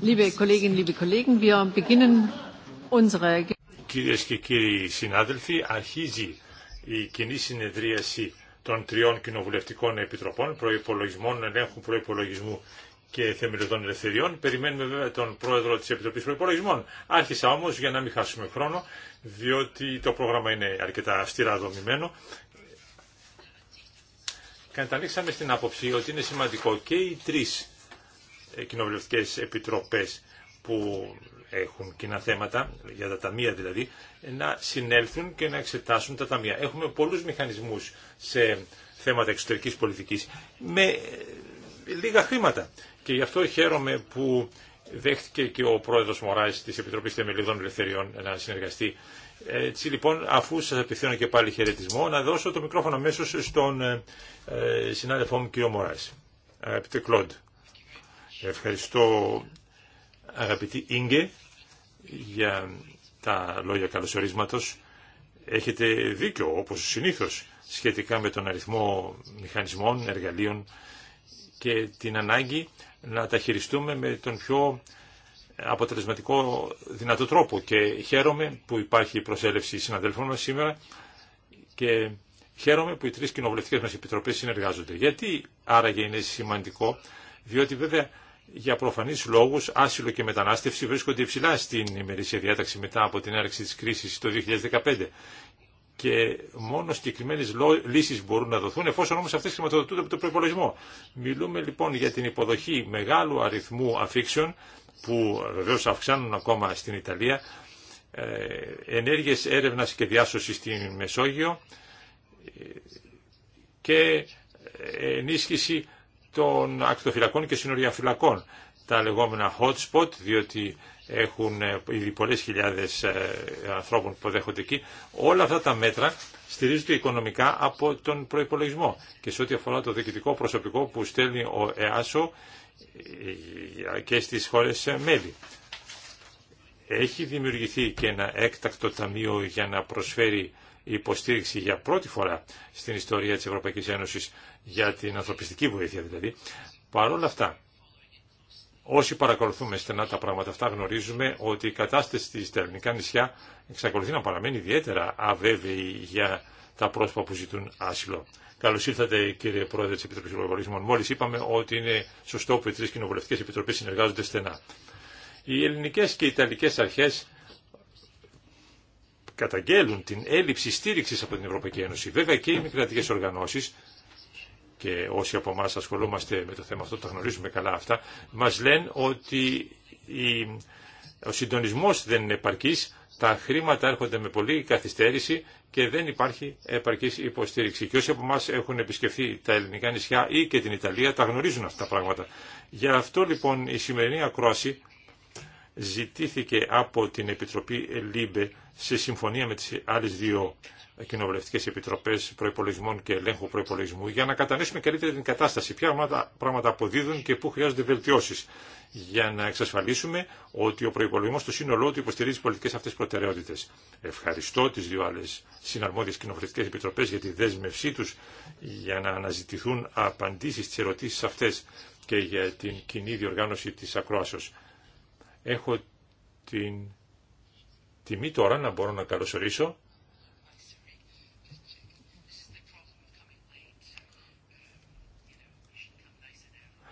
Liebe Κυρίες και κύριοι συνάδελφοι, αρχίζει η κοινή συνεδρίαση των τριών κοινοβουλευτικών επιτροπών προπολογισμών ελέγχου προπολογισμού και θεμελιωδών ελευθεριών. Περιμένουμε βέβαια τον πρόεδρο της Επιτροπής προπολογισμών, Άρχισα όμως για να μην χάσουμε χρόνο, διότι το πρόγραμμα είναι αρκετά αυστηρά δομημένο καταλήξαμε στην άποψη ότι είναι σημαντικό και οι τρει. Ε, κοινοβουλευτικές επιτροπές που έχουν κοινά θέματα, για τα ταμεία δηλαδή, να συνέλθουν και να εξετάσουν τα ταμεία. Έχουμε πολλούς μηχανισμούς σε θέματα εξωτερικής πολιτικής με ε, λίγα χρήματα. Και γι' αυτό χαίρομαι που δέχτηκε και ο πρόεδρος Μωράης της Επιτροπής Θεμελιδών Ελευθεριών να συνεργαστεί. Έτσι λοιπόν, αφού σας απευθύνω και πάλι χαιρετισμό, να δώσω το μικρόφωνο αμέσω στον ε, συνάδελφό μου κύριο Μωράης. Αγαπητέ Κλοντ. Ευχαριστώ αγαπητή Ίγκε για τα λόγια καλωσορίσματος. Έχετε δίκιο, όπως συνήθως, σχετικά με τον αριθμό μηχανισμών, εργαλείων και την ανάγκη να τα χειριστούμε με τον πιο αποτελεσματικό δυνατό τρόπο και χαίρομαι που υπάρχει η προσέλευση συναδέλφων μας σήμερα και χαίρομαι που οι τρεις κοινοβουλευτικές μας επιτροπές συνεργάζονται. Γιατί άραγε είναι σημαντικό, διότι βέβαια για προφανεί λόγου άσυλο και μετανάστευση βρίσκονται υψηλά στην ημερήσια διάταξη μετά από την άρξη της κρίσης το 2015 και μόνο συγκεκριμένε λύσει μπορούν να δοθούν, εφόσον όμω αυτέ χρηματοδοτούνται από τον προπολογισμό. Μιλούμε λοιπόν για την υποδοχή μεγάλου αριθμού αφήξεων, που βεβαίω αυξάνουν ακόμα στην Ιταλία, ε, ενέργειε έρευνα και διάσωση στην Μεσόγειο ε, και ενίσχυση των ακτοφυλακών και συνοριαφυλακών, τα λεγόμενα hot spot, διότι έχουν ε, ήδη πολλές χιλιάδες ε, ανθρώπων που δέχονται εκεί. Όλα αυτά τα μέτρα στηρίζονται οικονομικά από τον προϋπολογισμό. Και σε ό,τι αφορά το διοικητικό προσωπικό που στέλνει ο ΕΑΣΟ ε, και στις χώρες μέλη. Έχει δημιουργηθεί και ένα έκτακτο ταμείο για να προσφέρει υποστήριξη για πρώτη φορά στην ιστορία της Ευρωπαϊκής Ένωσης για την ανθρωπιστική βοήθεια δηλαδή. Παρ' όλα αυτά, όσοι παρακολουθούμε στενά τα πράγματα αυτά γνωρίζουμε ότι η κατάσταση στις ελληνικά νησιά εξακολουθεί να παραμένει ιδιαίτερα αβέβαιη για τα πρόσωπα που ζητούν άσυλο. Καλώ ήρθατε, κύριε Πρόεδρε τη Επιτροπή Υπολογισμών. Μόλι είπαμε ότι είναι σωστό που οι τρει κοινοβουλευτικέ επιτροπέ συνεργάζονται στενά. Οι ελληνικέ και οι ιταλικέ αρχέ καταγγέλουν την έλλειψη στήριξη από την Ευρωπαϊκή Ένωση. Βέβαια και οι μη κρατικές οργανώσεις και όσοι από εμά ασχολούμαστε με το θέμα αυτό, τα γνωρίζουμε καλά αυτά, μα λένε ότι ο συντονισμό δεν είναι επαρκή, τα χρήματα έρχονται με πολύ καθυστέρηση και δεν υπάρχει επαρκή υποστήριξη. Και όσοι από εμά έχουν επισκεφθεί τα ελληνικά νησιά ή και την Ιταλία τα γνωρίζουν αυτά τα πράγματα. Γι' αυτό λοιπόν η σημερινή ακρόαση ζητήθηκε από την Επιτροπή ΛΥΜΠΕ σε συμφωνία με τις άλλες δύο κοινοβουλευτικές επιτροπές προϋπολογισμών και ελέγχου προϋπολογισμού για να κατανοήσουμε καλύτερα την κατάσταση, ποια πράγματα αποδίδουν και πού χρειάζονται βελτιώσεις για να εξασφαλίσουμε ότι ο προϋπολογισμός στο σύνολό του υποστηρίζει τις πολιτικές αυτές προτεραιότητες. Ευχαριστώ τις δύο άλλες συναρμόδιες κοινοβουλευτικές επιτροπές για τη δέσμευσή τους για να αναζητηθούν απαντήσεις στις ερωτήσεις αυτές και για την κοινή διοργάνωση της ακρόασης. Έχω την τιμή τώρα να μπορώ να καλωσορίσω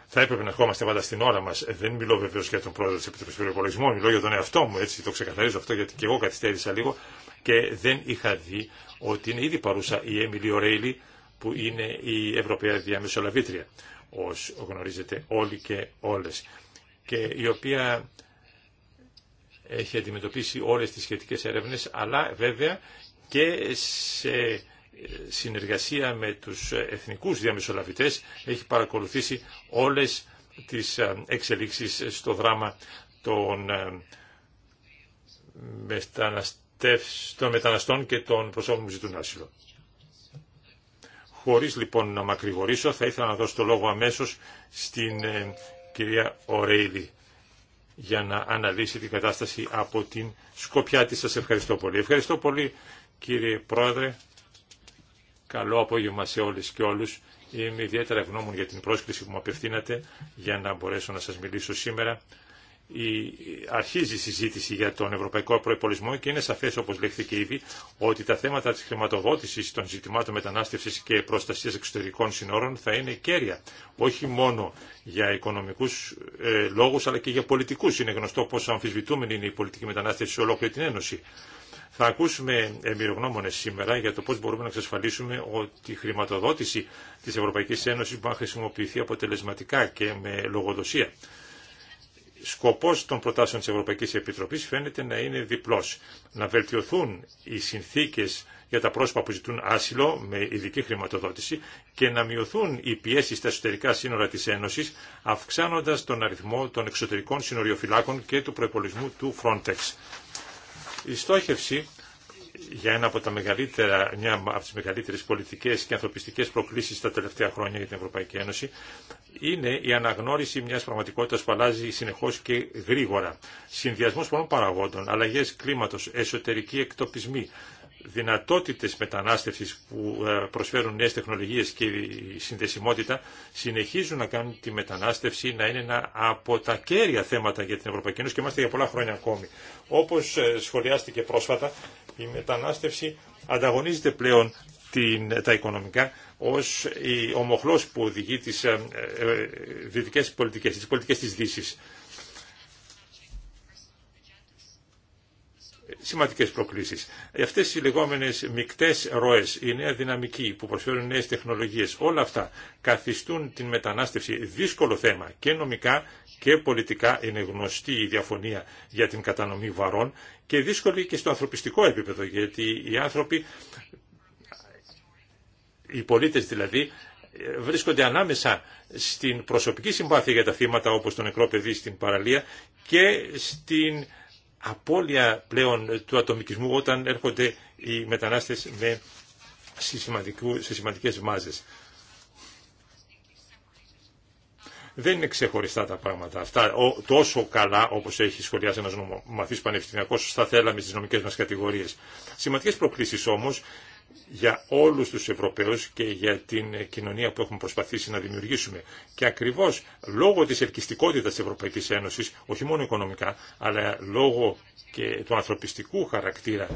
Θα έπρεπε να ερχόμαστε πάντα στην ώρα μα. Ε, δεν μιλώ βεβαίω για τον πρόεδρο τη Επιτροπή Περιπολογισμού, μιλώ για τον εαυτό μου, έτσι το ξεκαθαρίζω αυτό, γιατί και εγώ καθυστέρησα λίγο και δεν είχα δει ότι είναι ήδη παρούσα η Έμιλι Ορέιλι, που είναι η Ευρωπαία Διαμεσολαβήτρια, ω γνωρίζετε όλοι και όλε, και η οποία έχει αντιμετωπίσει όλες τις σχετικές έρευνες, αλλά βέβαια και σε συνεργασία με τους εθνικούς διαμεσολαβητές έχει παρακολουθήσει όλες τις ε, εξελίξεις στο δράμα των ε, των μεταναστών και των προσώπων που ζητούν άσυλο. Χωρίς λοιπόν να μακρηγορήσω, θα ήθελα να δώσω το λόγο αμέσως στην ε, κυρία Ορέιλη για να αναλύσει την κατάσταση από την σκοπιά της. Σας ευχαριστώ πολύ. Ευχαριστώ πολύ κύριε Πρόεδρε. Καλό απόγευμα σε όλες και όλους. Είμαι ιδιαίτερα ευγνώμων για την πρόσκληση που μου απευθύνατε για να μπορέσω να σας μιλήσω σήμερα η, αρχίζει η συζήτηση για τον ευρωπαϊκό προπολισμό και είναι σαφέ, όπω λέχθηκε ήδη, ότι τα θέματα τη χρηματοδότηση των ζητημάτων μετανάστευση και προστασία εξωτερικών συνόρων θα είναι κέρια. Όχι μόνο για οικονομικού ε, λόγου, αλλά και για πολιτικού. Είναι γνωστό πόσο αμφισβητούμενη είναι η πολιτική μετανάστευση σε ολόκληρη την Ένωση. Θα ακούσουμε εμπειρογνώμονε σήμερα για το πώ μπορούμε να εξασφαλίσουμε ότι η χρηματοδότηση τη Ευρωπαϊκή Ένωση μπορεί να χρησιμοποιηθεί αποτελεσματικά και με λογοδοσία σκοπός των προτάσεων της Ευρωπαϊκής Επιτροπής φαίνεται να είναι διπλός. Να βελτιωθούν οι συνθήκες για τα πρόσωπα που ζητούν άσυλο με ειδική χρηματοδότηση και να μειωθούν οι πιέσεις στα εσωτερικά σύνορα της Ένωσης, αυξάνοντας τον αριθμό των εξωτερικών συνοριοφυλάκων και του προεπολισμού του Frontex. Η στόχευση για ένα από τα μεγαλύτερα, μια από τις μεγαλύτερες πολιτικές και ανθρωπιστικές προκλήσεις τα τελευταία χρόνια για την Ευρωπαϊκή Ένωση είναι η αναγνώριση μιας πραγματικότητας που αλλάζει συνεχώς και γρήγορα. Συνδυασμός πολλών παραγόντων, αλλαγές κλίματος, εσωτερικοί εκτοπισμοί, δυνατότητες μετανάστευσης που ε, προσφέρουν νέες τεχνολογίες και η συνδεσιμότητα συνεχίζουν να κάνουν τη μετανάστευση να είναι ένα από τα κέρια θέματα για την Ευρωπαϊκή Ένωση και είμαστε για πολλά χρόνια ακόμη. Όπως ε, σχολιάστηκε πρόσφατα, η μετανάστευση ανταγωνίζεται πλέον την, τα οικονομικά ως η, ο που οδηγεί τις ε, ε, δυτικές πολιτικές, τις πολιτικές της Δύσης. Σημαντικές προκλήσεις. Αυτές οι λεγόμενες μικτές ροές, η νέα δυναμική που προσφέρουν νέες τεχνολογίες, όλα αυτά καθιστούν την μετανάστευση δύσκολο θέμα και νομικά και πολιτικά είναι γνωστή η διαφωνία για την κατανομή βαρών και δύσκολη και στο ανθρωπιστικό επίπεδο γιατί οι άνθρωποι, οι πολίτες δηλαδή, βρίσκονται ανάμεσα στην προσωπική συμπάθεια για τα θύματα όπως το νεκρό παιδί στην παραλία και στην απώλεια πλέον του ατομικισμού όταν έρχονται οι μετανάστες με σε σημαντικές μάζες. Δεν είναι ξεχωριστά τα πράγματα αυτά τόσο καλά όπω έχει σχολιάσει ένα νομομαθή πανεπιστημιακό, θα θέλαμε στι νομικέ μα κατηγορίε. Σημαντικέ προκλήσει όμω για όλους τους Ευρωπαίους και για την κοινωνία που έχουμε προσπαθήσει να δημιουργήσουμε. Και ακριβώς λόγω της ελκυστικότητας της Ευρωπαϊκής Ένωσης, όχι μόνο οικονομικά, αλλά λόγω και του ανθρωπιστικού χαρακτήρα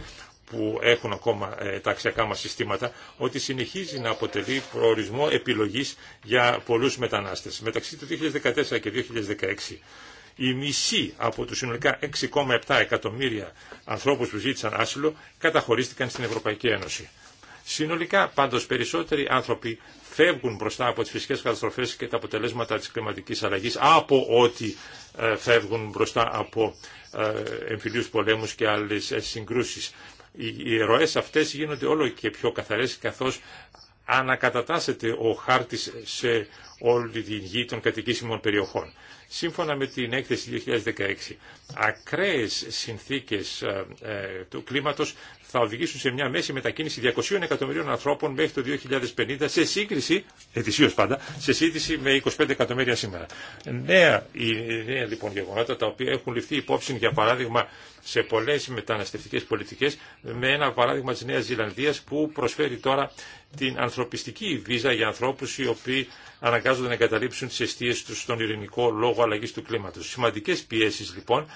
που έχουν ακόμα ε, τα αξιακά μας συστήματα, ότι συνεχίζει να αποτελεί προορισμό επιλογής για πολλούς μετανάστες. Μεταξύ του 2014 και 2016, η μισή από τους συνολικά 6,7 εκατομμύρια ανθρώπους που ζήτησαν άσυλο καταχωρίστηκαν στην Ευρωπαϊκή Ένωση. Συνολικά πάντως περισσότεροι άνθρωποι φεύγουν μπροστά από τις φυσικές καταστροφές και τα αποτελέσματα της κλιματικής αλλαγής από ότι ε, φεύγουν μπροστά από ε, εμφυλίους πολέμους και άλλες συγκρούσεις. Οι ροές αυτές γίνονται όλο και πιο καθαρές καθώς ανακατατάσσεται ο χάρτης σε όλη την γη των κατοικήσιμων περιοχών. Σύμφωνα με την έκθεση 2016, ακραίες συνθήκες ε, ε, του κλίματος θα οδηγήσουν σε μια μέση μετακίνηση 200 εκατομμυρίων ανθρώπων μέχρι το 2050 σε σύγκριση, ετησίως πάντα, σε σύγκριση με 25 εκατομμύρια σήμερα. Νέα, νέα λοιπόν γεγονότα τα οποία έχουν ληφθεί υπόψη για παράδειγμα σε πολλέ μεταναστευτικέ πολιτικέ, με ένα παράδειγμα τη νέα Ζηλανδία, που προσφέρει τώρα την ανθρωπιστική βίζα για ανθρώπου οι οποίοι αναγκάζονται να εγκαταλείψουν τι αιστείε του στον ειρηνικό λόγο αλλαγή του κλίματο. Σημαντικέ πιέσει, λοιπόν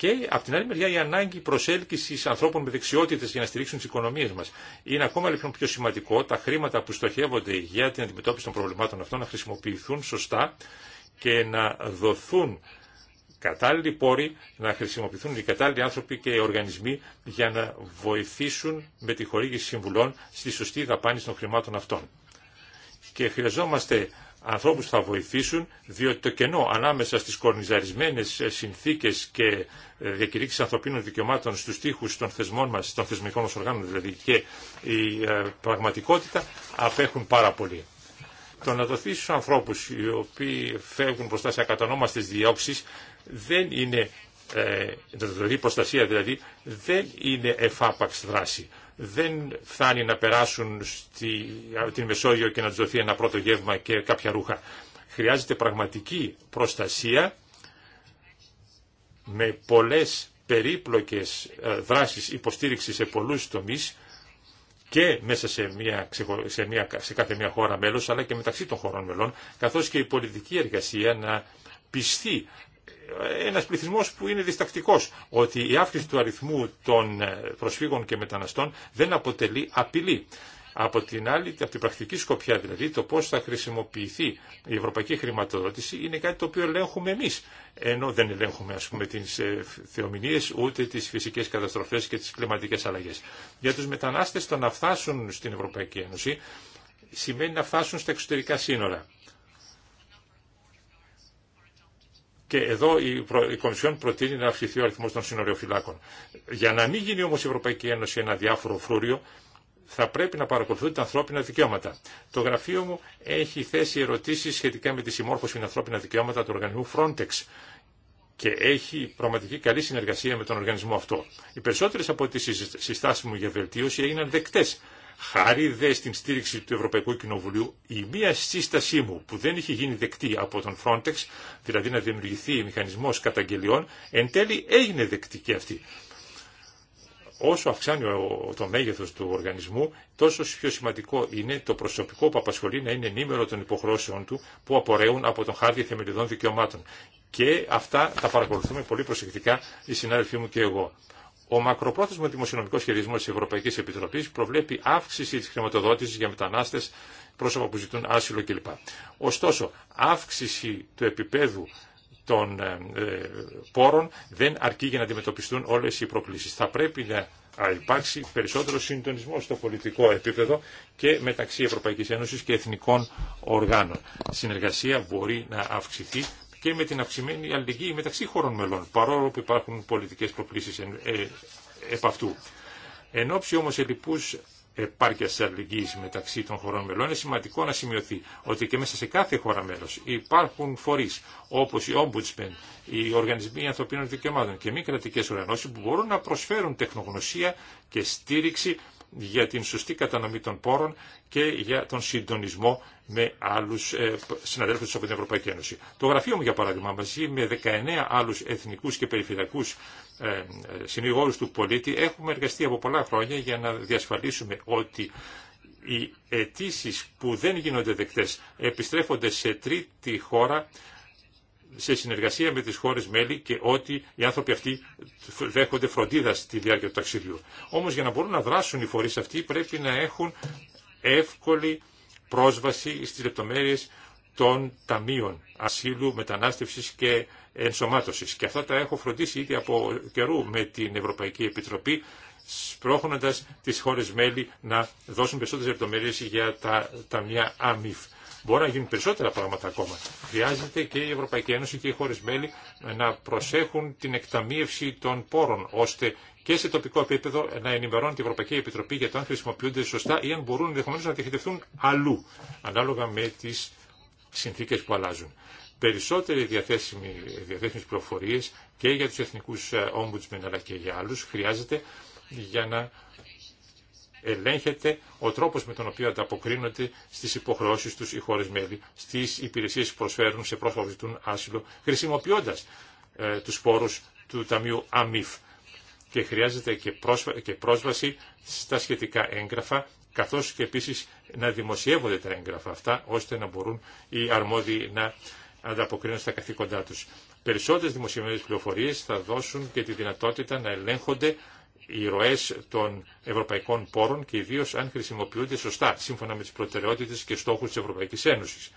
και από την άλλη μεριά η ανάγκη προσέλκυση ανθρώπων με δεξιότητε για να στηρίξουν τι οικονομίε μα. Είναι ακόμα λοιπόν πιο σημαντικό τα χρήματα που στοχεύονται για την αντιμετώπιση των προβλημάτων αυτών να χρησιμοποιηθούν σωστά και να δοθούν κατάλληλοι πόροι, να χρησιμοποιηθούν οι κατάλληλοι άνθρωποι και οι οργανισμοί για να βοηθήσουν με τη χορήγηση συμβουλών στη σωστή δαπάνηση των χρημάτων αυτών. Και χρειαζόμαστε ανθρώπους θα βοηθήσουν, διότι το κενό ανάμεσα στις κορνιζαρισμένες συνθήκες και ε, διακηρύξεις ανθρωπίνων δικαιωμάτων στους τείχους των θεσμών μας, των θεσμικών μας οργάνων δηλαδή και η ε, πραγματικότητα απέχουν πάρα πολύ. Το να δοθεί στους ανθρώπους οι οποίοι φεύγουν μπροστά σε ακατανόμαστες διώξεις δεν είναι, ε, δηλαδή προστασία δηλαδή, δεν είναι εφάπαξ δράση δεν φτάνει να περάσουν στη, την Μεσόγειο και να του δοθεί ένα πρώτο γεύμα και κάποια ρούχα. Χρειάζεται πραγματική προστασία με πολλές περίπλοκες ε, δράσεις υποστήριξης σε πολλούς τομείς και μέσα σε, μια, σε, μια, κάθε μια χώρα μέλος αλλά και μεταξύ των χωρών μελών καθώς και η πολιτική εργασία να πιστεί ένας πληθυσμός που είναι διστακτικός ότι η αύξηση του αριθμού των ε, προσφύγων και μεταναστών δεν αποτελεί απειλή. Από την άλλη, από την πρακτική σκοπιά δηλαδή, το πώς θα χρησιμοποιηθεί η ευρωπαϊκή χρηματοδότηση είναι κάτι το οποίο ελέγχουμε εμείς. Ενώ δεν ελέγχουμε ας πούμε τις ε, θεομηνίες, ούτε τις φυσικές καταστροφές και τις κλιματικές αλλαγές. Για τους μετανάστες το να φτάσουν στην Ευρωπαϊκή Ένωση σημαίνει να φτάσουν στα εξωτερικά σύνορα. Και εδώ η, η Κομισιόν προτείνει να αυξηθεί ο αριθμό των συνοριοφυλάκων. Για να μην γίνει όμω η Ευρωπαϊκή Ένωση ένα διάφορο φρούριο, θα πρέπει να παρακολουθούν τα ανθρώπινα δικαιώματα. Το γραφείο μου έχει θέσει ερωτήσει σχετικά με τη συμμόρφωση με ανθρώπινα δικαιώματα του οργανισμού Frontex και έχει πραγματική καλή συνεργασία με τον οργανισμό αυτό. Οι περισσότερε από τι συστάσει μου για βελτίωση έγιναν δεκτέ Χάρη δε στην στήριξη του Ευρωπαϊκού Κοινοβουλίου, η μία σύστασή μου που δεν είχε γίνει δεκτή από τον Frontex, δηλαδή να δημιουργηθεί μηχανισμός καταγγελιών, εν τέλει έγινε δεκτή και αυτή. Όσο αυξάνει το μέγεθος του οργανισμού, τόσο πιο σημαντικό είναι το προσωπικό που απασχολεί να είναι ενήμερο των υποχρώσεων του που απορρέουν από τον χάρτη θεμελιδών δικαιωμάτων. Και αυτά τα παρακολουθούμε πολύ προσεκτικά οι συνάδελφοί μου και εγώ. Ο μακροπρόθεσμο δημοσιονομικό χειρισμό τη Ευρωπαϊκή Επιτροπή προβλέπει αύξηση τη χρηματοδότηση για μετανάστε, πρόσωπα που ζητούν άσυλο κλπ. Ωστόσο, αύξηση του επίπεδου των ε, ε, πόρων δεν αρκεί για να αντιμετωπιστούν όλες οι προκλήσει. Θα πρέπει να υπάρξει περισσότερο συντονισμό στο πολιτικό επίπεδο και μεταξύ Ευρωπαϊκή Ένωση και εθνικών οργάνων. Συνεργασία μπορεί να αυξηθεί και με την αυξημένη αλληλεγγύη μεταξύ χωρών μελών, παρόλο που υπάρχουν πολιτικές προκλήσει ε, ε, επ' αυτού. Εν ώψη όμως ελληπού επάρκειας αλληλεγγύη μεταξύ των χωρών μελών, είναι σημαντικό να σημειωθεί ότι και μέσα σε κάθε χώρα μέλο υπάρχουν φορείς όπως οι Ombudsman, οι Οργανισμοί Ανθρωπίνων Δικαιωμάτων και μη κρατικέ οργανώσει που μπορούν να προσφέρουν τεχνογνωσία και στήριξη για την σωστή κατανομή των πόρων και για τον συντονισμό με άλλους ε, συναδέλφους από την Ευρωπαϊκή Ένωση. Το γραφείο μου, για παράδειγμα, μαζί με 19 άλλους εθνικούς και περιφερειακούς ε, συνηγόρους του πολίτη, έχουμε εργαστεί από πολλά χρόνια για να διασφαλίσουμε ότι οι αιτήσει που δεν γίνονται δεκτές επιστρέφονται σε τρίτη χώρα σε συνεργασία με τις χώρες μέλη και ότι οι άνθρωποι αυτοί δέχονται φροντίδα στη διάρκεια του ταξιδιού. Όμως για να μπορούν να δράσουν οι φορείς αυτοί πρέπει να έχουν εύκολη πρόσβαση στις λεπτομέρειες των ταμείων ασύλου, μετανάστευσης και ενσωμάτωσης. Και αυτά τα έχω φροντίσει ήδη από καιρού με την Ευρωπαϊκή Επιτροπή, σπρώχνοντας τις χώρες μέλη να δώσουν περισσότερες λεπτομέρειες για τα ταμεία ΑΜΙΦ. Μπορεί να γίνουν περισσότερα πράγματα ακόμα. Χρειάζεται και η Ευρωπαϊκή Ένωση και οι χώρε μέλη να προσέχουν την εκταμείευση των πόρων, ώστε και σε τοπικό επίπεδο να ενημερώνει την Ευρωπαϊκή Επιτροπή για το αν χρησιμοποιούνται σωστά ή αν μπορούν ενδεχομένω να διοχετευτούν αλλού, ανάλογα με τι συνθήκε που αλλάζουν. Περισσότεροι διαθέσιμε πληροφορίε και για του εθνικού ε, ombudsmen αλλά και για άλλου χρειάζεται για να ελέγχεται ο τρόπο με τον οποίο ανταποκρίνονται στι υποχρεώσει του οι χώρε μέλη, στι υπηρεσίε που προσφέρουν σε πρόσφατα που ζητούν άσυλο, χρησιμοποιώντας ε, τους πόρους του Ταμείου ΑΜΙΦ. Και χρειάζεται και, πρόσβαση στα σχετικά έγγραφα, καθώ και επίση να δημοσιεύονται τα έγγραφα αυτά, ώστε να μπορούν οι αρμόδιοι να ανταποκρίνουν στα καθήκοντά του. Περισσότερε δημοσιευμένε πληροφορίε θα δώσουν και τη δυνατότητα να ελέγχονται οι ροέ των ευρωπαϊκών πόρων και ιδίω αν χρησιμοποιούνται σωστά, σύμφωνα με τις προτεραιότητες και στόχους της Ευρωπαϊκής Ένωσης.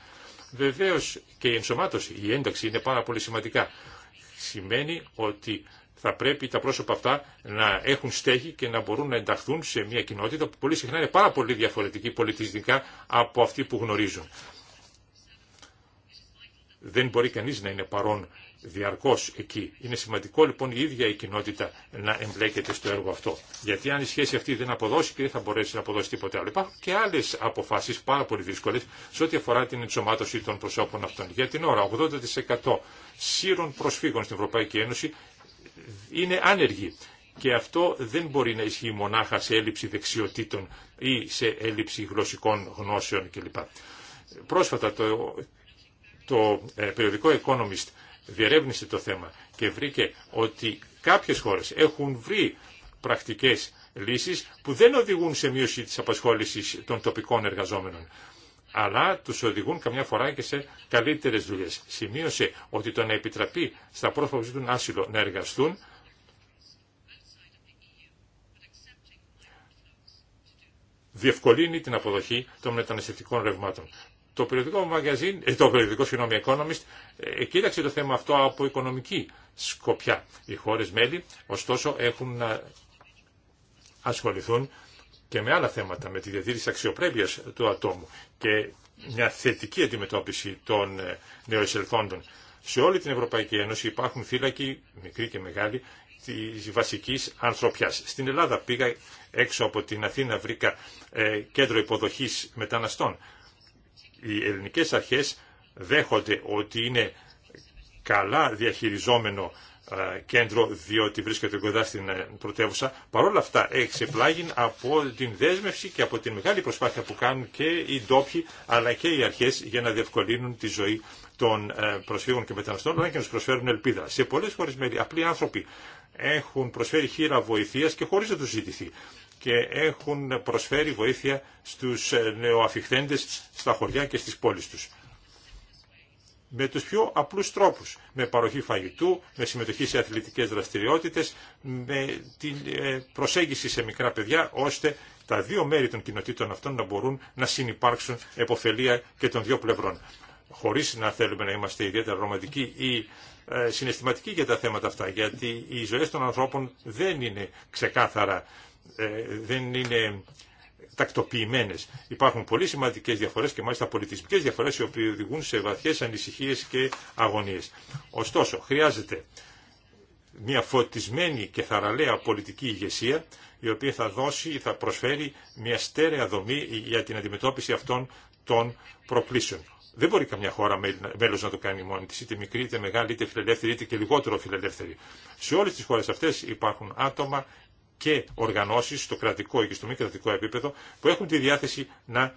Βεβαίω και η ενσωμάτωση, η ένταξη είναι πάρα πολύ σημαντικά. Σημαίνει ότι θα πρέπει τα πρόσωπα αυτά να έχουν στέγη και να μπορούν να ενταχθούν σε μια κοινότητα που πολύ συχνά είναι πάρα πολύ διαφορετική πολιτιστικά από αυτή που γνωρίζουν. Δεν μπορεί κανείς να είναι παρόν Διαρκώ εκεί. Είναι σημαντικό λοιπόν η ίδια η κοινότητα να εμπλέκεται στο έργο αυτό. Γιατί αν η σχέση αυτή δεν αποδώσει και δεν θα μπορέσει να αποδώσει τίποτε άλλο. Υπάρχουν και άλλε αποφάσει πάρα πολύ δύσκολε, σε ό,τι αφορά την ενσωμάτωση των προσώπων αυτών. Για την ώρα 80% σύρων προσφύγων στην Ευρωπαϊκή Ένωση είναι άνεργοι. Και αυτό δεν μπορεί να ισχύει μονάχα σε έλλειψη δεξιοτήτων ή σε έλλειψη γλωσσικών γνώσεων κλπ. Πρόσφατα το, το ε, περιοδικό Economist διερεύνησε το θέμα και βρήκε ότι κάποιες χώρες έχουν βρει πρακτικές λύσεις που δεν οδηγούν σε μείωση της απασχόλησης των τοπικών εργαζόμενων αλλά τους οδηγούν καμιά φορά και σε καλύτερες δουλειές. Σημείωσε ότι το να επιτραπεί στα πρόσωπα που ζητούν άσυλο να εργαστούν διευκολύνει την αποδοχή των μεταναστευτικών ρευμάτων. Το περιοδικό, μαγαζίν, ε, το περιοδικό συγγνώμη, Economist ε, κοίταξε το θέμα αυτό από οικονομική σκοπιά. Οι χώρες μέλη ωστόσο έχουν να ασχοληθούν και με άλλα θέματα, με τη διατήρηση αξιοπρέπειας του ατόμου και μια θετική αντιμετώπιση των ε, νεοεισελθόντων. Σε όλη την Ευρωπαϊκή Ένωση υπάρχουν φύλακοι, μικροί και μεγάλοι, τη βασική ανθρωπιά. Στην Ελλάδα πήγα έξω από την Αθήνα, βρήκα κέντρο υποδοχή μεταναστών οι ελληνικές αρχές δέχονται ότι είναι καλά διαχειριζόμενο ε, κέντρο διότι βρίσκεται κοντά στην ε, πρωτεύουσα. Παρ' όλα αυτά εξεπλάγει από την δέσμευση και από την μεγάλη προσπάθεια που κάνουν και οι ντόπιοι αλλά και οι αρχές για να διευκολύνουν τη ζωή των ε, προσφύγων και μεταναστών αλλά και να τους προσφέρουν ελπίδα. Σε πολλές χώρες απλοί άνθρωποι έχουν προσφέρει χείρα βοηθείας και χωρίς να τους ζητηθεί και έχουν προσφέρει βοήθεια στους ε, νεοαφιχθέντες στα χωριά και στις πόλεις τους. Με τους πιο απλούς τρόπους, με παροχή φαγητού, με συμμετοχή σε αθλητικές δραστηριότητες, με την ε, προσέγγιση σε μικρά παιδιά, ώστε τα δύο μέρη των κοινοτήτων αυτών να μπορούν να συνεπάρξουν εποφελία και των δύο πλευρών. Χωρίς να θέλουμε να είμαστε ιδιαίτερα ρομαντικοί ή ε, συναισθηματικοί για τα θέματα αυτά, γιατί οι ζωές των ανθρώπων δεν είναι ξεκάθαρα ε, δεν είναι τακτοποιημένες. Υπάρχουν πολύ σημαντικές διαφορές και μάλιστα πολιτισμικές διαφορές οι οποίες οδηγούν σε βαθιές ανησυχίες και αγωνίες. Ωστόσο, χρειάζεται μια φωτισμένη και θαραλέα πολιτική ηγεσία η οποία θα δώσει, ή θα προσφέρει μια στέρεα δομή για την αντιμετώπιση αυτών των προκλήσεων. Δεν μπορεί καμιά χώρα μέλο να το κάνει μόνη τη, είτε μικρή, είτε μεγάλη, είτε φιλελεύθερη, είτε και λιγότερο φιλελεύθερη. Σε όλε τι χώρε αυτέ υπάρχουν άτομα και οργανώσεις στο κρατικό και στο μη κρατικό επίπεδο που έχουν τη διάθεση να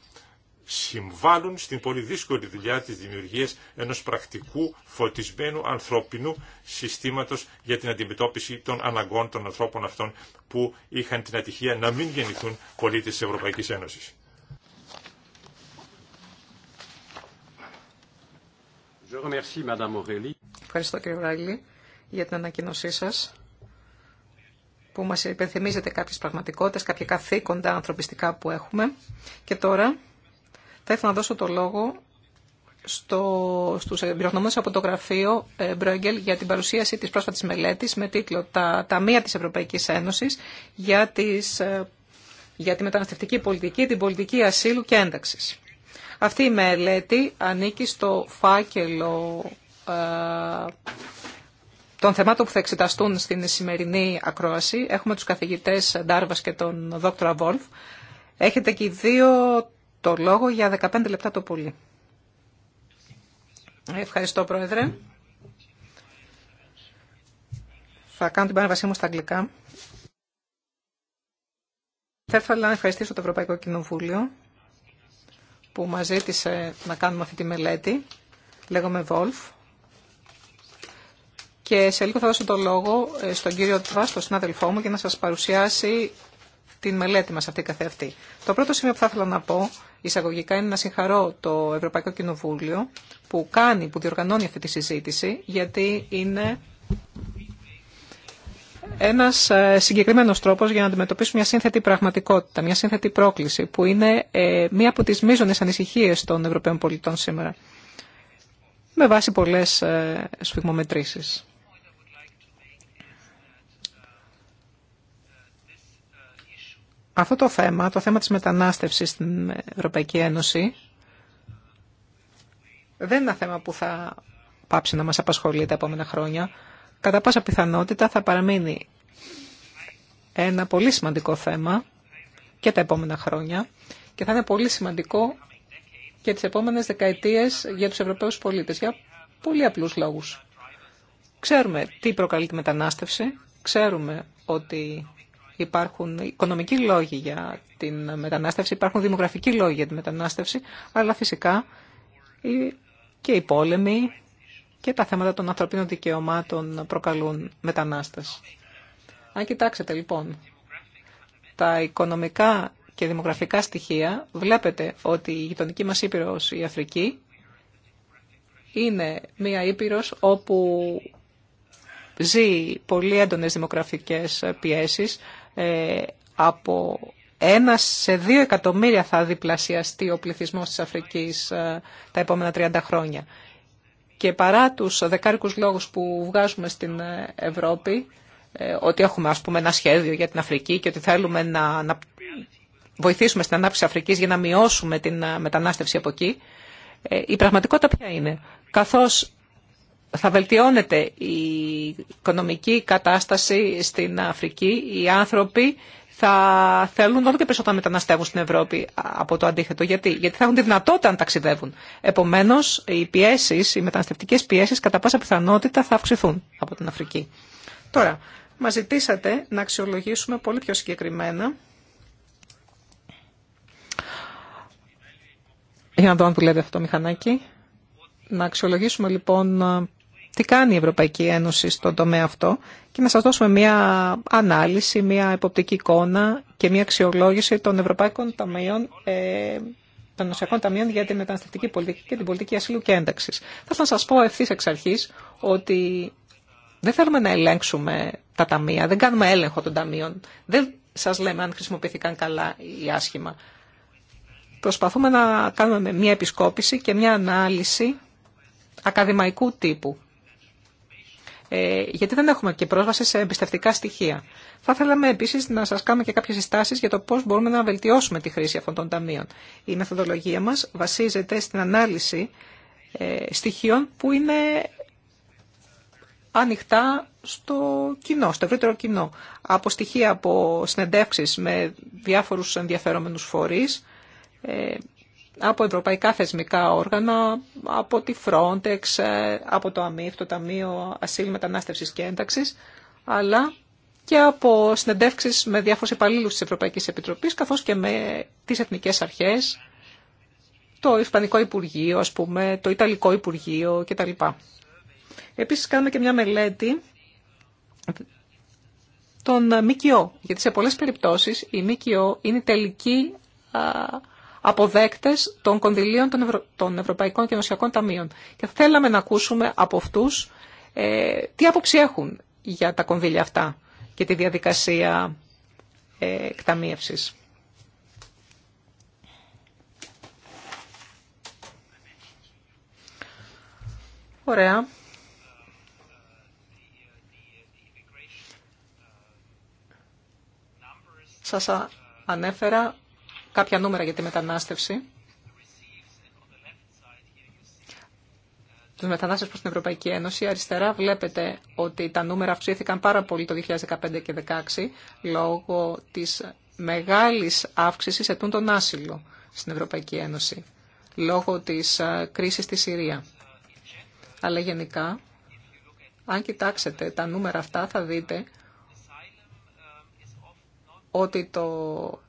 συμβάλλουν στην πολύ δύσκολη δουλειά της δημιουργίας ενός πρακτικού φωτισμένου ανθρώπινου συστήματος για την αντιμετώπιση των αναγκών των ανθρώπων αυτών που είχαν την ατυχία να μην γεννηθούν πολίτες της Ευρωπαϊκής Ένωσης. Ευχαριστώ κύριε Βράγλη για την ανακοίνωσή σας που μας υπενθυμίζεται κάποιες πραγματικότητες, κάποια καθήκοντα ανθρωπιστικά που έχουμε. Και τώρα θα ήθελα να δώσω το λόγο στο, στους από το γραφείο Μπρόγκελ για την παρουσίαση της πρόσφατης μελέτης με τίτλο «Τα ταμεία της Ευρωπαϊκής Ένωσης για, τις, ε, για τη μεταναστευτική πολιτική, την πολιτική ασύλου και ένταξης». Αυτή η μελέτη ανήκει στο φάκελο ε, των θεμάτων που θα εξεταστούν στην σημερινή ακρόαση. Έχουμε τους καθηγητές Ντάρβας και τον δόκτωρα Βόλφ. Έχετε και οι δύο το λόγο για 15 λεπτά το πολύ. Ευχαριστώ, Πρόεδρε. Θα κάνω την παρέμβασή μου στα αγγλικά. Θα ήθελα να ευχαριστήσω το Ευρωπαϊκό Κοινοβούλιο που μας ζήτησε να κάνουμε αυτή τη μελέτη. Λέγομαι Βόλφ και σε λίγο θα δώσω το λόγο ε, στον κύριο Τβά, τον συνάδελφό μου, για να σας παρουσιάσει την μελέτη μας αυτή αυτή. Το πρώτο σημείο που θα ήθελα να πω εισαγωγικά είναι να συγχαρώ το Ευρωπαϊκό Κοινοβούλιο που κάνει, που διοργανώνει αυτή τη συζήτηση, γιατί είναι ένας ε, συγκεκριμένος τρόπος για να αντιμετωπίσουμε μια σύνθετη πραγματικότητα, μια σύνθετη πρόκληση, που είναι ε, μία από τις μείζονες ανησυχίες των Ευρωπαίων πολιτών σήμερα, με βάση πολλές σφιγμομετρήσεις. Αυτό το θέμα, το θέμα της μετανάστευσης στην Ευρωπαϊκή Ένωση, δεν είναι ένα θέμα που θα πάψει να μας απασχολεί τα επόμενα χρόνια. Κατά πάσα πιθανότητα θα παραμείνει ένα πολύ σημαντικό θέμα και τα επόμενα χρόνια και θα είναι πολύ σημαντικό και τις επόμενες δεκαετίες για τους Ευρωπαίους πολίτες, για πολύ απλούς λόγους. Ξέρουμε τι προκαλεί τη μετανάστευση, ξέρουμε ότι Υπάρχουν οικονομικοί λόγοι για την μετανάστευση, υπάρχουν δημογραφικοί λόγοι για τη μετανάστευση, αλλά φυσικά και οι πόλεμοι και τα θέματα των ανθρωπίνων δικαιωμάτων προκαλούν μετανάστες. Αν κοιτάξετε λοιπόν τα οικονομικά και δημογραφικά στοιχεία, βλέπετε ότι η γειτονική μας Ήπειρος, η Αφρική, είναι μία Ήπειρος όπου ζει πολύ έντονες δημογραφικές πιέσεις, ε, από ένα σε δύο εκατομμύρια θα διπλασιαστεί ο πληθυσμός της Αφρικής ε, τα επόμενα 30 χρόνια. Και παρά τους δεκάρικους λόγους που βγάζουμε στην ε, Ευρώπη, ότι έχουμε ας πούμε ένα σχέδιο για την Αφρική και ότι θέλουμε να, να βοηθήσουμε στην ανάπτυξη Αφρικής για να μειώσουμε την μετανάστευση από εκεί, η πραγματικότητα ποια είναι. Καθώς θα βελτιώνεται η οικονομική κατάσταση στην Αφρική, οι άνθρωποι θα θέλουν όλο και περισσότερο να μεταναστεύουν στην Ευρώπη από το αντίθετο. Γιατί, Γιατί θα έχουν τη δυνατότητα να ταξιδεύουν. Επομένω, οι πιέσει, οι μεταναστευτικέ πιέσει, κατά πάσα πιθανότητα θα αυξηθούν από την Αφρική. Τώρα, μα ζητήσατε να αξιολογήσουμε πολύ πιο συγκεκριμένα. Για να δω αν δουλεύει αυτό το μηχανάκι. Να αξιολογήσουμε λοιπόν τι κάνει η Ευρωπαϊκή Ένωση στον τομέα αυτό και να σας δώσουμε μια ανάλυση, μια εποπτική εικόνα και μια αξιολόγηση των Ευρωπαϊκών Ταμείων, ε, των Ενωσιακών Ταμείων για τη μεταναστευτική πολιτική και την πολιτική ασύλου και ένταξη. Θα ήθελα σας πω ευθύ εξ αρχή ότι δεν θέλουμε να ελέγξουμε τα ταμεία, δεν κάνουμε έλεγχο των ταμείων, δεν σας λέμε αν χρησιμοποιήθηκαν καλά ή άσχημα. Προσπαθούμε να κάνουμε μια επισκόπηση και μια ανάλυση ακαδημαϊκού τύπου ε, γιατί δεν έχουμε και πρόσβαση σε εμπιστευτικά στοιχεία. Θα θέλαμε επίσης να σας κάνουμε και κάποιες συστάσει για το πώς μπορούμε να βελτιώσουμε τη χρήση αυτών των ταμείων. Η μεθοδολογία μας βασίζεται στην ανάλυση ε, στοιχείων που είναι ανοιχτά στο κοινό, στο ευρύτερο κοινό. Από στοιχεία από συνεντεύξεις με διάφορους ενδιαφερόμενους φορείς, ε, από ευρωπαϊκά θεσμικά όργανα, από τη Frontex, ε, από το ΑΜΙΦ, το Ταμείο Ασύλου Μετανάστευσης και Ένταξης, αλλά και από συνεντεύξεις με διάφορους υπαλλήλους της Ευρωπαϊκής Επιτροπής, καθώς και με τις εθνικές αρχές, το Ισπανικό Υπουργείο, ας πούμε, το Ιταλικό Υπουργείο κτλ. Επίσης κάνουμε και μια μελέτη των ΜΚΟ, γιατί σε πολλές περιπτώσεις η ΜΚΟ είναι η τελική αποδέκτε των κονδυλίων των, Ευρωπαϊκών και Ενωσιακών Ταμείων. Και θέλαμε να ακούσουμε από αυτού ε, τι άποψη έχουν για τα κονδύλια αυτά και τη διαδικασία ε, Ωραία. Σας ανέφερα κάποια νούμερα για τη μετανάστευση. Του μετανάστες προ την Ευρωπαϊκή Ένωση. Αριστερά βλέπετε ότι τα νούμερα αυξήθηκαν πάρα πολύ το 2015 και 2016 λόγω της μεγάλης αύξησης ετούν τον άσυλο στην Ευρωπαϊκή Ένωση λόγω της κρίσης στη Συρία. Αλλά γενικά, αν κοιτάξετε τα νούμερα αυτά θα δείτε ότι το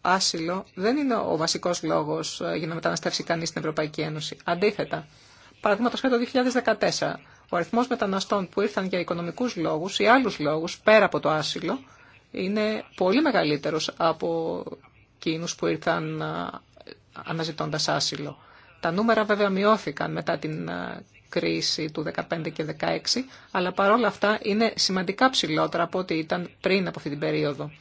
άσυλο δεν είναι ο βασικό λόγο ε, για να μεταναστεύσει κανεί στην Ευρωπαϊκή Ένωση. Αντίθετα, παραδείγματο χάρη το 2014, ο αριθμό μεταναστών που ήρθαν για οικονομικού λόγου ή άλλου λόγου, πέρα από το άσυλο είναι πολύ μεγαλύτερο από εκείνου που ήρθαν ε, αναζητώντα άσυλο. Τα νούμερα βέβαια μειώθηκαν μετά την ε, κρίση του 2015 και 2016, αλλά παρόλα αυτά είναι σημαντικά ψηλότερα από ό,τι ήταν πριν από αυτή την περίοδο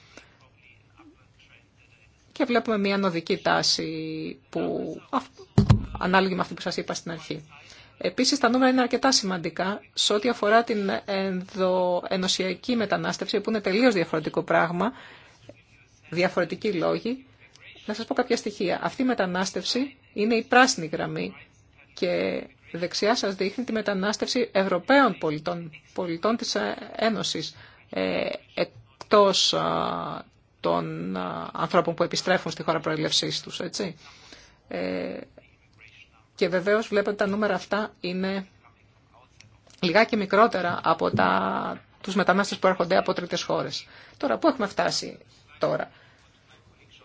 και βλέπουμε μια νοδική τάση που ανάλογη με αυτή που σας είπα στην αρχή. Επίσης, τα νούμερα είναι αρκετά σημαντικά σε ό,τι αφορά την ενωσιακή μετανάστευση, που είναι τελείως διαφορετικό πράγμα, διαφορετικοί λόγοι. Να σας πω κάποια στοιχεία. Αυτή η μετανάστευση είναι η πράσινη γραμμή και δεξιά σας δείχνει τη μετανάστευση Ευρωπαίων πολιτών, πολιτών της Ένωσης, ε, εκτός των ανθρώπων που επιστρέφουν στη χώρα προέλευσής τους, έτσι. Ε, και βεβαίως βλέπετε τα νούμερα αυτά είναι λιγάκι μικρότερα από τα, τους μετανάστες που έρχονται από τρίτες χώρες. Τώρα, πού έχουμε φτάσει τώρα.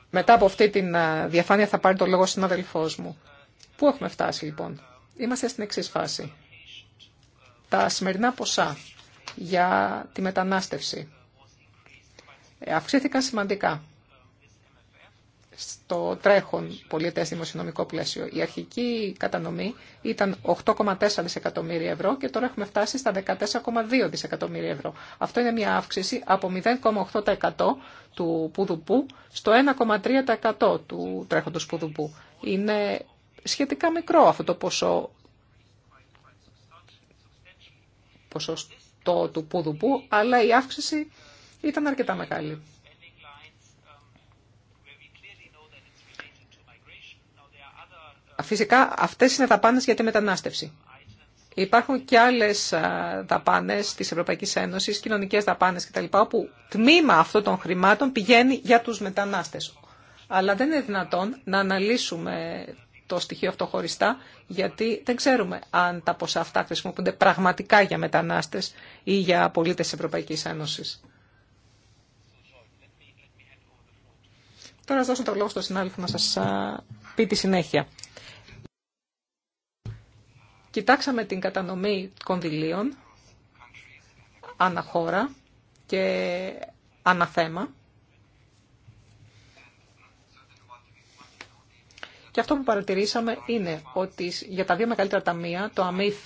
Μετά από αυτή τη διαφάνεια θα πάρει το λόγο συναδελφός μου. Πού έχουμε φτάσει λοιπόν. Είμαστε στην εξή φάση. Τα σημερινά ποσά για τη μετανάστευση ε, αυξήθηκαν σημαντικά στο τρέχον πολιτές δημοσιονομικό πλαίσιο. Η αρχική κατανομή ήταν 8,4 δισεκατομμύρια ευρώ και τώρα έχουμε φτάσει στα 14,2 δισεκατομμύρια ευρώ. Αυτό είναι μια αύξηση από 0,8% του πουδουπού στο 1,3% του τρέχοντος πουδουπού. Είναι σχετικά μικρό αυτό το ποσοστό του πουδουπού, αλλά η αύξηση ήταν αρκετά μεγάλη. Φυσικά αυτές είναι δαπάνες για τη μετανάστευση. Υπάρχουν και άλλες δαπάνες της Ευρωπαϊκής Ένωσης, κοινωνικές δαπάνες κτλ. όπου τμήμα αυτών των χρημάτων πηγαίνει για τους μετανάστες. Αλλά δεν είναι δυνατόν να αναλύσουμε το στοιχείο αυτό χωριστά, γιατί δεν ξέρουμε αν τα ποσά αυτά χρησιμοποιούνται πραγματικά για μετανάστες ή για πολίτες της Ευρωπαϊκής Ένωσης. Τώρα θα δώσω το λόγο στον συνάδελφο να σας πει τη συνέχεια. Κοιτάξαμε την κατανομή κονδυλίων αναχώρα και αναθέμα. Και αυτό που παρατηρήσαμε είναι ότι για τα δύο μεγαλύτερα ταμεία, το ΑΜΙΘ,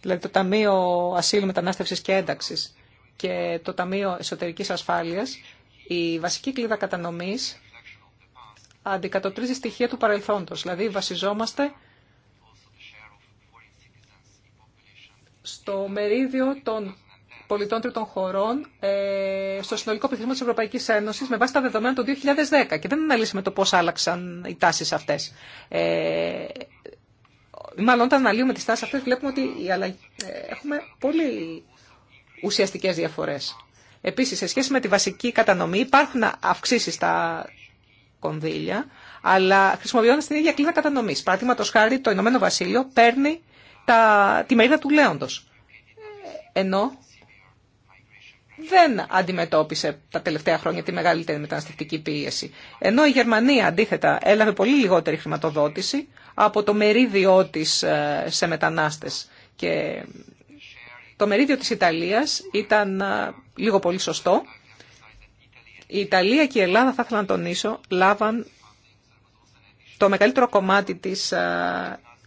δηλαδή το Ταμείο Ασύλου Μετανάστευσης και Ένταξης και το Ταμείο Εσωτερικής Ασφάλειας, η βασική κλίδα κατανομής αντικατοπτρίζει στοιχεία του παρελθόντος. Δηλαδή βασιζόμαστε στο μερίδιο των πολιτών τρίτων χωρών ε, στο συνολικό πληθυσμό της Ευρωπαϊκής Ένωσης με βάση τα δεδομένα του 2010 και δεν αναλύσαμε το πώς άλλαξαν οι τάσεις αυτές. Ε, μάλλον όταν αναλύουμε τις τάσεις αυτές βλέπουμε ότι ε, έχουμε πολύ ουσιαστικές διαφορές. Επίσης, σε σχέση με τη βασική κατανομή υπάρχουν αυξήσεις στα κονδύλια, αλλά χρησιμοποιώντα την ίδια κλίδα κατανομή. Παραδείγματο χάρη, το Ηνωμένο Βασίλειο παίρνει τα, τη μερίδα του λέοντο. Ενώ δεν αντιμετώπισε τα τελευταία χρόνια τη μεγαλύτερη μεταναστευτική πίεση. Ενώ η Γερμανία αντίθετα έλαβε πολύ λιγότερη χρηματοδότηση από το μερίδιό τη ε, σε μετανάστες. το μερίδιο της Ιταλίας ήταν ε, λίγο πολύ σωστό η Ιταλία και η Ελλάδα, θα ήθελα να τονίσω, λάβαν το μεγαλύτερο κομμάτι της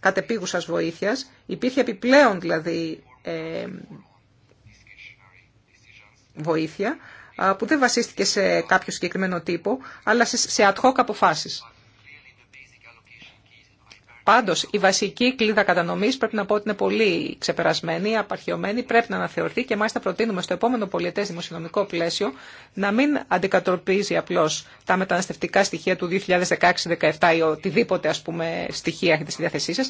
κατεπίγουσας βοήθειας. Υπήρχε επιπλέον δηλαδή ε, βοήθεια που δεν βασίστηκε σε κάποιο συγκεκριμένο τύπο, αλλά σε ad hoc αποφάσεις. Πάντω, η βασική κλίδα κατανομής πρέπει να πω ότι είναι πολύ ξεπερασμένη, απαρχαιωμένη, πρέπει να αναθεωρηθεί και μάλιστα προτείνουμε στο επόμενο πολιετέ δημοσιονομικό πλαίσιο να μην αντικατορπίζει απλώ τα μεταναστευτικά στοιχεία του 2016-2017 ή οτιδήποτε ας πούμε στοιχεία έχετε στη διάθεσή σα,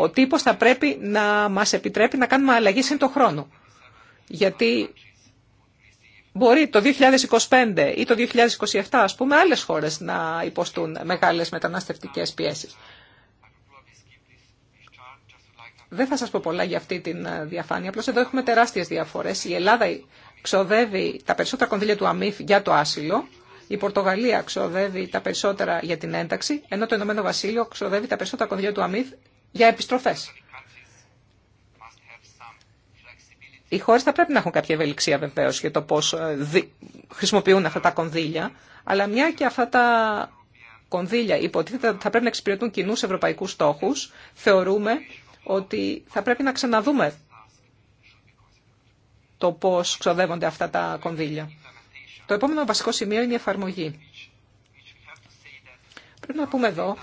Ο τύπος θα πρέπει να μα επιτρέπει να κάνουμε αλλαγή σύντο χρόνο. Γιατί Μπορεί το 2025 ή το 2027, ας πούμε, άλλες χώρες να υποστούν μεγάλες μεταναστευτικές πιέσεις. Δεν θα σας πω πολλά για αυτή τη ε, διαφάνεια, απλώς εδώ έχουμε τεράστιες διαφορές. Η Ελλάδα ξοδεύει τα περισσότερα κονδύλια του ΑΜΙΦ για το άσυλο, η Πορτογαλία ξοδεύει τα περισσότερα για την ένταξη, ενώ το Ηνωμένο Βασίλειο ξοδεύει τα περισσότερα κονδύλια του ΑΜΙΦ για επιστροφές. Οι χώρε θα πρέπει να έχουν κάποια ευελιξία βεβαίω για το πώ ε, χρησιμοποιούν αυτά τα κονδύλια, αλλά μια και αυτά τα κονδύλια υποτίθεται ότι θα πρέπει να εξυπηρετούν κοινού ευρωπαϊκού στόχου, θεωρούμε ότι θα πρέπει να ξαναδούμε το πώς ξοδεύονται αυτά τα κονδύλια. Το επόμενο βασικό σημείο είναι η εφαρμογή. Πρέπει να πούμε εδώ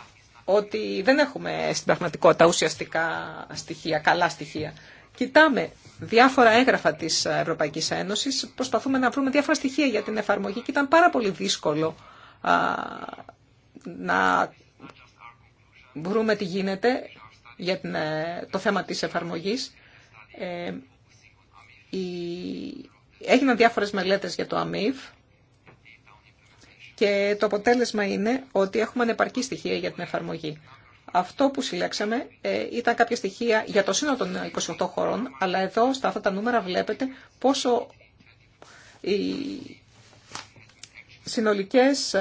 ότι δεν έχουμε στην πραγματικότητα ουσιαστικά στοιχεία, καλά στοιχεία. Κοιτάμε διάφορα έγγραφα της Ευρωπαϊκής Ένωσης, προσπαθούμε να βρούμε διάφορα στοιχεία για την εφαρμογή και ήταν πάρα πολύ δύσκολο να βρούμε τι γίνεται για ε, το θέμα της εφαρμογής. Ε, έγιναν διάφορες μελέτες για το ΑΜΕΙΒ και το αποτέλεσμα είναι ότι έχουμε ανεπαρκή στοιχεία για την εφαρμογή. Αυτό που συλλέξαμε ε, ήταν κάποια στοιχεία για το σύνολο των 28 χωρών, αλλά εδώ στα αυτά τα νούμερα βλέπετε πόσο οι συνολικές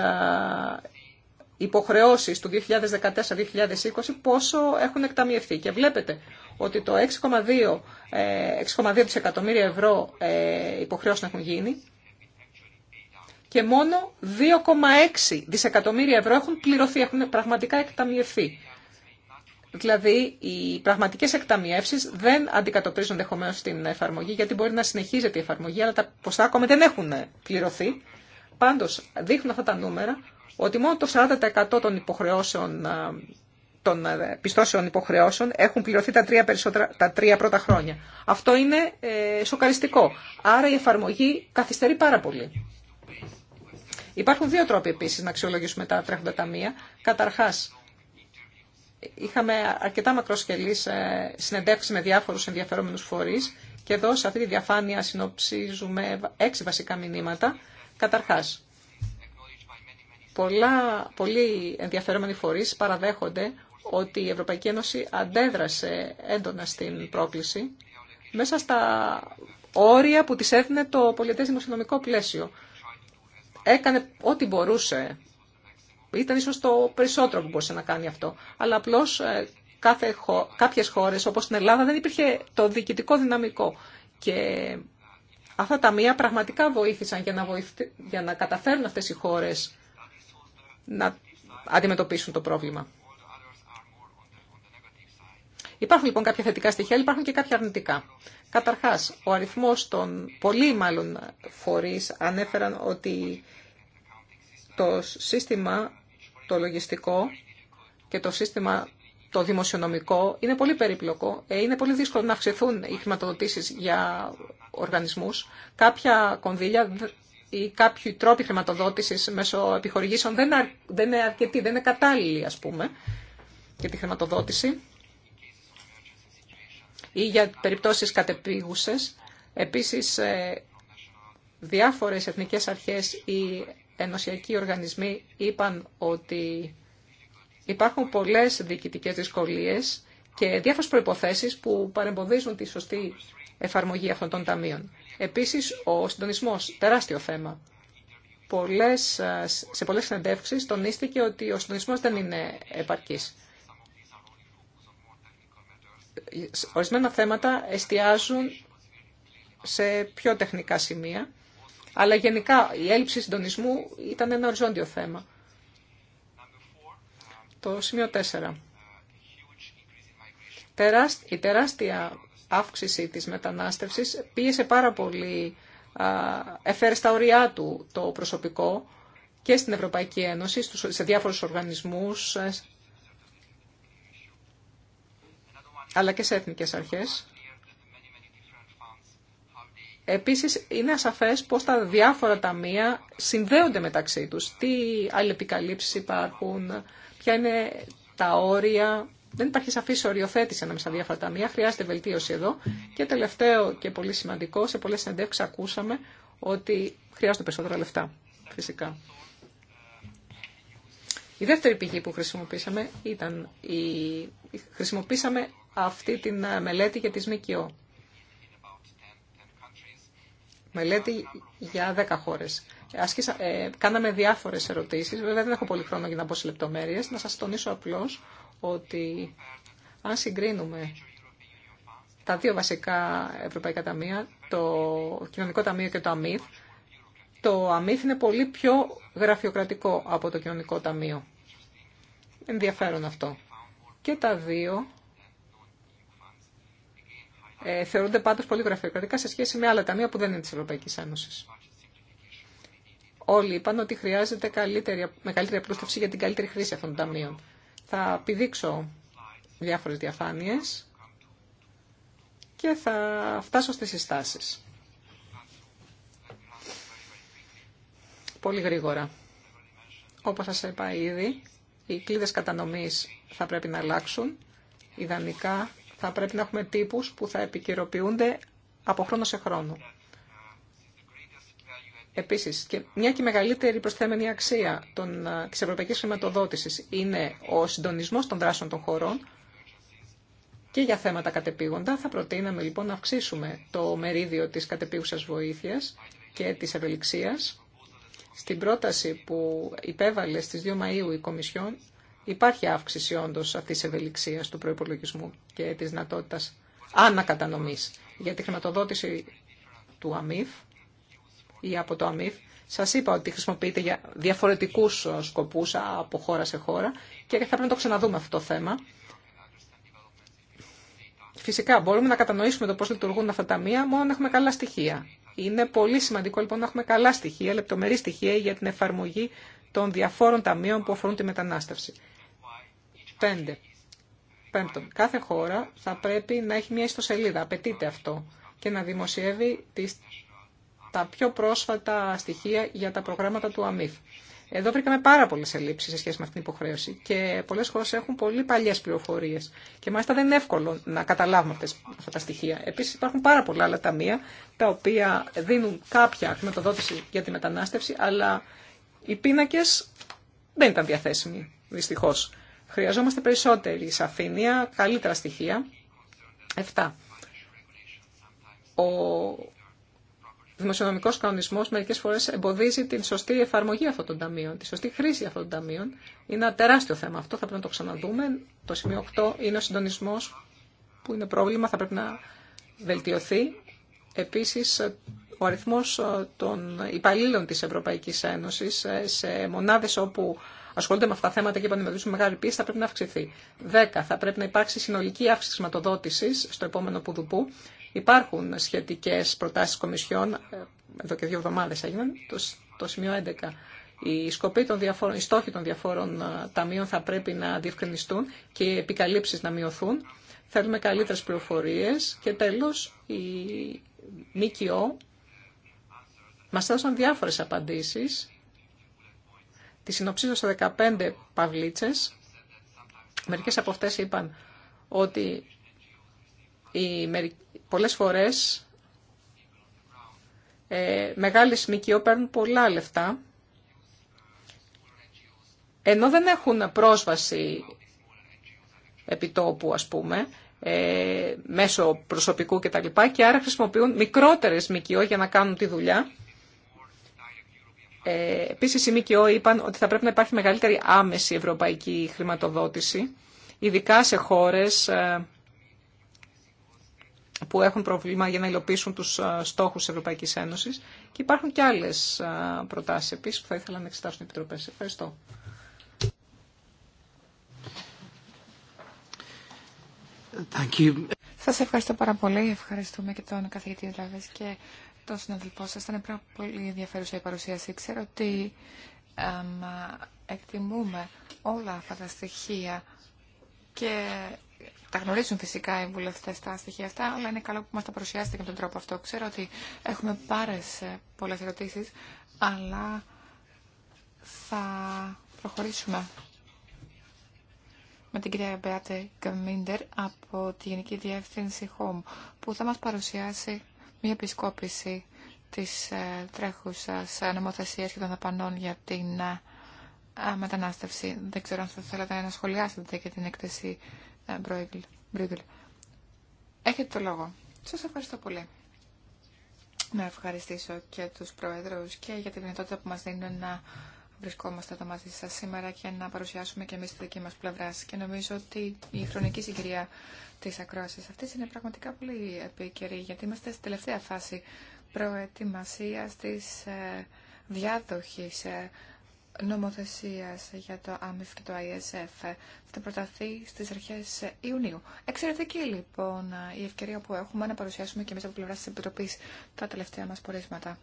Υποχρεώσει του 2014-2020 πόσο έχουν εκταμιευθεί. Και βλέπετε ότι το 6,2 6,2 ε, δισεκατομμύρια ευρώ ε, υποχρεώσεων έχουν γίνει και μόνο 2,6 δισεκατομμύρια ευρώ έχουν πληρωθεί, έχουν πραγματικά εκταμιευθεί. Δηλαδή, οι πραγματικέ εκταμιεύσει δεν αντικατοπτρίζουν ενδεχομένω την εφαρμογή, γιατί μπορεί να συνεχίζεται η εφαρμογή, αλλά τα ποσά ακόμα δεν έχουν πληρωθεί. Πάντω, δείχνουν αυτά τα νούμερα ότι μόνο το 40% των υποχρεώσεων ε, των ε, πιστώσεων υποχρεώσεων έχουν πληρωθεί τα τρία, τα πρώτα χρόνια. Αυτό είναι ε, σοκαριστικό. Άρα η εφαρμογή καθυστερεί πάρα πολύ. Υπάρχουν δύο τρόποι επίσης να αξιολογήσουμε τα τρέχοντα ταμεία. Καταρχάς, είχαμε αρκετά μακροσκελής ε, συνεντεύξεις με διάφορους ενδιαφερόμενους φορείς και εδώ σε αυτή τη διαφάνεια συνοψίζουμε έξι βασικά μηνύματα. Καταρχάς, πολλά, πολλοί ενδιαφερόμενοι φορείς παραδέχονται ότι η Ευρωπαϊκή Ένωση αντέδρασε έντονα στην πρόκληση μέσα στα όρια που της έδινε το πολιτές δημοσιονομικό πλαίσιο. Έκανε ό,τι μπορούσε. Ήταν ίσως το περισσότερο που μπορούσε να κάνει αυτό. Αλλά απλώς ε, κάθε, κάποιες χώρες όπως στην Ελλάδα δεν υπήρχε το διοικητικό δυναμικό. Και αυτά τα μία πραγματικά βοήθησαν για να, για να καταφέρουν αυτές οι χώρες να αντιμετωπίσουν το πρόβλημα. Υπάρχουν λοιπόν κάποια θετικά στοιχεία, αλλά υπάρχουν και κάποια αρνητικά. Καταρχά, ο αριθμό των πολύ μάλλον φορεί ανέφεραν ότι το σύστημα το λογιστικό και το σύστημα το δημοσιονομικό είναι πολύ περίπλοκο. Ε, είναι πολύ δύσκολο να αυξηθούν οι χρηματοδοτήσει για οργανισμού. Κάποια κονδύλια ή κάποιοι τρόποι χρηματοδότηση μέσω επιχορηγήσεων δεν, δεν είναι αρκετοί, δεν είναι κατάλληλοι ας πούμε για τη χρηματοδότηση ή για περιπτώσεις κατεπίγουσες. Επίσης, ε, διάφορες εθνικές αρχές ή ενωσιακοί οργανισμοί είπαν ότι υπάρχουν πολλές διοικητικέ δυσκολίες και διάφορες προποθέσει που παρεμποδίζουν τη σωστή εφαρμογή αυτών των ταμείων. Επίσης, ο συντονισμός, τεράστιο θέμα. Πολλές, σε πολλές συνεντεύξεις τονίστηκε ότι ο συντονισμός δεν είναι επαρκής. Ορισμένα θέματα εστιάζουν σε πιο τεχνικά σημεία, αλλά γενικά η έλλειψη συντονισμού ήταν ένα οριζόντιο θέμα. Το σημείο 4. Η τεράστια αύξηση της μετανάστευσης πίεσε πάρα πολύ, εφέρει στα ωριά του το προσωπικό και στην Ευρωπαϊκή Ένωση, σε διάφορους οργανισμούς, ε, αλλά και σε εθνικές αρχές. Επίσης, είναι ασαφές πώς τα διάφορα ταμεία συνδέονται μεταξύ τους. Τι επικαλύψεις υπάρχουν, ποια είναι τα όρια δεν υπάρχει σαφή οριοθέτηση ανάμεσα στα διάφορα ταμεία. Χρειάζεται βελτίωση εδώ. Και τελευταίο και πολύ σημαντικό, σε πολλέ συνεντεύξει ακούσαμε ότι χρειάζονται περισσότερα λεφτά. Φυσικά. Η δεύτερη πηγή που χρησιμοποίησαμε ήταν η... χρησιμοποίησαμε αυτή την ε, μελέτη για τις ΜΚΟ. Μελέτη για 10 χώρες. Ε, κάναμε διάφορες ερωτήσεις, βέβαια δεν έχω πολύ χρόνο για να πω σε λεπτομέρειες, να σας τονίσω απλώς ότι αν συγκρίνουμε τα δύο βασικά ευρωπαϊκά ταμεία, το Κοινωνικό Ταμείο και το Αμύθ, το ΑΜΥΘ είναι πολύ πιο γραφειοκρατικό από το Κοινωνικό Ταμείο. Ενδιαφέρον αυτό. Και τα δύο ε, θεωρούνται πάντως πολύ γραφειοκρατικά σε σχέση με άλλα ταμεία που δεν είναι της Ευρωπαϊκής Ένωσης. Όλοι είπαν ότι χρειάζεται καλύτερη, με απλούστευση για την καλύτερη χρήση αυτών των ταμείων. Θα πηδήξω διάφορες διαφάνειες και θα φτάσω στις συστάσεις. Πολύ γρήγορα. Όπως σας είπα ήδη, οι κλίδες κατανομής θα πρέπει να αλλάξουν. Ιδανικά θα πρέπει να έχουμε τύπους που θα επικαιροποιούνται από χρόνο σε χρόνο. Επίση, και μια και μεγαλύτερη προσθέμενη αξία ε, τη ευρωπαϊκή ευρωπαϊκής χρηματοδότησης είναι ο συντονισμός των δράσεων των χωρών και για θέματα κατεπήγοντα. Θα προτείναμε λοιπόν να αυξήσουμε το μερίδιο της κατεπήγουσας βοήθειας και της ευελιξίας. Στην πρόταση που υπέβαλε στις 2 Μαΐου η Κομισιόν υπάρχει αύξηση όντω αυτή τη ευελιξία του προπολογισμού και τη δυνατότητα ανακατανομή για τη χρηματοδότηση του ΑΜΙΦ ή από το Σας είπα ότι χρησιμοποιείται για διαφορετικού σκοπού από χώρα σε χώρα και θα πρέπει να το ξαναδούμε αυτό το θέμα. Φυσικά μπορούμε να κατανοήσουμε το πώ λειτουργούν αυτά τα ταμεία μόνο αν έχουμε καλά στοιχεία. Είναι πολύ σημαντικό λοιπόν να έχουμε καλά στοιχεία, λεπτομερή στοιχεία για την εφαρμογή των διαφόρων ταμείων που αφορούν τη μετανάστευση. Πέντε. Πέμπτον, κάθε χώρα θα πρέπει να έχει μια ιστοσελίδα, απαιτείται αυτό, και να δημοσιεύει τις τα πιο πρόσφατα στοιχεία για τα προγράμματα του ΑΜΙΦ. Εδώ βρήκαμε πάρα πολλέ ελλείψει σε σχέση με αυτήν την υποχρέωση και πολλέ χώρε έχουν πολύ παλιέ πληροφορίε και μάλιστα δεν είναι εύκολο να καταλάβουμε αυτά τα στοιχεία. Επίση υπάρχουν πάρα πολλά άλλα ταμεία τα οποία δίνουν κάποια χρηματοδότηση για τη μετανάστευση, αλλά οι πίνακε δεν ήταν διαθέσιμοι δυστυχώ. Χρειαζόμαστε περισσότερη σαφήνεια, καλύτερα στοιχεία. 7. Ο δημοσιονομικός κανονισμός μερικές φορές εμποδίζει την σωστή εφαρμογή αυτών των ταμείων, τη σωστή χρήση αυτών των ταμείων. Είναι ένα τεράστιο θέμα αυτό, θα πρέπει να το ξαναδούμε. Το σημείο 8 είναι ο συντονισμός που είναι πρόβλημα, θα πρέπει να βελτιωθεί. Επίσης, ο αριθμός ε, των υπαλλήλων της Ευρωπαϊκής Ένωσης ε, σε μονάδες όπου ασχολούνται με αυτά τα θέματα και αντιμετωπίζουν μεγάλη πίεση θα πρέπει να αυξηθεί. 10. Θα πρέπει να υπάρξει συνολική αύξηση χρηματοδότηση στο επόμενο πουδουπού Υπάρχουν σχετικές προτάσεις κομισιών, ε, εδώ και δύο εβδομάδε έγιναν, το, το σημείο 11. Οι, σκοποί των διαφόρων, οι στόχοι των διαφόρων ε, ταμείων θα πρέπει να διευκρινιστούν και οι επικαλύψεις να μειωθούν. Θέλουμε καλύτερες πληροφορίες και τέλος η ΜΚΟ μας έδωσαν διάφορες απαντήσεις. Τη συνοψίζω σε 15 παυλίτσες. Μερικές από αυτές είπαν ότι οι, πολλές φορές ε, μεγάλες ΜΚΟ παίρνουν πολλά λεφτά, ενώ δεν έχουν πρόσβαση επιτόπου, ας πούμε, ε, μέσω προσωπικού κτλ. Και άρα χρησιμοποιούν μικρότερες ΜΚΟ για να κάνουν τη δουλειά. Ε, επίσης, οι ΜΚΟ είπαν ότι θα πρέπει να υπάρχει μεγαλύτερη άμεση ευρωπαϊκή χρηματοδότηση, ειδικά σε χώρες... Ε, που έχουν πρόβλημα για να υλοποιήσουν τους στόχους της Ευρωπαϊκής Ένωσης και υπάρχουν και άλλες προτάσεις επίσης που θα ήθελα να εξετάσουν οι επιτροπές. Ευχαριστώ. Thank you. Σας ευχαριστώ πάρα πολύ. Ευχαριστούμε και τον καθηγητή Δραβές και τον συναδελφό σας. Ήταν πάρα πολύ ενδιαφέρουσα η παρουσίαση. Ξέρω ότι εμ, εκτιμούμε όλα αυτά τα στοιχεία και τα γνωρίζουν φυσικά οι βουλευτέ τα στοιχεία αυτά, αλλά είναι καλό που μα τα παρουσιάσετε και με τον τρόπο αυτό. Ξέρω ότι έχουμε πάρε πολλέ ερωτήσει, αλλά θα προχωρήσουμε με την κυρία Μπεάτε γκαμίντερ από τη Γενική Διεύθυνση Home, που θα μας παρουσιάσει μια επισκόπηση της ε, τρέχουσας ε, νομοθεσίας και των δαπανών για την ε, μετανάστευση. Δεν ξέρω αν θα θέλατε να σχολιάσετε και την έκθεση ε, Μπρίγκλ. Έχετε το λόγο. Σας ευχαριστώ πολύ. Να ευχαριστήσω και τους Προέδρους και για τη δυνατότητα που μα δίνουν να βρισκόμαστε εδώ μαζί σα σήμερα και να παρουσιάσουμε και εμείς τη δική μας πλευρά. Και νομίζω ότι η χρονική συγκυρία της ακρόασης αυτής είναι πραγματικά πολύ επίκαιρη, γιατί είμαστε στη τελευταία φάση προετοιμασίας της ε, διάδοχης ε, νομοθεσίας για το ΑΜΙΦ και το ISF θα προταθεί στις αρχές Ιουνίου. Εξαιρετική λοιπόν η ευκαιρία που έχουμε να παρουσιάσουμε και εμείς από πλευρά της Επιτροπής τα τελευταία μας πορίσματα.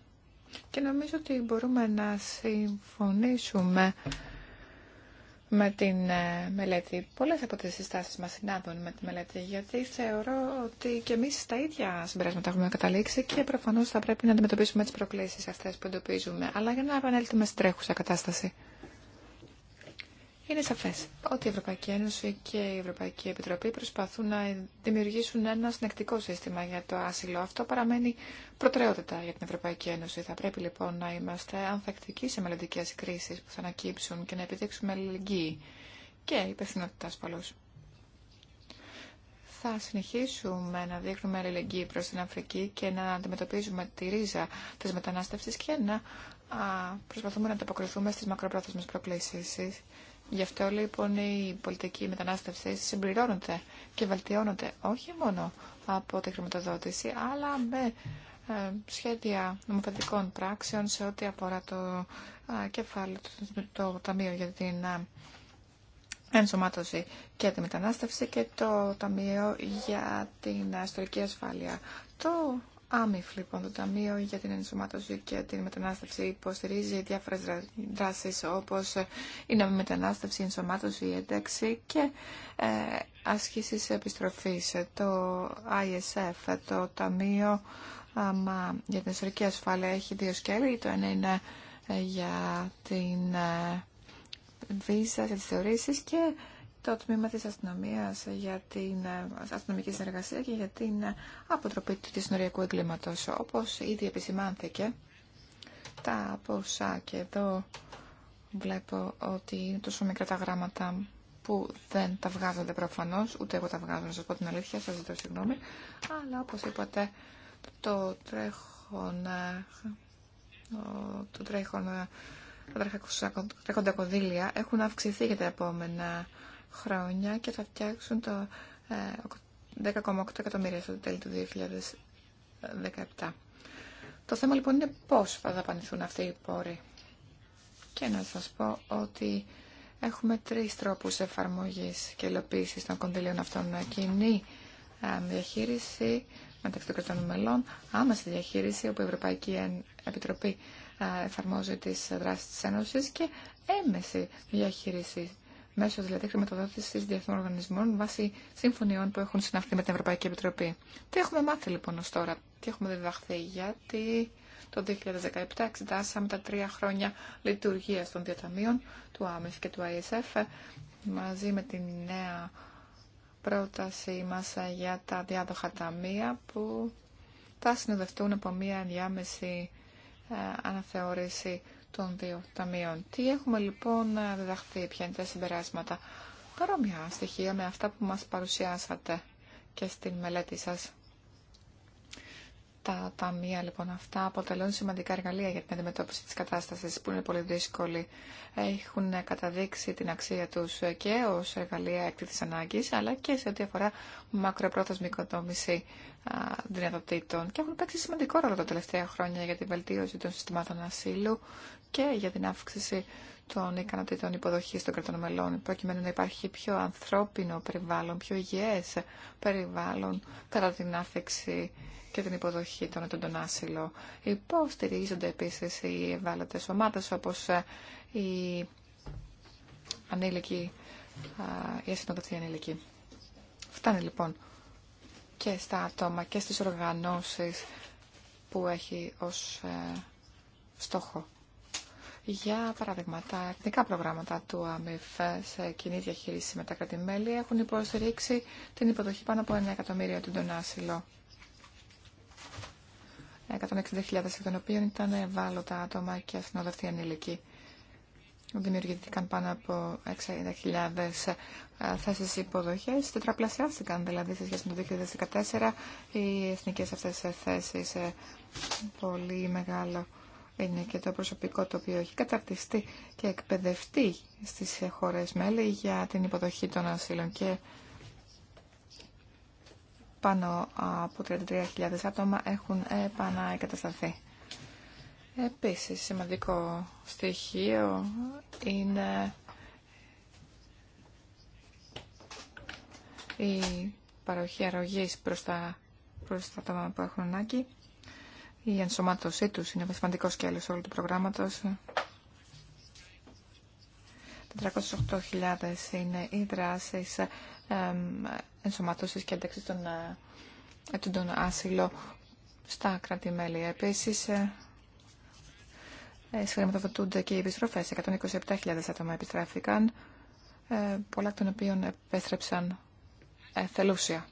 Και νομίζω ότι μπορούμε να συμφωνήσουμε με την ε, μελέτη. Πολλές από τις συστάσεις μας συνάδουν με τη μελέτη, γιατί θεωρώ ότι και εμείς τα ίδια συμπεράσματα έχουμε καταλήξει και προφανώς θα πρέπει να αντιμετωπίσουμε τις προκλήσεις αυτές που εντοπίζουμε. Αλλά για να επανέλθουμε στην τρέχουσα κατάσταση. Είναι σαφέ. ότι η Ευρωπαϊκή Ένωση και η Ευρωπαϊκή Επιτροπή προσπαθούν να δημιουργήσουν ένα συνεκτικό σύστημα για το άσυλο. Αυτό παραμένει προτεραιότητα για την Ευρωπαϊκή Ένωση. Θα πρέπει λοιπόν να είμαστε ανθεκτικοί σε μελλοντικέ κρίσει που θα ανακύψουν και να επιδείξουμε αλληλεγγύη και υπευθυνότητα ασφαλώ. Θα συνεχίσουμε να δείχνουμε αλληλεγγύη προ την Αφρική και να αντιμετωπίζουμε τη ρίζα τη μετανάστευση και να προσπαθούμε να ανταποκριθούμε στι μακροπρόθεσμε προκλήσει. Γι' αυτό λοιπόν η πολιτική μετανάστευση συμπληρώνονται και βαλτιώνονται όχι μόνο από τη χρηματοδότηση, αλλά με ε, σχέδια νομοθετικών πράξεων σε ό,τι αφορά το ε, κεφάλαιο, το, Ταμείο για την ε, Ενσωμάτωση και τη Μετανάστευση και το Ταμείο για την ιστορική Ασφάλεια. Άμυφ, λοιπόν, το Ταμείο για την Ενσωμάτωση και την Μετανάστευση υποστηρίζει διάφορες δράσεις όπως η νόμη μετανάστευση, η ενσωμάτωση, η ένταξη και ε, ασκήσεις επιστροφής. Το ISF, το Ταμείο αμα, για την Ιστορική Ασφάλεια, έχει δύο σκέλη. Το ένα είναι ε, για την ε, βίζα, για τι θεωρήσει και το τμήμα της αστυνομίας για την ε, αστυνομική συνεργασία και για την ε, αποτροπή του νοριακού εγκλήματος. Όπως ήδη επισημάνθηκε, τα ποσά και εδώ βλέπω ότι είναι τόσο μικρά τα γράμματα που δεν τα βγάζονται προφανώς, ούτε εγώ τα βγάζω να σας πω την αλήθεια, σας ζητώ συγγνώμη, αλλά όπως είπατε το τρέχον, ε, το τρέχον τα τρέχοντα κονδύλια έχουν αυξηθεί για τα επόμενα χρόνια και θα φτιάξουν το 10,8 ε, εκατομμύρια στο τέλη του 2017. Το θέμα λοιπόν είναι πώς θα δαπανηθούν αυτοί οι πόροι. Και να σας πω ότι έχουμε τρεις τρόπους εφαρμογής και υλοποίησης των κονδυλίων αυτών. Κοινή ε, διαχείριση μεταξύ των κρατών μελών, άμεση διαχείριση όπου η Ευρωπαϊκή Επιτροπή ε, εφαρμόζει τις δράσεις της Ένωσης και έμεση διαχείριση μέσω δηλαδή χρηματοδότηση διεθνών οργανισμών βάσει συμφωνιών που έχουν συναχθεί με την Ευρωπαϊκή Επιτροπή. Τι έχουμε μάθει λοιπόν ω τώρα, τι έχουμε διδαχθεί, γιατί το 2017 εξετάσαμε τα τρία χρόνια λειτουργία των διαταμείων του ΆΜΕΦ και του ISF, μαζί με τη νέα πρότασή μα ε, για τα διάδοχα ταμεία που θα συνοδευτούν από μία διάμεση ε, αναθεώρηση των δύο ταμείων. Τι έχουμε λοιπόν διδαχθεί, ποια είναι τα συμπεράσματα. Παρόμοια στοιχεία με αυτά που μας παρουσιάσατε και στην μελέτη σας. Τα ταμεία λοιπόν αυτά αποτελούν σημαντικά εργαλεία για την αντιμετώπιση της κατάστασης που είναι πολύ δύσκολη. Έχουν καταδείξει την αξία τους και ως εργαλεία έκτητης ανάγκης αλλά και σε ό,τι αφορά μακροπρόθεσμη οικοδόμηση δυνατοτήτων και έχουν παίξει σημαντικό ρόλο τα τελευταία χρόνια για την βελτίωση των συστημάτων ασύλου και για την αύξηση των ικανοτήτων υποδοχής των κρατών μελών, προκειμένου να υπάρχει πιο ανθρώπινο περιβάλλον, πιο υγιές περιβάλλον κατά την άφηξη και την υποδοχή των ετών άσυλο. Υποστηρίζονται επίσης οι ευάλωτες ομάδες όπως η ε, ανήλικοι, οι ασυνοδοτοί ανήλικοι. Φτάνει λοιπόν και στα άτομα και στις οργανώσεις που έχει ως ε, στόχο για παράδειγμα, τα εθνικά προγράμματα του ΑΜΕΦ σε κοινή διαχείριση με τα κρατημέλη έχουν υποστηρίξει την υποδοχή πάνω από ένα εκατομμύριο του τον άσυλο. 160.000 εκ των οποίων ήταν ευάλωτα άτομα και ασυνοδευτεί ανήλικοι. Δημιουργήθηκαν πάνω από 60.000 ε, θέσει υποδοχές. Τετραπλασιάστηκαν δηλαδή σε σχέση με το 2014 οι εθνικέ αυτέ ε, θέσει ε, πολύ μεγάλο είναι και το προσωπικό το οποίο έχει καταρτιστεί και εκπαιδευτεί στις χώρες μέλη για την υποδοχή των ασύλων και πάνω από 33.000 άτομα έχουν επαναεκατασταθεί. Επίσης, σημαντικό στοιχείο είναι η παροχή αρρωγής προς τα, προς τα άτομα που έχουν ανάγκη η ενσωμάτωσή τους είναι σημαντικό σκέλος όλου του προγράμματος. 408.000 είναι οι δράσεις ενσωμάτωσης και ένταξης των ε, ετούντων άσυλο στα κράτη-μέλη. Επίσης, ε, συγχρηματοδοτούνται και οι επιστροφέ. 127.000 άτομα επιστράφηκαν, ε, πολλά των οποίων επέστρεψαν θελούσια.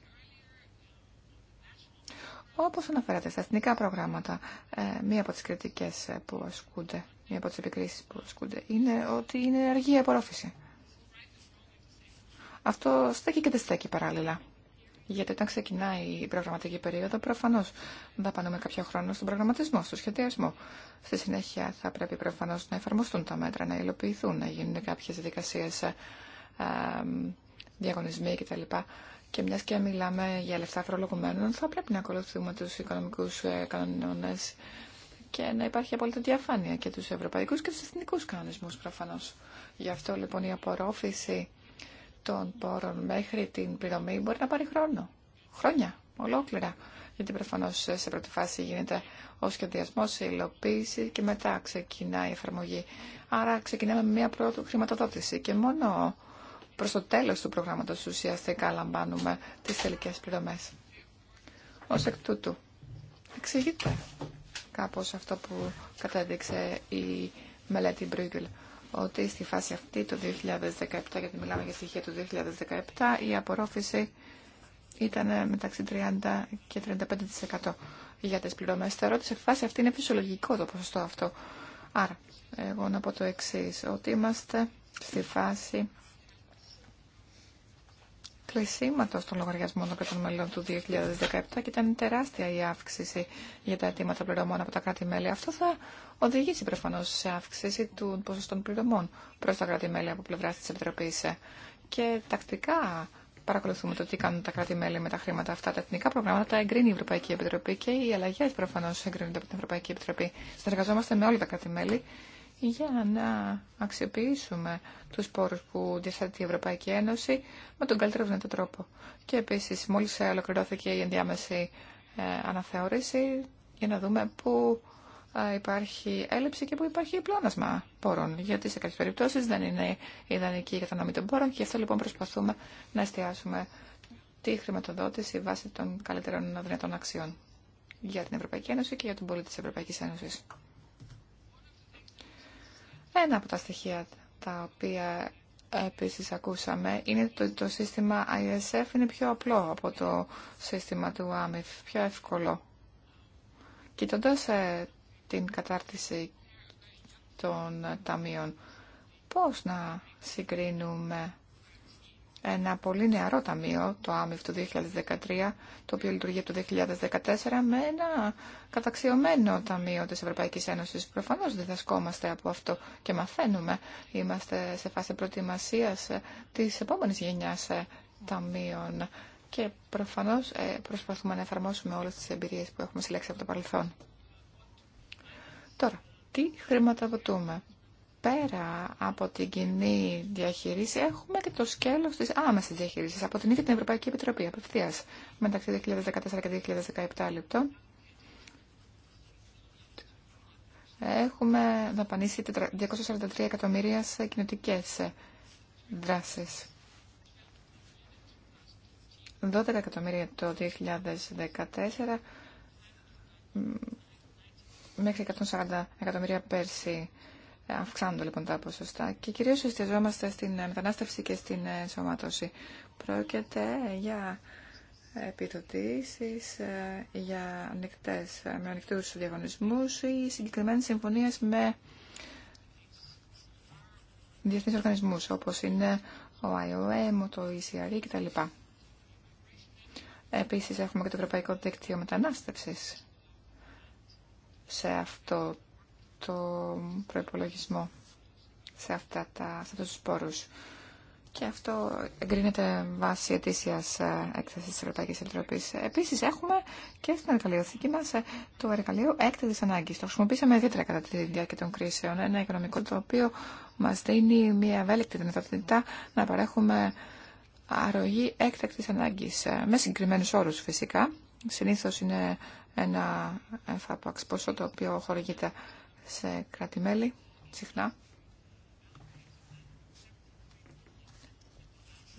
Όπως αναφέρατε στα εθνικά προγράμματα, ε, μία από τις κριτικές ε, που ασκούνται, μία από τις επικρίσεις που ασκούνται, είναι ότι είναι αργή η απορρόφηση. Αυτό στέκει και δεν στέκει παράλληλα. Γιατί όταν ξεκινάει η προγραμματική περίοδο, προφανώ δαπανούμε κάποιο χρόνο στον προγραμματισμό, στο σχεδιασμό. Στη συνέχεια θα πρέπει προφανώ να εφαρμοστούν τα μέτρα, να υλοποιηθούν, να γίνουν κάποιε διαδικασίε, ε, διαγωνισμοί κτλ. Και μια και μιλάμε για λεφτά φορολογουμένων, θα πρέπει να ακολουθούμε του οικονομικού ε, κανόνε και να υπάρχει απόλυτη διαφάνεια και του Ευρωπαϊκού και του Εθνικού κανονισμού προφανώ. Γι' αυτό λοιπόν η απορρόφηση των πόρων μέχρι την πληρωμή μπορεί να πάρει χρόνο. Χρόνια, ολόκληρα. Γιατί προφανώ σε πρώτη φάση γίνεται ο σχεδιασμό, η υλοποίηση και μετά ξεκινά η εφαρμογή. Άρα ξεκινάμε με μια πρώτη χρηματοδότηση. Και μόνο προς το τέλος του προγράμματος ουσιαστικά λαμβάνουμε τις τελικές πληρωμές. Ως εκ τούτου, εξηγείται κάπως αυτό που κατέδειξε η μελέτη Μπρούγκελ, ότι στη φάση αυτή το 2017, γιατί μιλάμε για στοιχεία του 2017, η απορρόφηση ήταν μεταξύ 30 και 35% για τις πληρωμές. Θεωρώ ότι σε φάση αυτή είναι φυσιολογικό το ποσοστό αυτό. Άρα, εγώ να πω το εξή ότι είμαστε στη φάση κλεισίματο των λογαριασμών των κρατών μελών του 2017 και ήταν τεράστια η αύξηση για τα αιτήματα πληρωμών από τα κράτη-μέλη. Αυτό θα οδηγήσει προφανώ σε αύξηση των ποσοστών πληρωμών προ τα κράτη-μέλη από πλευρά τη Επιτροπή. Και τακτικά παρακολουθούμε το τι κάνουν τα κράτη-μέλη με τα χρήματα αυτά. Τα εθνικά προγράμματα τα εγκρίνει η Ευρωπαϊκή Επιτροπή και οι αλλαγέ προφανώ εγκρίνονται από την Ευρωπαϊκή Επιτροπή. Συνεργαζόμαστε με όλα τα κράτη-μέλη για να αξιοποιήσουμε τους πόρους που διαθέτει η Ευρωπαϊκή Ένωση με τον καλύτερο δυνατό τρόπο. Και επίσης μόλις ολοκληρώθηκε η ενδιάμεση ε, αναθεώρηση για να δούμε πού ε, υπάρχει έλλειψη και που υπάρχει πλώνασμα πόρων. Γιατί σε κάποιε περιπτώσει δεν είναι ιδανική η κατανομή των πόρων και γι' αυτό λοιπόν προσπαθούμε να εστιάσουμε τη χρηματοδότηση βάσει των καλύτερων δυνατών αξιών για την Ευρωπαϊκή Ένωση και για τον πολίτη τη Ευρωπαϊκή Ένωση. Ένα από τα στοιχεία τα οποία επίσης ακούσαμε είναι το, το σύστημα ISF είναι πιο απλό από το σύστημα του AMIF, πιο εύκολο. Κοιτώντα ε, την κατάρτιση των ταμείων, πώς να συγκρίνουμε ένα πολύ νεαρό ταμείο, το ΆΜΙΦ του 2013, το οποίο λειτουργεί από το 2014, με ένα καταξιωμένο ταμείο της Ευρωπαϊκής Ένωσης. Προφανώς διδασκόμαστε από αυτό και μαθαίνουμε. Είμαστε σε φάση προετοιμασίας της επόμενης γενιάς ε, ταμείων και προφανώς ε, προσπαθούμε να εφαρμόσουμε όλες τις εμπειρίες που έχουμε συλλέξει από το παρελθόν. Τώρα, τι χρηματοδοτούμε πέρα από την κοινή διαχείριση έχουμε και το σκέλος της άμεσης διαχείρισης από την ίδια την Ευρωπαϊκή Επιτροπή απευθείας μεταξύ 2014 και 2017 λεπτό. Έχουμε δαπανίσει 243 εκατομμύρια σε κινητικές δράσεις. 12 εκατομμύρια το 2014 μέχρι 140 εκατομμύρια πέρσι Αυξάνονται λοιπόν τα ποσοστά και κυρίως εστιαζόμαστε στην ε, μετανάστευση και στην ενσωμάτωση. Πρόκειται για επιδοτήσεις, ε, για ανοιχτές, ε, με ανοιχτούς διαγωνισμούς ή συγκεκριμένες συμφωνίες με διεθνείς οργανισμούς όπως είναι ο IOM, το ECRE e κτλ. Επίσης έχουμε και το Ευρωπαϊκό Δίκτυο Μετανάστευσης. Σε αυτό το προπολογισμό σε, αυτά τα, σε τους πόρους. Και αυτό εγκρίνεται βάσει ετήσια ε, έκθεση τη Ευρωπαϊκή Επιτροπή. Επίση, έχουμε και στην εργαλειοθήκη μα ε, το εργαλείο έκτακτη ανάγκη. Το χρησιμοποίησαμε ιδιαίτερα κατά τη διάρκεια των κρίσεων. Ένα οικονομικό το οποίο μα δίνει μια ευέλικτη δυνατότητα να παρέχουμε αρρωγή έκτακτη ανάγκη. Ε, με συγκεκριμένου όρου φυσικά. Συνήθω είναι ένα εφάπαξ ποσό το οποίο χορηγείται σε κράτη-μέλη, συχνά.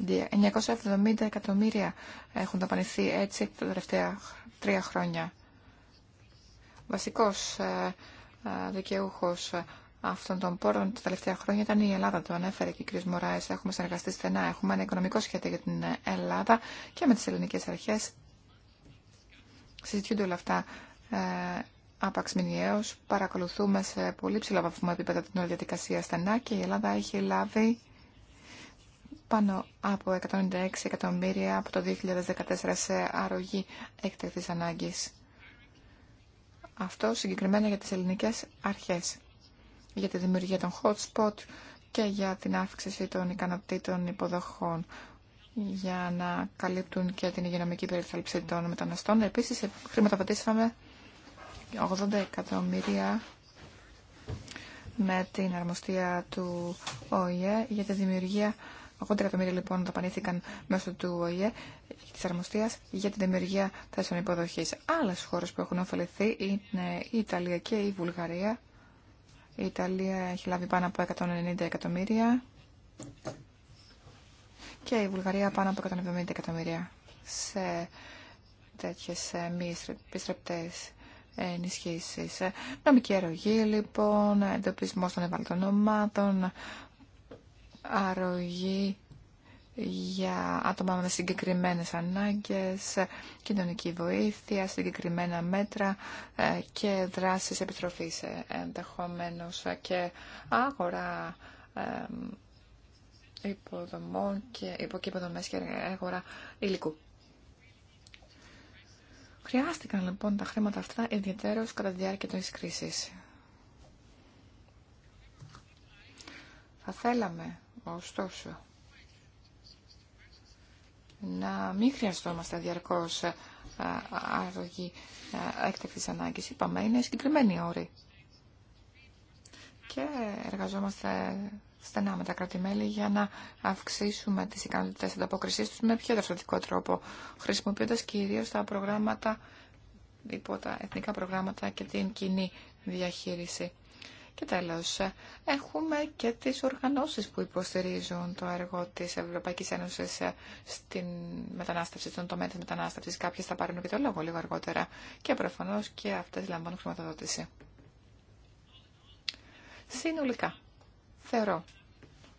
970 εκατομμύρια έχουν δαπανηθεί έτσι τα τελευταία τρία χρόνια. Βασικός ε, ε, δικαιούχος αυτών των πόρων τα τελευταία χρόνια ήταν η Ελλάδα. Το ανέφερε και ο κ. Μωράης. Έχουμε συνεργαστεί στενά. Έχουμε ένα οικονομικό σχέδιο για την Ελλάδα και με τις ελληνικές αρχές. Συζητιούνται όλα αυτά ε, άπαξ μηνιαίος Παρακολουθούμε σε πολύ ψηλό βαθμό επίπεδα την όλη διαδικασία στενά και η Ελλάδα έχει λάβει πάνω από 196 εκατομμύρια από το 2014 σε αρρωγή έκτακτης ανάγκης. Αυτό συγκεκριμένα για τις ελληνικές αρχές, για τη δημιουργία των hot spot και για την αύξηση των ικανοτήτων υποδοχών για να καλύπτουν και την υγειονομική περιθάλψη των μεταναστών. Επίσης, χρηματοδοτήσαμε 80 εκατομμύρια με την αρμοστία του ΟΗΕ για τη δημιουργία 80 εκατομμύρια λοιπόν δαπανήθηκαν μέσω του ΟΗΕ της αρμοστίας για τη δημιουργία θέσεων υποδοχή. Άλλες χώρες που έχουν ωφεληθεί είναι η Ιταλία και η Βουλγαρία. Η Ιταλία έχει λάβει πάνω από 190 εκατομμύρια και η Βουλγαρία πάνω από 170 εκατομμύρια σε τέτοιες ε, μη επιστρεπτές ενισχύσεις. Ε, νομική αρρωγή, λοιπόν, εντοπισμό των ευάλωτων ομάδων, αρρωγή για άτομα με συγκεκριμένες ανάγκες, κοινωνική βοήθεια, συγκεκριμένα μέτρα ε, και δράσεις επιτροφής ε, ενδεχομένω και άγορα υποδομών και υποκύποδομές και αγορά υλικού. Χρειάστηκαν λοιπόν τα χρήματα αυτά ιδιαίτερως κατά τη διάρκεια της κρίσης. Θα θέλαμε, ωστόσο, να μην χρειαζόμαστε διαρκώς ε, αρρωγή ε, έκτακτης ανάγκης. Είπαμε, είναι συγκεκριμένοι όροι. Και εργαζόμαστε στενά με τα κράτη-μέλη για να αυξήσουμε τις ικανότητες ανταπόκρισής τους με πιο διαφορετικό τρόπο, χρησιμοποιώντας κυρίως τα προγράμματα υπό τα εθνικά προγράμματα και την κοινή διαχείριση. Και τέλος, έχουμε και τις οργανώσεις που υποστηρίζουν το έργο της Ευρωπαϊκής Ένωσης στην μετανάστευση, στον τομέα της μετανάστευσης. Κάποιες θα πάρουν και το λόγο λίγο αργότερα και προφανώς και αυτές λαμβάνουν χρηματοδότηση. Συνολικά, Θεωρώ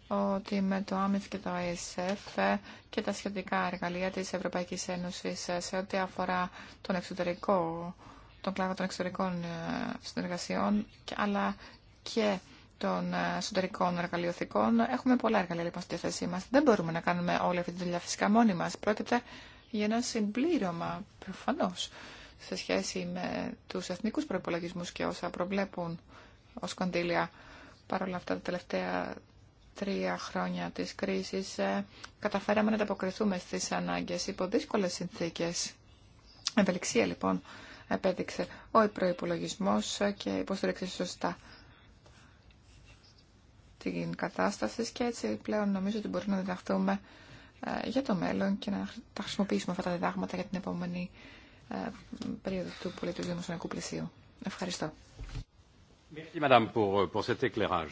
ότι με το ΆΜΙΤ και το ISF και τα σχετικά εργαλεία της Ευρωπαϊκής Ένωσης σε ό,τι αφορά τον εξωτερικό, τον κλάδο των εξωτερικών ε, συνεργασιών, αλλά και των ε, εσωτερικών εργαλειοθηκών. Έχουμε πολλά εργαλεία λοιπόν στη διαθέσή μας. Δεν μπορούμε να κάνουμε όλη αυτή τη δουλειά φυσικά μόνοι μας. Πρόκειται για ένα συμπλήρωμα προφανώς σε σχέση με τους εθνικούς προπολογισμού και όσα προβλέπουν ως κονδύλια Παρ' όλα αυτά τα τελευταία τρία χρόνια της κρίσης ε, καταφέραμε να ανταποκριθούμε στις ανάγκες υπό δύσκολες συνθήκες. Ευελιξία λοιπόν επέδειξε ο προπολογισμό και υποστήριξε σωστά την κατάσταση και έτσι πλέον νομίζω ότι μπορούμε να διδαχθούμε ε, για το μέλλον και να τα χρησιμοποιήσουμε αυτά τα διδάγματα για την επόμενη ε, περίοδο του πολιτικού δημοσιονομικού πλησίου. Ευχαριστώ. Euh,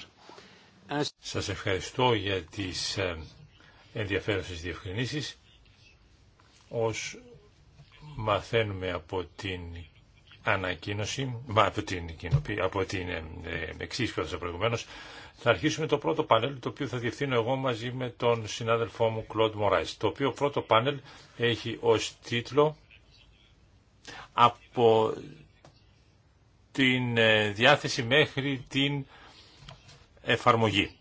Σας ευχαριστώ για τις ε, ενδιαφέρουσες διευκρινήσεις. Ως μαθαίνουμε από την ανακοίνωση, μα, από την, από την ε, ε, που προηγουμένως, θα αρχίσουμε το πρώτο πάνελ, το οποίο θα διευθύνω εγώ μαζί με τον συνάδελφό μου Κλοντ Μωράης. Το οποίο πρώτο πάνελ έχει ως τίτλο από την ε, διάθεση μέχρι την εφαρμογή.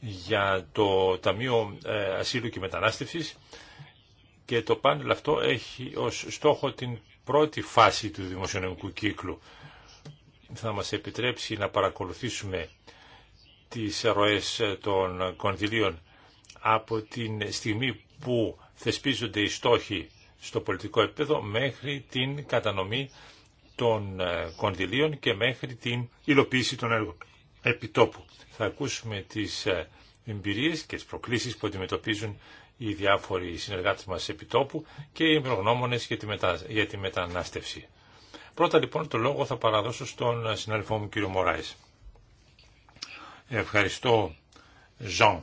Για το Ταμείο ε, Ασύλου και Μετανάστευσης και το πάνελ αυτό έχει ως στόχο την πρώτη φάση του δημοσιονομικού κύκλου. Θα μας επιτρέψει να παρακολουθήσουμε τις ροές ε, των κονδυλίων από την στιγμή που θεσπίζονται οι στόχοι στο πολιτικό επίπεδο μέχρι την κατανομή των ε, κονδυλίων και μέχρι την υλοποίηση των έργων επιτόπου. Θα ακούσουμε τις ε, εμπειρίες και τις προκλήσεις που αντιμετωπίζουν οι διάφοροι συνεργάτες μας επιτόπου και οι προγνώμονες για τη, μετα... για τη μετανάστευση. Πρώτα λοιπόν το λόγο θα παραδώσω στον ε, συναδελφό μου κύριο Μωράης. Ευχαριστώ Ζαν.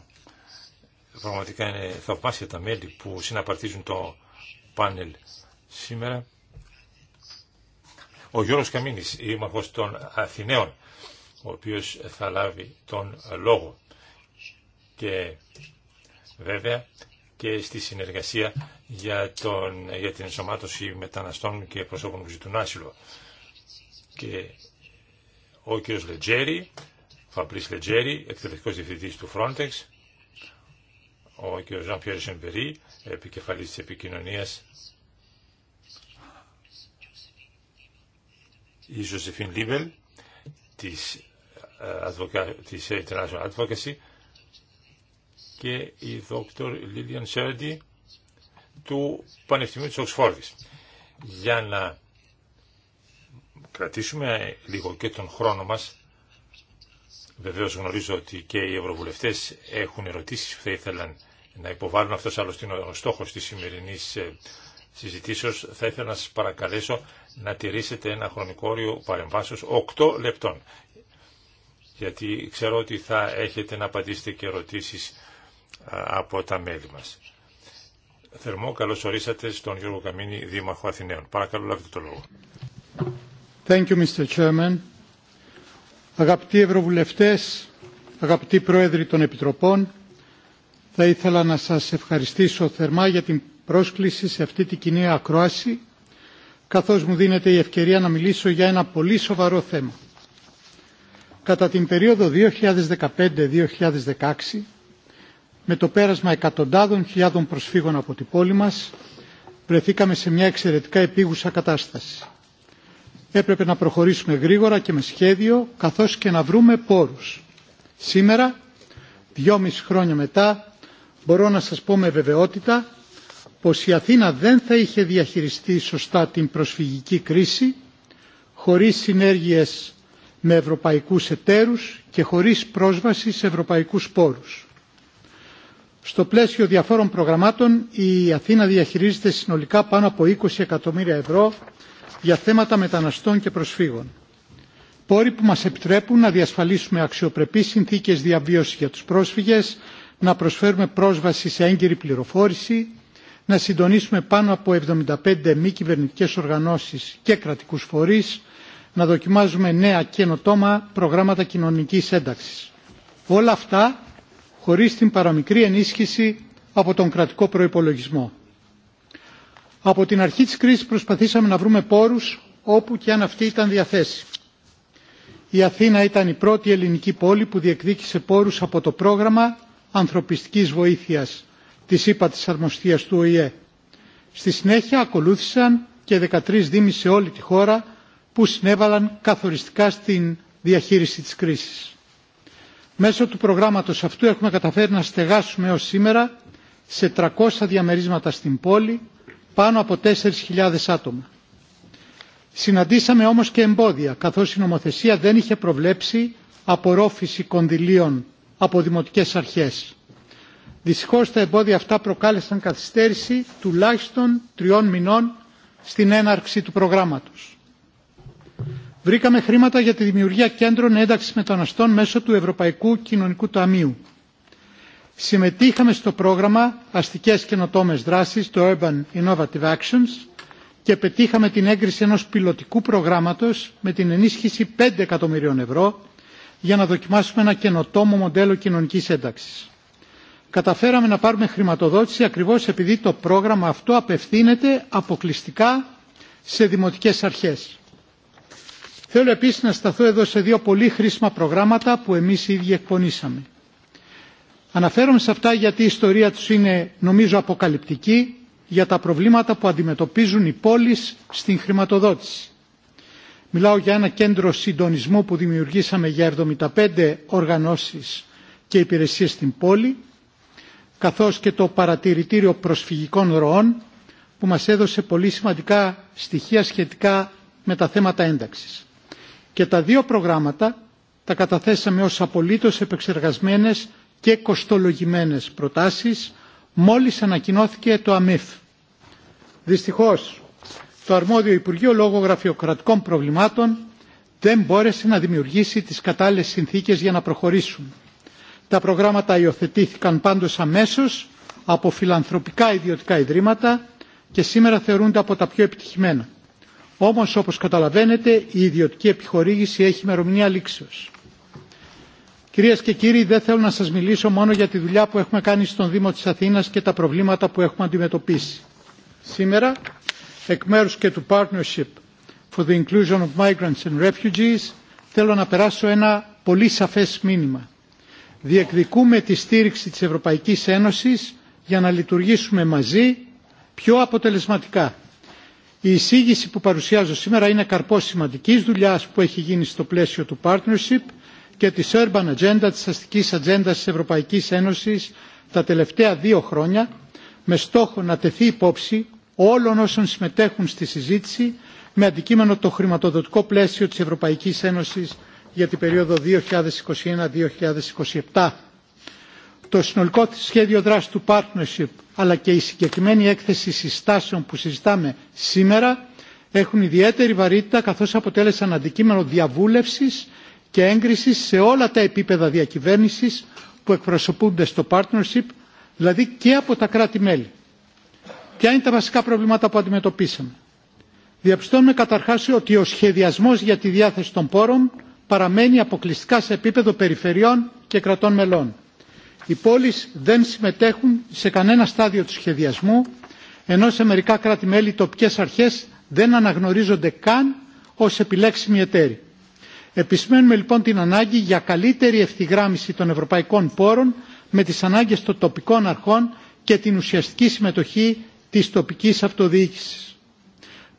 Πραγματικά είναι θαυμάσια τα μέλη που συναπαρτίζουν το πάνελ σήμερα ο Γιώργος Καμίνης, ήμαχος των Αθηναίων, ο οποίος θα λάβει τον λόγο και βέβαια και στη συνεργασία για, τον, για την ενσωμάτωση μεταναστών και προσώπων που ζητούν άσυλο. Και ο κ. Λετζέρη, Φαμπρίς Λετζέρη, εκτελεστικός διευθυντής του Frontex, ο κ. Ζαν Πιέρ Σεμπερί, επικεφαλής της επικοινωνίας η Ζωζεφίν Λίβελ της, ε, της International Advocacy και η Δόκτωρ Λίλιαν Σέρντι του Πανεπιστημίου της Οξφόρδης. Για να κρατήσουμε λίγο και τον χρόνο μας, βεβαίως γνωρίζω ότι και οι ευρωβουλευτές έχουν ερωτήσεις που θα ήθελαν να υποβάλουν αυτός άλλωστε είναι ο στόχος της σημερινής ε, συζητήσεως, θα ήθελα να σας παρακαλέσω να τηρήσετε ένα χρονικό όριο παρεμβάσεως 8 λεπτών. Γιατί ξέρω ότι θα έχετε να απαντήσετε και ερωτήσεις από τα μέλη μας. Θερμό καλώς ορίσατε στον Γιώργο Καμίνη, Δήμαρχο Αθηναίων. Παρακαλώ λάβετε το λόγο. Thank you, Mr. Chairman. Αγαπητοί Ευρωβουλευτές, αγαπητοί Πρόεδροι των Επιτροπών, θα ήθελα να σας ευχαριστήσω θερμά για την πρόσκληση σε αυτή την κοινή ακρόαση καθώς μου δίνεται η ευκαιρία να μιλήσω για ένα πολύ σοβαρό θέμα. Κατά την περίοδο 2015-2016, με το πέρασμα εκατοντάδων χιλιάδων προσφύγων από την πόλη μας, βρεθήκαμε σε μια εξαιρετικά επίγουσα κατάσταση. Έπρεπε να προχωρήσουμε γρήγορα και με σχέδιο, καθώς και να βρούμε πόρους. Σήμερα, δυόμιση χρόνια μετά, μπορώ να σας πω με βεβαιότητα πως η Αθήνα δεν θα είχε διαχειριστεί σωστά την προσφυγική κρίση χωρίς συνέργειες με ευρωπαϊκούς εταίρους και χωρίς πρόσβαση σε ευρωπαϊκούς πόρους. Στο πλαίσιο διαφόρων προγραμμάτων η Αθήνα διαχειρίζεται συνολικά πάνω από 20 εκατομμύρια ευρώ για θέματα μεταναστών και προσφύγων. Πόροι που μας επιτρέπουν να διασφαλίσουμε αξιοπρεπείς συνθήκες διαβίωσης για τους πρόσφυγες, να προσφέρουμε πρόσβαση σε έγκυρη πληροφόρηση, να συντονίσουμε πάνω από 75 μη κυβερνητικέ οργανώσεις και κρατικούς φορείς, να δοκιμάζουμε νέα καινοτόμα προγράμματα κοινωνικής ένταξης. Όλα αυτά χωρίς την παραμικρή ενίσχυση από τον κρατικό προϋπολογισμό. Από την αρχή της κρίσης προσπαθήσαμε να βρούμε πόρους όπου και αν αυτοί ήταν διαθέσιμοι. Η Αθήνα ήταν η πρώτη ελληνική πόλη που διεκδίκησε πόρους από το πρόγραμμα ανθρωπιστικής βοήθειας της ΥΠΑ της Αρμοστίας του ΟΗΕ. Στη συνέχεια ακολούθησαν και 13 δήμοι σε όλη τη χώρα που συνέβαλαν καθοριστικά στην διαχείριση της κρίσης. Μέσω του προγράμματος αυτού έχουμε καταφέρει να στεγάσουμε έως σήμερα σε 300 διαμερίσματα στην πόλη πάνω από 4.000 άτομα. Συναντήσαμε όμως και εμπόδια, καθώς η νομοθεσία δεν είχε προβλέψει απορρόφηση κονδυλίων από δημοτικές αρχές. Δυστυχώς τα εμπόδια αυτά προκάλεσαν καθυστέρηση τουλάχιστον τριών μηνών στην έναρξη του προγράμματος. Βρήκαμε χρήματα για τη δημιουργία κέντρων ένταξης μεταναστών μέσω του Ευρωπαϊκού Κοινωνικού Ταμείου. Συμμετείχαμε στο πρόγραμμα Αστικές Καινοτόμες Δράσεις, το Urban Innovative Actions, και πετύχαμε την έγκριση ενός πιλωτικού προγράμματος με την ενίσχυση 5 εκατομμυρίων ευρώ για να δοκιμάσουμε ένα καινοτόμο μοντέλο κοινωνικής ένταξης καταφέραμε να πάρουμε χρηματοδότηση ακριβώς επειδή το πρόγραμμα αυτό απευθύνεται αποκλειστικά σε δημοτικές αρχές. Θέλω επίσης να σταθώ εδώ σε δύο πολύ χρήσιμα προγράμματα που εμείς οι ίδιοι εκπονήσαμε. Αναφέρομαι σε αυτά γιατί η ιστορία τους είναι νομίζω αποκαλυπτική για τα προβλήματα που αντιμετωπίζουν οι πόλεις στην χρηματοδότηση. Μιλάω για ένα κέντρο συντονισμού που δημιουργήσαμε για 75 οργανώσεις και υπηρεσίες στην πόλη καθώς και το παρατηρητήριο προσφυγικών ροών που μας έδωσε πολύ σημαντικά στοιχεία σχετικά με τα θέματα ένταξης. Και τα δύο προγράμματα τα καταθέσαμε ως απολύτως επεξεργασμένες και κοστολογημένες προτάσεις μόλις ανακοινώθηκε το ΑΜΕΦ. Δυστυχώς, το αρμόδιο Υπουργείο λόγω γραφειοκρατικών προβλημάτων δεν μπόρεσε να δημιουργήσει τις κατάλληλες συνθήκες για να προχωρήσουν. Τα προγράμματα υιοθετήθηκαν πάντως αμέσως από φιλανθρωπικά ιδιωτικά ιδρύματα και σήμερα θεωρούνται από τα πιο επιτυχημένα. Όμως, όπως καταλαβαίνετε, η ιδιωτική επιχορήγηση έχει ημερομηνία λήξεως. Κυρίες και κύριοι, δεν θέλω να σας μιλήσω μόνο για τη δουλειά που έχουμε κάνει στον Δήμο της Αθήνας και τα προβλήματα που έχουμε αντιμετωπίσει. Σήμερα, εκ μέρους και του Partnership for the Inclusion of Migrants and Refugees, θέλω να περάσω ένα πολύ σαφές μήνυμα διεκδικούμε τη στήριξη της Ευρωπαϊκής Ένωσης για να λειτουργήσουμε μαζί πιο αποτελεσματικά. Η εισήγηση που παρουσιάζω σήμερα είναι καρπός σημαντικής δουλειάς που έχει γίνει στο πλαίσιο του partnership και της urban agenda, της αστικής ατζέντα της Ευρωπαϊκής Ένωσης τα τελευταία δύο χρόνια με στόχο να τεθεί υπόψη όλων όσων συμμετέχουν στη συζήτηση με αντικείμενο το χρηματοδοτικό πλαίσιο της Ευρωπαϊκής Ένωσης για την περίοδο 2021-2027. Το συνολικό σχέδιο δράσης του Partnership αλλά και η συγκεκριμένη έκθεση συστάσεων που συζητάμε σήμερα έχουν ιδιαίτερη βαρύτητα καθώς αποτέλεσαν αντικείμενο διαβούλευσης και έγκρισης σε όλα τα επίπεδα διακυβέρνησης που εκπροσωπούνται στο Partnership, δηλαδή και από τα κράτη-μέλη. Ποια είναι τα βασικά προβλήματα που αντιμετωπίσαμε. Διαπιστώνουμε καταρχάς ότι ο σχεδιασμός για τη διάθεση των πόρων παραμένει αποκλειστικά σε επίπεδο περιφερειών και κρατών μελών. Οι πόλεις δεν συμμετέχουν σε κανένα στάδιο του σχεδιασμού, ενώ σε μερικά κράτη-μέλη οι τοπικές αρχές δεν αναγνωρίζονται καν ως επιλέξιμοι εταίροι. Επισημαίνουμε λοιπόν την ανάγκη για καλύτερη ευθυγράμμιση των ευρωπαϊκών πόρων με τις ανάγκες των τοπικών αρχών και την ουσιαστική συμμετοχή της τοπικής αυτοδιοίκησης.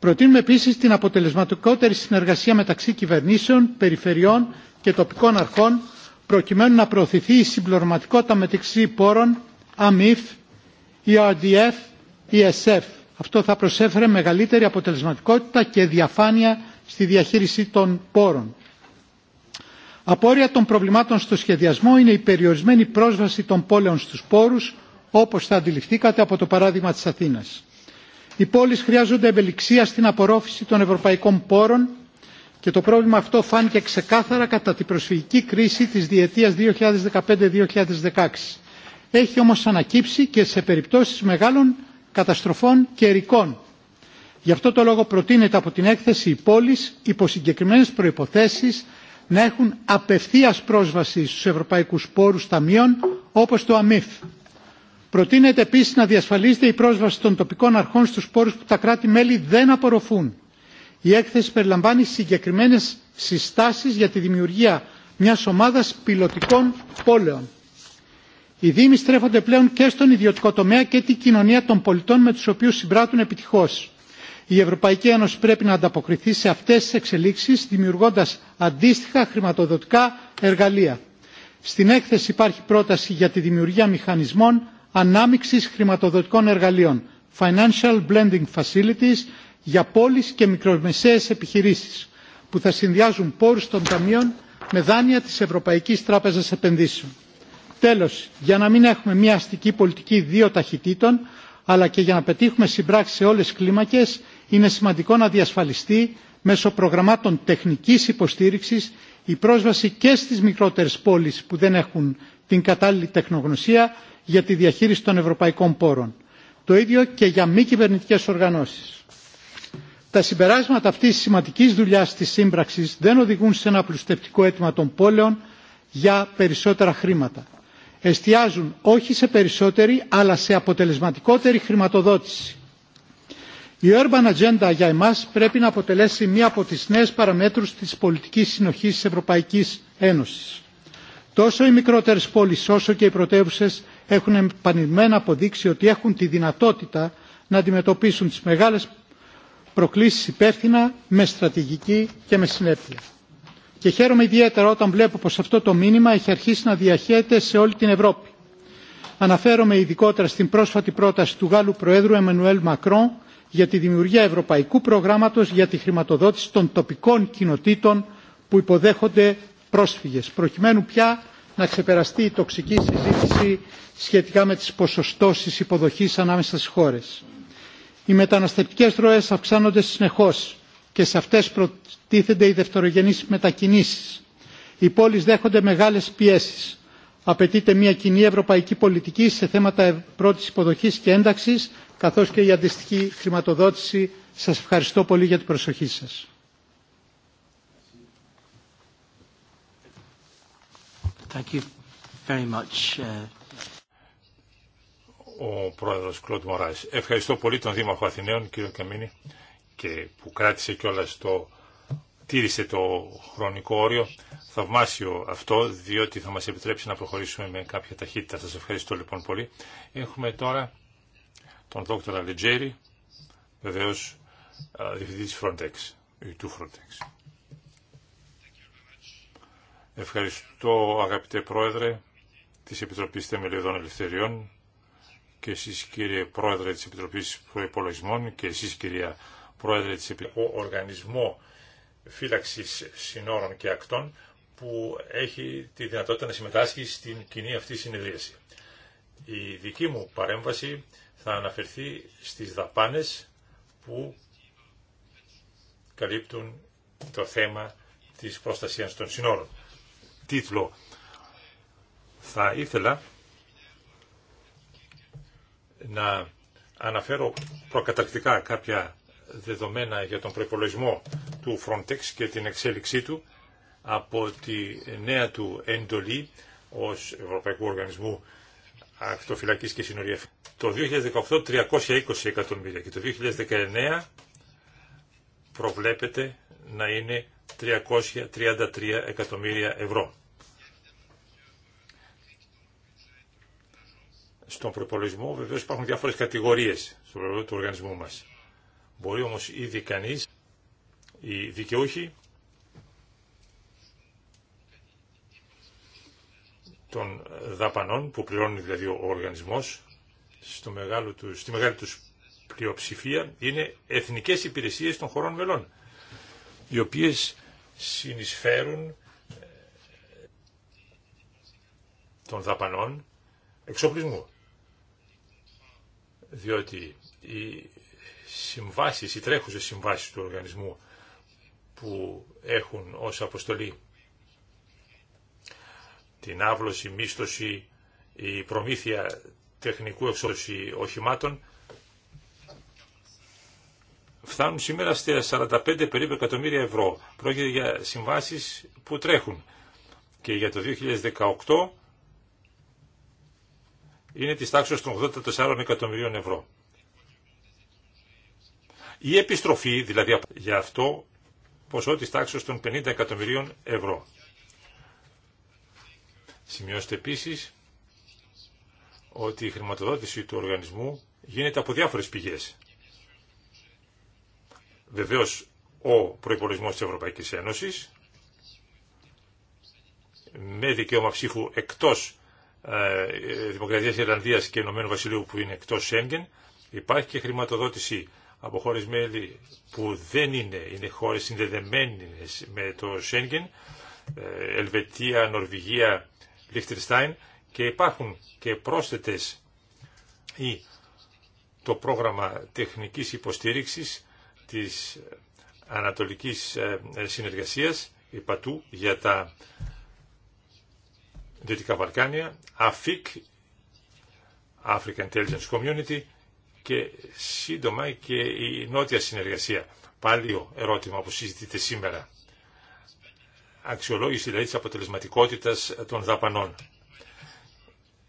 Προτείνουμε επίση την αποτελεσματικότερη συνεργασία μεταξύ κυβερνήσεων, περιφερειών και τοπικών αρχών, προκειμένου να προωθηθεί η συμπληρωματικότητα μεταξύ πόρων, ΑΜΙΦ, ERDF, ESF. Αυτό θα προσέφερε μεγαλύτερη αποτελεσματικότητα και διαφάνεια στη διαχείριση των πόρων. Απόρρια των προβλημάτων στο σχεδιασμό είναι η περιορισμένη πρόσβαση των πόλεων στους πόρους, όπως θα αντιληφθήκατε από το παράδειγμα τη Αθήνα. Οι πόλεις χρειάζονται ευελιξία στην απορρόφηση των ευρωπαϊκών πόρων και το πρόβλημα αυτό φάνηκε ξεκάθαρα κατά την προσφυγική κρίση της διετίας 2015-2016. Έχει όμως ανακύψει και σε περιπτώσεις μεγάλων καταστροφών και ερικών. Γι' αυτό το λόγο προτείνεται από την έκθεση οι πόλεις υπό συγκεκριμένες προϋποθέσεις να έχουν απευθείας πρόσβαση στους ευρωπαϊκούς πόρους ταμείων όπως το ΑΜΥΦ. Προτείνεται επίση να διασφαλίζεται η πρόσβαση των τοπικών αρχών στου πόρου που τα κράτη-μέλη δεν απορροφούν. Η έκθεση περιλαμβάνει συγκεκριμένε συστάσει για τη δημιουργία μια ομάδα πιλωτικών πόλεων. Οι Δήμοι στρέφονται πλέον και στον ιδιωτικό τομέα και την κοινωνία των πολιτών με του οποίου συμπράττουν επιτυχώ. Η Ευρωπαϊκή Ένωση πρέπει να ανταποκριθεί σε αυτέ τι εξελίξει, δημιουργώντα αντίστοιχα χρηματοδοτικά εργαλεία. Στην έκθεση υπάρχει πρόταση για τη δημιουργία μηχανισμών ανάμειξης χρηματοδοτικών εργαλείων, financial blending facilities, για πόλεις και μικρομεσαίες επιχειρήσεις, που θα συνδυάζουν πόρους των ταμείων με δάνεια της Ευρωπαϊκής Τράπεζας Επενδύσεων. Τέλος, για να μην έχουμε μια αστική πολιτική δύο ταχυτήτων, αλλά και για να πετύχουμε συμπράξεις σε όλες τις κλίμακες, είναι σημαντικό να διασφαλιστεί μέσω προγραμμάτων τεχνικής υποστήριξης η πρόσβαση και στις μικρότερες πόλεις που δεν έχουν την κατάλληλη τεχνογνωσία για τη διαχείριση των ευρωπαϊκών πόρων. Το ίδιο και για μη κυβερνητικέ οργανώσει. Τα συμπεράσματα αυτή τη σημαντική δουλειά τη σύμπραξη δεν οδηγούν σε ένα πλουστευτικό αίτημα των πόλεων για περισσότερα χρήματα. Εστιάζουν όχι σε περισσότερη αλλά σε αποτελεσματικότερη χρηματοδότηση. Η Urban Agenda για εμά πρέπει να αποτελέσει μία από τι νέε παραμέτρου τη πολιτική συνοχή τη Ευρωπαϊκή Ένωση, Τόσο οι μικρότερε πόλει όσο και οι πρωτεύουσε έχουν επανειλημμένα αποδείξει ότι έχουν τη δυνατότητα να αντιμετωπίσουν τις μεγάλες προκλήσεις υπεύθυνα με στρατηγική και με συνέπεια. Και χαίρομαι ιδιαίτερα όταν βλέπω πως αυτό το μήνυμα έχει αρχίσει να διαχέεται σε όλη την Ευρώπη. Αναφέρομαι ειδικότερα στην πρόσφατη πρόταση του Γάλλου Προέδρου Εμμανουέλ Μακρόν για τη δημιουργία Ευρωπαϊκού Προγράμματος για τη χρηματοδότηση των τοπικών κοινοτήτων που υποδέχονται πρόσφυγες, προκειμένου πια να ξεπεραστεί η τοξική συζήτηση σχετικά με τις ποσοστώσεις υποδοχής ανάμεσα στις χώρες. Οι μεταναστευτικές ροές αυξάνονται συνεχώς και σε αυτές προτίθενται οι δευτερογενείς μετακινήσεις. Οι πόλεις δέχονται μεγάλες πιέσεις. Απαιτείται μια κοινή ευρωπαϊκή πολιτική σε θέματα πρώτης υποδοχής και ένταξης, καθώς και η αντιστοιχή χρηματοδότηση. Σας ευχαριστώ πολύ για την προσοχή σας. Thank uh, Ο πρόεδρος Κλοντ Μωράης. Ευχαριστώ πολύ τον Δήμαρχο Αθηναίων, κύριο Καμίνη, και που κράτησε κιόλα το, τήρησε το χρονικό όριο. Θαυμάσιο αυτό, διότι θα μας επιτρέψει να προχωρήσουμε με κάποια ταχύτητα. Σας ευχαριστώ λοιπόν πολύ. Έχουμε τώρα τον δόκτωρα Λετζέρη, βεβαίως διευθυντή της Frontex, του Frontex. Ευχαριστώ αγαπητέ Πρόεδρε της Επιτροπής Θεμελιωδών Ελευθεριών και εσείς κύριε Πρόεδρε της Επιτροπής Προϋπολογισμών και εσείς κυρία Πρόεδρε της Επιτροπής Οργανισμό Φύλαξης Συνόρων και Ακτών που έχει τη δυνατότητα να συμμετάσχει στην κοινή αυτή συνεδρίαση. Η δική μου παρέμβαση θα αναφερθεί στις δαπάνες που καλύπτουν το θέμα της προστασίας των συνόρων τίτλο. Θα ήθελα να αναφέρω προκαταρκτικά κάποια δεδομένα για τον προπολογισμό του Frontex και την εξέλιξή του από τη νέα του εντολή ως Ευρωπαϊκού Οργανισμού Ακτοφυλακής και Συνοριαφής. Το 2018 320 εκατομμύρια και το 2019 προβλέπεται να είναι 333 εκατομμύρια ευρώ. Στον προπολογισμό βεβαίω υπάρχουν διάφορε κατηγορίε στον προπολογισμό του οργανισμού μα. Μπορεί όμω ήδη κανεί, οι δικαιούχοι των δαπανών που πληρώνει δηλαδή ο οργανισμός στη μεγάλη του πλειοψηφία είναι εθνικές υπηρεσίε των χωρών μελών οι οποίες συνεισφέρουν ε, των δαπανών εξοπλισμού διότι οι συμβάσεις, οι τρέχουσες συμβάσεις του οργανισμού που έχουν ως αποστολή την άβλωση, μίστοση, η προμήθεια τεχνικού εξώσης οχημάτων φτάνουν σήμερα στα 45 περίπου εκατομμύρια ευρώ. Πρόκειται για συμβάσεις που τρέχουν. Και για το 2018 είναι της τάξης των 84 εκατομμυρίων ευρώ. Η επιστροφή, δηλαδή για αυτό, ποσό της τάξης των 50 εκατομμυρίων ευρώ. Σημειώστε επίσης ότι η χρηματοδότηση του οργανισμού γίνεται από διάφορες πηγές. Βεβαίως, ο προϋπολογισμός της Ευρωπαϊκής Ένωσης, με δικαίωμα ψήφου εκτός ε, Δημοκρατία Ιρλανδίας και Ηνωμένου Βασιλείου που είναι εκτός Σέγγεν. Υπάρχει και χρηματοδότηση από χώρες μέλη που δεν είναι, είναι χώρες συνδεδεμένες με το Σέγγεν, ε, Ελβετία, Νορβηγία, Λιχτερστάιν και υπάρχουν και πρόσθετες ή το πρόγραμμα τεχνικής υποστήριξης της Ανατολικής ε, Συνεργασίας, υπάτου για τα Δυτικά Βαλκάνια, ΑΦΙΚ, African Intelligence Community και σύντομα και η νότια συνεργασία. Πάλιο ερώτημα που συζητείτε σήμερα. Αξιολόγηση δηλαδή της αποτελεσματικότητας των δαπανών.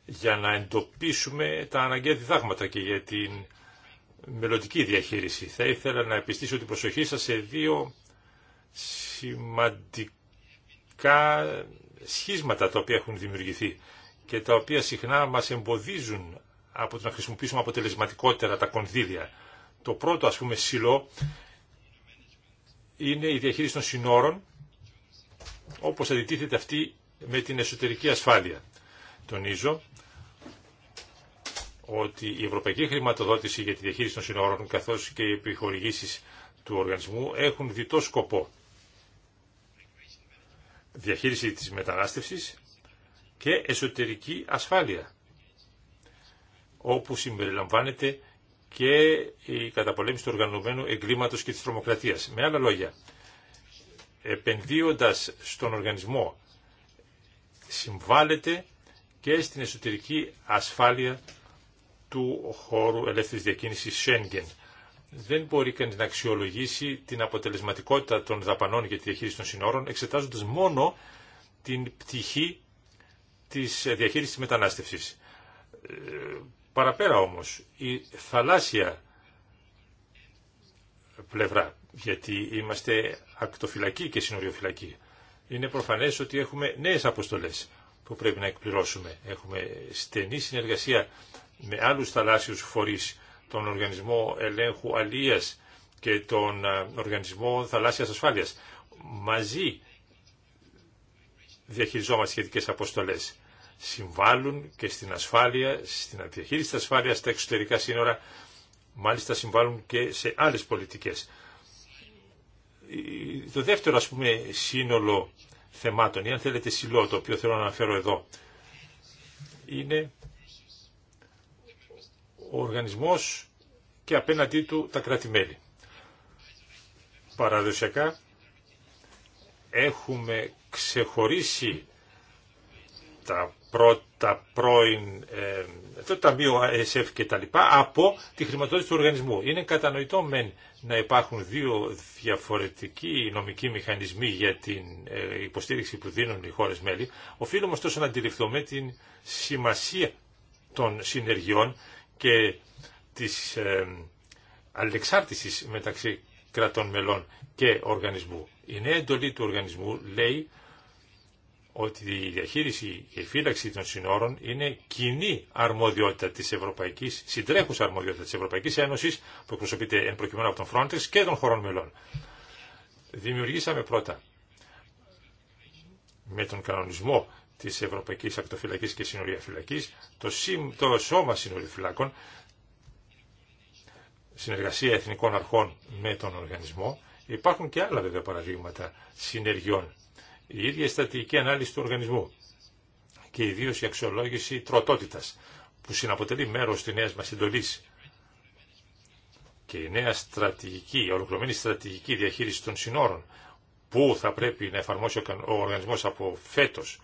Για να εντοπίσουμε τα αναγκαία διδάγματα και για την μελλοντική διαχείριση. Θα ήθελα να επιστήσω την προσοχή σας σε δύο σημαντικά σχίσματα τα οποία έχουν δημιουργηθεί και τα οποία συχνά μας εμποδίζουν από το να χρησιμοποιήσουμε αποτελεσματικότερα τα κονδύλια. Το πρώτο ας πούμε σιλό είναι η διαχείριση των συνόρων όπως αντιτίθεται αυτή με την εσωτερική ασφάλεια. Τονίζω ότι η ευρωπαϊκή χρηματοδότηση για τη διαχείριση των συνόρων καθώς και οι επιχορηγήσεις του οργανισμού έχουν διτό σκοπό διαχείριση της μετανάστευσης και εσωτερική ασφάλεια, όπου συμπεριλαμβάνεται και η καταπολέμηση του οργανωμένου εγκλήματος και της τρομοκρατίας. Με άλλα λόγια, επενδύοντας στον οργανισμό συμβάλλεται και στην εσωτερική ασφάλεια του χώρου ελεύθερης διακίνησης Schengen δεν μπορεί κανεί να αξιολογήσει την αποτελεσματικότητα των δαπανών για τη διαχείριση των συνόρων εξετάζοντα μόνο την πτυχή της διαχείρισης της μετανάστευσης. Ε, παραπέρα όμως, η θαλάσσια πλευρά, γιατί είμαστε ακτοφυλακοί και συνοριοφυλακοί, είναι προφανές ότι έχουμε νέε αποστολέ που πρέπει να εκπληρώσουμε. Έχουμε στενή συνεργασία με άλλους θαλάσσιους φορείς τον Οργανισμό Ελέγχου Αλίας και τον ε, Οργανισμό Θαλάσσιας Ασφάλειας. Μαζί διαχειριζόμαστε σχετικές αποστολές. Συμβάλλουν και στην ασφάλεια, στην διαχείριση της ασφάλειας στα εξωτερικά σύνορα, μάλιστα συμβάλλουν και σε άλλες πολιτικές. Το δεύτερο ας πούμε σύνολο θεμάτων, ή αν θέλετε σιλό, το οποίο θέλω να αναφέρω εδώ, είναι ο οργανισμός και απέναντί του τα κράτη-μέλη. Παραδοσιακά έχουμε ξεχωρίσει τα πρώτα πρώην, ε, το Ταμείο ΑΕΣΕΦ και τα λοιπά, από τη χρηματοδότηση του οργανισμού. Είναι κατανοητό μεν να υπάρχουν δύο διαφορετικοί νομικοί μηχανισμοί για την ε, υποστήριξη που δίνουν οι χώρες μέλη. Οφείλουμε ωστόσο να αντιληφθούμε την σημασία των συνεργειών και της ε, μεταξύ κρατών μελών και οργανισμού. Η νέα εντολή του οργανισμού λέει ότι η διαχείριση, και η φύλαξη των συνόρων είναι κοινή αρμοδιότητα της Ευρωπαϊκής, συντρέχουσα αρμοδιότητα της Ευρωπαϊκής Ένωσης, που εκπροσωπείται εν προκειμένου από τον Frontex και των χωρών μελών. Δημιουργήσαμε πρώτα με τον κανονισμό τη Ευρωπαϊκή Ακτοφυλακή και Συνοριαφυλακής, το, το Σώμα Συνοριοφυλάκων, συνεργασία εθνικών αρχών με τον οργανισμό, υπάρχουν και άλλα βέβαια παραδείγματα συνεργειών. Η ίδια στρατηγική στατική ανάλυση του οργανισμού και ιδίω η αξιολόγηση τροτότητας, που συναποτελεί μέρο τη νέα μα εντολή Και η νέα στρατηγική, η ολοκληρωμένη στρατηγική διαχείριση των συνόρων, που θα πρέπει να εφαρμόσει ο οργανισμός από φέτος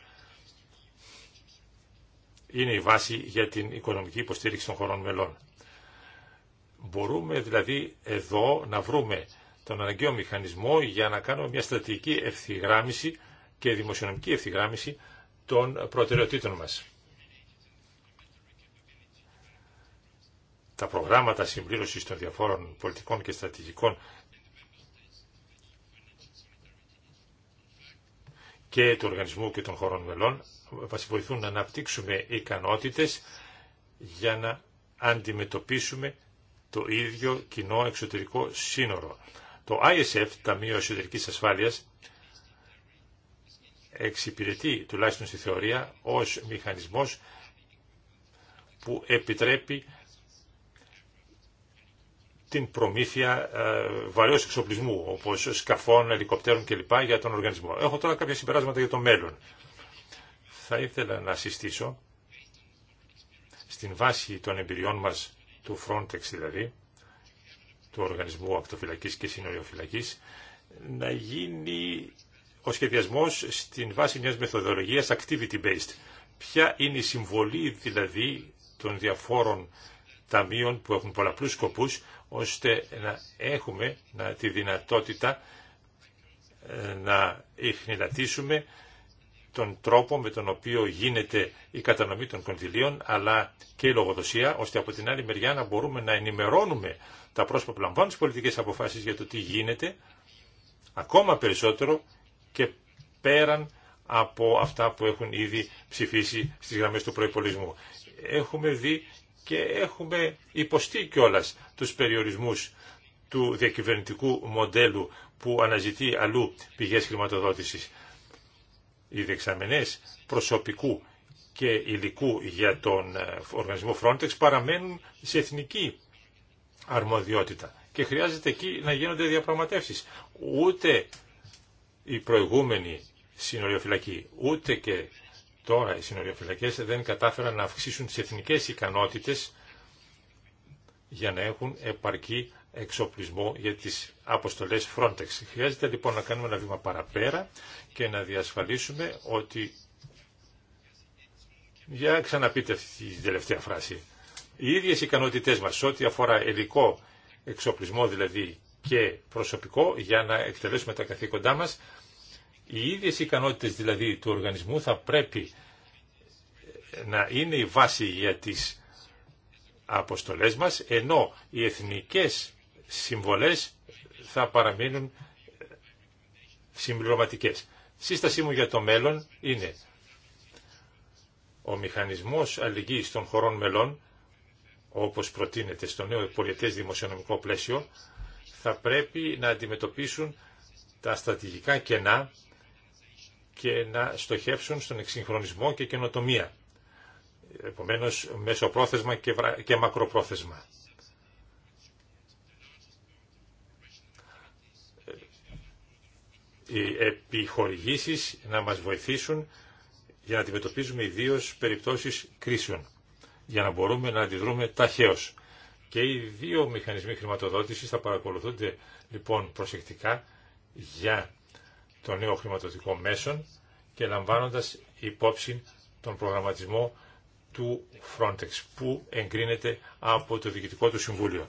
είναι η βάση για την οικονομική υποστήριξη των χωρών μελών. Μπορούμε δηλαδή εδώ να βρούμε τον αναγκαίο μηχανισμό για να κάνουμε μια στρατηγική ευθυγράμμιση και δημοσιονομική ευθυγράμμιση των προτεραιοτήτων μας. Τα προγράμματα συμπλήρωσης των διαφόρων πολιτικών και στρατηγικών και του οργανισμού και των χωρών μελών μας βοηθούν να αναπτύξουμε ικανότητες για να αντιμετωπίσουμε το ίδιο κοινό εξωτερικό σύνορο. Το ISF, Ταμείο Εσωτερικής Ασφάλειας, εξυπηρετεί τουλάχιστον στη θεωρία ως μηχανισμός που επιτρέπει την προμήθεια ε, βαρέως εξοπλισμού, όπως σκαφών, ελικοπτέρων κλπ. για τον οργανισμό. Έχω τώρα κάποια συμπεράσματα για το μέλλον θα ήθελα να συστήσω στην βάση των εμπειριών μας του Frontex δηλαδή, του Οργανισμού Ακτοφυλακής και Συνοριοφυλακής, να γίνει ο σχεδιασμός στην βάση μιας μεθοδολογίας activity-based. Ποια είναι η συμβολή δηλαδή των διαφόρων ταμείων που έχουν πολλαπλούς σκοπούς, ώστε να έχουμε να, τη δυνατότητα ε, να ειχνηλατήσουμε τον τρόπο με τον οποίο γίνεται η κατανομή των κονδυλίων, αλλά και η λογοδοσία, ώστε από την άλλη μεριά να μπορούμε να ενημερώνουμε τα πρόσωπα που λαμβάνουν πολιτικές αποφάσεις για το τι γίνεται, ακόμα περισσότερο και πέραν από αυτά που έχουν ήδη ψηφίσει στις γραμμές του προϋπολισμού. Έχουμε δει και έχουμε υποστεί κιόλα τους περιορισμούς του διακυβερνητικού μοντέλου που αναζητεί αλλού πηγές χρηματοδότησης οι δεξαμενές προσωπικού και υλικού για τον ε, οργανισμό Frontex παραμένουν σε εθνική αρμοδιότητα και χρειάζεται εκεί να γίνονται διαπραγματεύσεις. Ούτε η προηγούμενη συνοριοφυλακή, ούτε και τώρα οι συνοριοφυλακές δεν κατάφεραν να αυξήσουν τις εθνικές ικανότητες για να έχουν επαρκή εξοπλισμό για τις αποστολές Frontex. Χρειάζεται λοιπόν να κάνουμε ένα βήμα παραπέρα και να διασφαλίσουμε ότι... Για ξαναπείτε αυτή την τελευταία φράση. Οι ίδιες ικανότητές μας, ό,τι αφορά υλικό εξοπλισμό δηλαδή και προσωπικό, για να εκτελέσουμε τα καθήκοντά μας, οι ίδιες ικανότητες δηλαδή του οργανισμού θα πρέπει να είναι η βάση για τις αποστολές μας, ενώ οι εθνικές συμβολές θα παραμείνουν συμπληρωματικές. Σύστασή μου για το μέλλον είναι ο μηχανισμός αλληλεγγύης των χωρών μελών, όπως προτείνεται στο νέο πολιτές δημοσιονομικό πλαίσιο, θα πρέπει να αντιμετωπίσουν τα στρατηγικά κενά και να στοχεύσουν στον εξυγχρονισμό και καινοτομία. Επομένως, μέσοπρόθεσμα και μακροπρόθεσμα. οι επιχορηγήσεις να μας βοηθήσουν για να αντιμετωπίζουμε ιδίω περιπτώσεις κρίσεων, για να μπορούμε να αντιδρούμε ταχαίως. Και οι δύο μηχανισμοί χρηματοδότησης θα παρακολουθούνται λοιπόν προσεκτικά για το νέο χρηματοδοτικό μέσον και λαμβάνοντας υπόψη τον προγραμματισμό του Frontex που εγκρίνεται από το Διοικητικό του Συμβούλιο.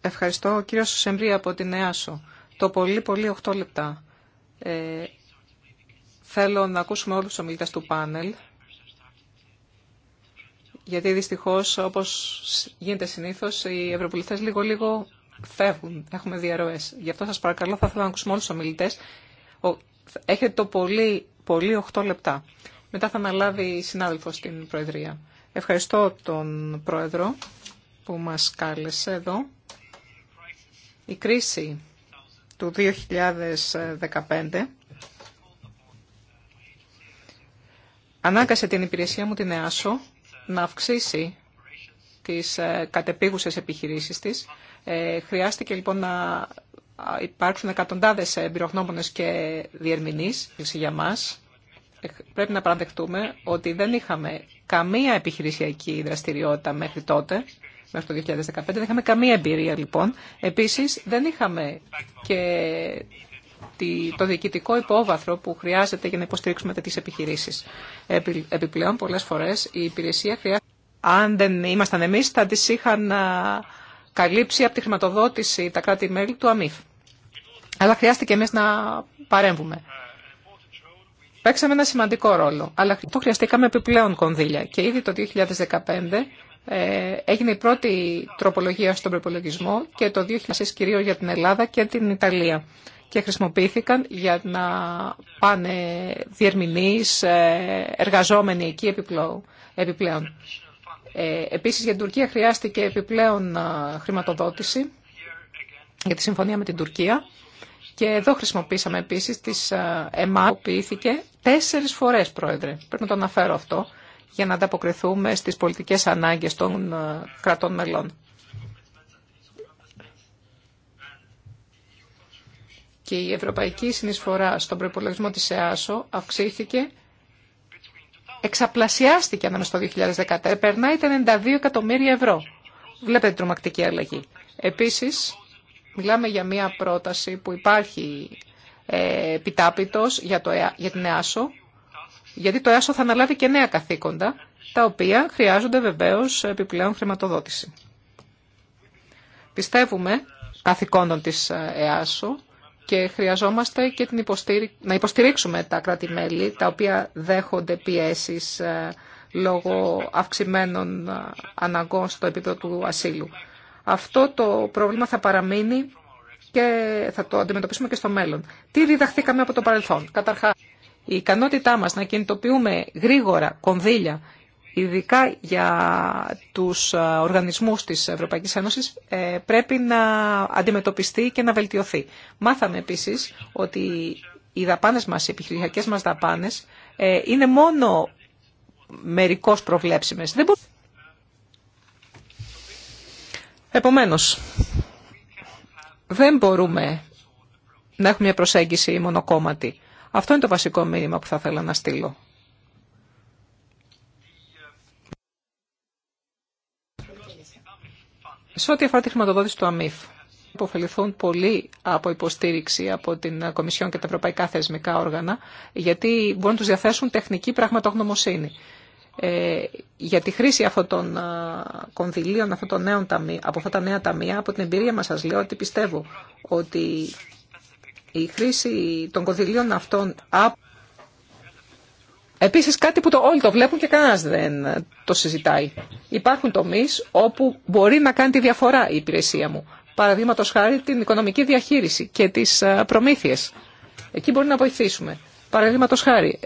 Ευχαριστώ. Ο κύριος από την ΕΑΣΟ το πολύ πολύ 8 λεπτά. Ε, θέλω να ακούσουμε όλους τους ομιλητές του πάνελ, γιατί δυστυχώς, όπως γίνεται συνήθως, οι ευρωβουλευτές λίγο-λίγο φεύγουν, έχουμε διαρροές. Γι' αυτό σας παρακαλώ, θα ήθελα να ακούσουμε όλους τους ομιλητές. Έχετε το πολύ, πολύ 8 λεπτά. Μετά θα αναλάβει η συνάδελφος στην Προεδρία. Ευχαριστώ τον Πρόεδρο που μας κάλεσε εδώ. Η κρίση του 2015 ανάγκασε την υπηρεσία μου την ΕΑΣΟ να αυξήσει τις ε, κατεπίγουσες επιχειρήσεις της. Ε, χρειάστηκε λοιπόν να υπάρξουν εκατοντάδες εμπειρογνώμονες και διερμηνείς για μας. Ε, πρέπει να παραδεχτούμε ότι δεν είχαμε καμία επιχειρησιακή δραστηριότητα μέχρι τότε μέχρι το 2015. Δεν είχαμε καμία εμπειρία λοιπόν. Επίσης δεν είχαμε και το διοικητικό υπόβαθρο που χρειάζεται για να υποστηρίξουμε τέτοιες επιχειρήσεις. Επιπλέον πολλές φορές η υπηρεσία χρειάζεται. Αν δεν ήμασταν εμείς θα τις είχαν καλύψει από τη χρηματοδότηση τα κράτη-μέλη του ΑΜΥΦ. Αλλά χρειάστηκε εμείς να παρέμβουμε. Παίξαμε ένα σημαντικό ρόλο, αλλά το χρειαστήκαμε επιπλέον κονδύλια και ήδη το 2015 ε, έγινε η πρώτη τροπολογία στον προπολογισμό και το 2000 κυρίως για την Ελλάδα και την Ιταλία και χρησιμοποιήθηκαν για να πάνε διερμηνείς, ε, εργαζόμενοι εκεί επιπλέον. Ε, επίσης για την Τουρκία χρειάστηκε επιπλέον χρηματοδότηση για τη συμφωνία με την Τουρκία και εδώ χρησιμοποίησαμε επίσης τις ΕΜΑ που τέσσερις φορές, Πρόεδρε. Πρέπει να το αναφέρω αυτό για να ανταποκριθούμε στις πολιτικές ανάγκες των ε, κρατών μελών. Και η ευρωπαϊκή συνεισφορά στον προπολογισμό της ΕΑΣΟ αυξήθηκε, εξαπλασιάστηκε ανάμεσα στο 2010, περνάει τα 92 εκατομμύρια ευρώ. Βλέπετε την τρομακτική αλλαγή. Επίσης, μιλάμε για μια πρόταση που υπάρχει ε, για, το, για την ΕΑΣΟ, γιατί το ΕΑΣΟ θα αναλάβει και νέα καθήκοντα, τα οποία χρειάζονται βεβαίως επιπλέον χρηματοδότηση. Πιστεύουμε καθηκόντων της ε, ΕΑΣΟ και χρειαζόμαστε και την να υποστηρίξουμε τα κράτη-μέλη, τα οποία δέχονται πιέσεις ε, λόγω αυξημένων ε, αναγκών στο επίπεδο του ασύλου. Αυτό το πρόβλημα θα παραμείνει και θα το αντιμετωπίσουμε και στο μέλλον. Τι διδαχθήκαμε από το παρελθόν. Καταρχάς, η ικανότητά μας να κινητοποιούμε γρήγορα κονδύλια, ειδικά για τους ε, οργανισμούς της Ευρωπαϊκής Ένωσης, ε, πρέπει να αντιμετωπιστεί και να βελτιωθεί. Μάθαμε επίσης ότι οι δαπάνες μας, οι επιχειρηματικές μας δαπάνες, ε, είναι μόνο μερικώς προβλέψιμες. Δεν Επομένως, δεν μπορούμε να έχουμε μια προσέγγιση μονοκόμματη. Αυτό είναι το βασικό μήνυμα που θα ήθελα να στείλω. Σε ό,τι αφορά τη χρηματοδότηση του ΑΜΙΦ, υποφεληθούν πολύ από υποστήριξη από την Κομισιόν και τα ευρωπαϊκά θεσμικά όργανα, γιατί μπορούν να τους διαθέσουν τεχνική πραγματογνωμοσύνη. Ε, για τη χρήση αυτών των κονδυλίων, αυτών των νέων από αυτά τα νέα ταμεία, από την εμπειρία μας σας λέω ότι πιστεύω ότι η χρήση των κονδυλίων αυτών από... Επίσης κάτι που το, όλοι το βλέπουν και κανένας δεν το συζητάει. Υπάρχουν τομείς όπου μπορεί να κάνει τη διαφορά η υπηρεσία μου. Παραδείγματο χάρη την οικονομική διαχείριση και τις ε, προμήθειες. Εκεί μπορεί να βοηθήσουμε. Παραδείγματο χάρη,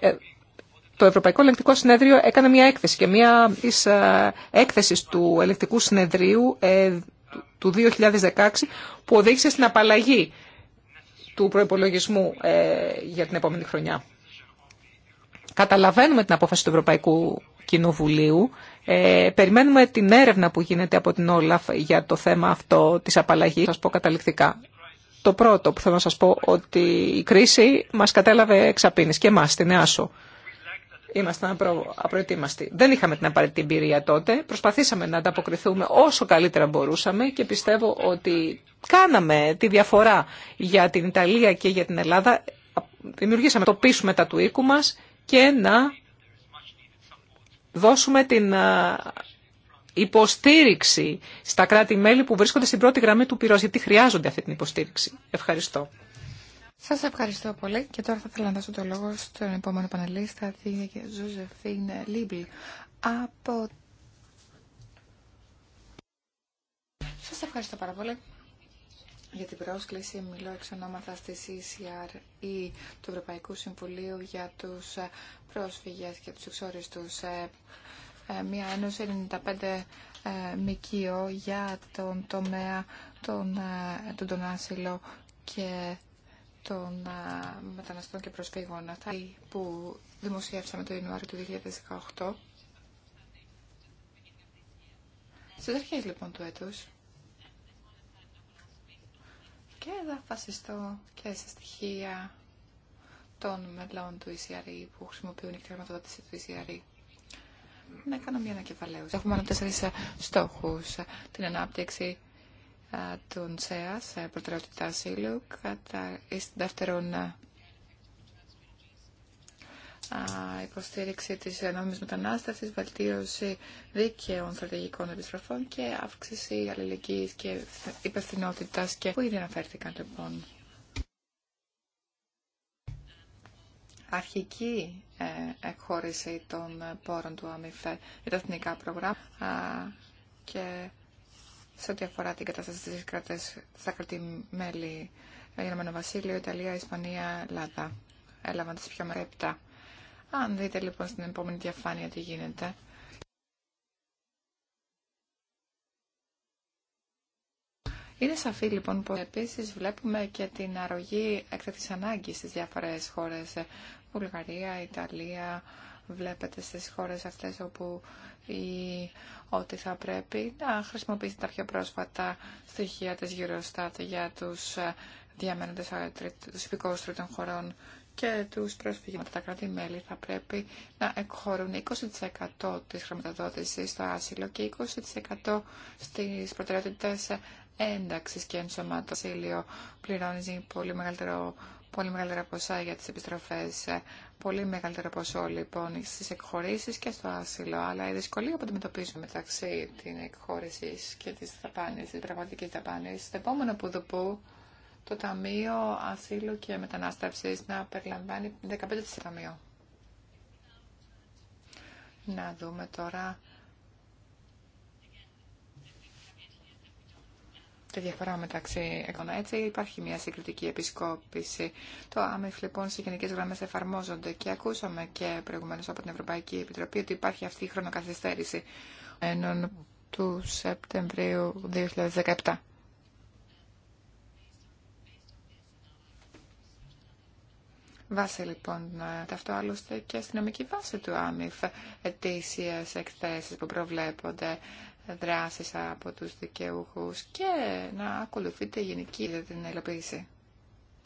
ε, το Ευρωπαϊκό Ελεκτικό Συνέδριο έκανε μια έκθεση και μια της ε, έκθεση του Ελεκτικού Συνεδρίου του 2016 που οδήγησε στην απαλλαγή του προϋπολογισμού ε, για την επόμενη χρονιά. Καταλαβαίνουμε την απόφαση του Ευρωπαϊκού Κοινοβουλίου. Ε, περιμένουμε την έρευνα που γίνεται από την Όλαφ για το θέμα αυτό της απαλλαγής. Θα σας πω καταληκτικά. Το πρώτο που θέλω να σας πω ότι η κρίση μας κατέλαβε εξαπίνης και εμάς στην ΕΑΣΟ ήμασταν απροετοίμαστοι. Δεν είχαμε την απαραίτητη εμπειρία τότε. Προσπαθήσαμε να ανταποκριθούμε όσο καλύτερα μπορούσαμε και πιστεύω ότι κάναμε τη διαφορά για την Ιταλία και για την Ελλάδα. Δημιουργήσαμε το πείσουμε τα του οίκου μας και να δώσουμε την υποστήριξη στα κράτη-μέλη που βρίσκονται στην πρώτη γραμμή του πυρός, γιατί χρειάζονται αυτή την υποστήριξη. Ευχαριστώ. Σα ευχαριστώ πολύ και τώρα θα ήθελα να δώσω το λόγο στον επόμενο πανελίστα, την Ζουζεφίν Λίμπλ, από... Σας ευχαριστώ πάρα πολύ για την πρόσκληση. Μιλώ εξ ονόματα στη ή του Ευρωπαϊκού Συμβουλίου για του ε, Πρόσφυγε και τους εξόριστους. Ε, ε, μια ένωση 95 μοικείο για τον τομέα των, τον, τον και των μεταναστών και προσφύγων. Αυτά που δημοσιεύσαμε το Ιανουάριο του 2018. Στις αρχές λοιπόν του έτους. Και θα βασιστώ και σε στοιχεία των μελών του ECRE που χρησιμοποιούν η χρηματοδότηση του ECRE. Να κάνω μια ανακεφαλαίωση. Έχουμε άλλα τέσσερις ε, στόχους. Την ανάπτυξη, των σε ε, προτεραιότητα ασύλου, κατά εις δεύτερον ε, υποστήριξη της νόμιμης μετανάστευσης, βελτίωση δίκαιων στρατηγικών επιστροφών και αύξηση αλληλεγγύης και υπευθυνότητας και που ήδη αναφέρθηκαν λοιπόν. Αρχική ε, εκχώρηση των πόρων του ΑΜΙΦΕ για τα εθνικά προγράμματα και σε ό,τι αφορά την κατάσταση στις κρατές, στα κρατή-μέλη Ηνωμένο Βασίλειο, Ιταλία, Ισπανία, Ελλάδα. Έλαβαν τις πιο μεγάλες Αν δείτε λοιπόν στην επόμενη διαφάνεια τι γίνεται. Είναι σαφή λοιπόν που επίσης βλέπουμε και την αρρωγή έκτακτης ανάγκης στις διάφορες χώρες. Βουλγαρία, Ιταλία, βλέπετε στις χώρες αυτές όπου η ότι θα πρέπει να χρησιμοποιήσετε τα πιο πρόσφατα στοιχεία της Eurostat για τους ε, διαμένοντες ε, τους υπηκόους τρίτων χωρών και τους πρόσφυγες. Τα κράτη-μέλη θα πρέπει να εκχωρούν 20% της χρηματοδότησης στο άσυλο και 20% στις προτεραιότητες ένταξης και ενσωμάτωσης. Το πληρώνει πολύ μεγαλύτερο πολύ μεγαλύτερα ποσά για τις επιστροφές ε, πολύ μεγαλύτερο ποσό λοιπόν στις εκχωρήσεις και στο άσυλο. Αλλά η δυσκολία που αντιμετωπίζουμε μεταξύ την εκχώρηση και της δαπάνης, της πραγματική ταπάνης, το επόμενο που το Ταμείο Ασύλου και Μετανάστευσης να περιλαμβάνει 15% ταμείο. Να δούμε τώρα τη διαφορά μεταξύ Έτσι υπάρχει μια συγκριτική επισκόπηση. Το ΆΜΕΦ λοιπόν σε γενικέ γραμμέ εφαρμόζονται και ακούσαμε και προηγουμένω από την Ευρωπαϊκή Επιτροπή ότι υπάρχει αυτή η χρονοκαθυστέρηση ενών του Σεπτεμβρίου 2017. Βάση λοιπόν αυτό άλλωστε και αστυνομική βάση του Άμιφ ετήσιες εκθέσεις που προβλέπονται δράσεις από τους δικαιούχους και να ακολουθείται η γενική την υλοποίηση.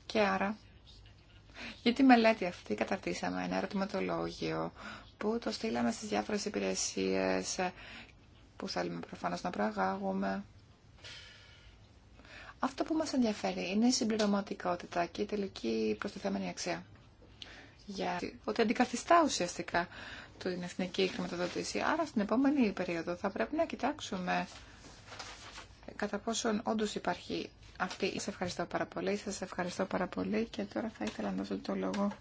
Και άρα, για τη μελέτη αυτή καταρτήσαμε ένα ερωτηματολόγιο που το στείλαμε στις διάφορες υπηρεσίες που θέλουμε προφανώς να προαγάγουμε. Αυτό που μας ενδιαφέρει είναι η συμπληρωματικότητα και η τελική προστιθέμενη αξία. Για... Ότι αντικαθιστά ουσιαστικά την εθνική χρηματοδότηση. Άρα στην επόμενη περίοδο θα πρέπει να κοιτάξουμε κατά πόσον όντω υπάρχει αυτή. Σας ευχαριστώ πάρα πολύ, σας ευχαριστώ πάρα πολύ και τώρα θα ήθελα να δώσω το λόγο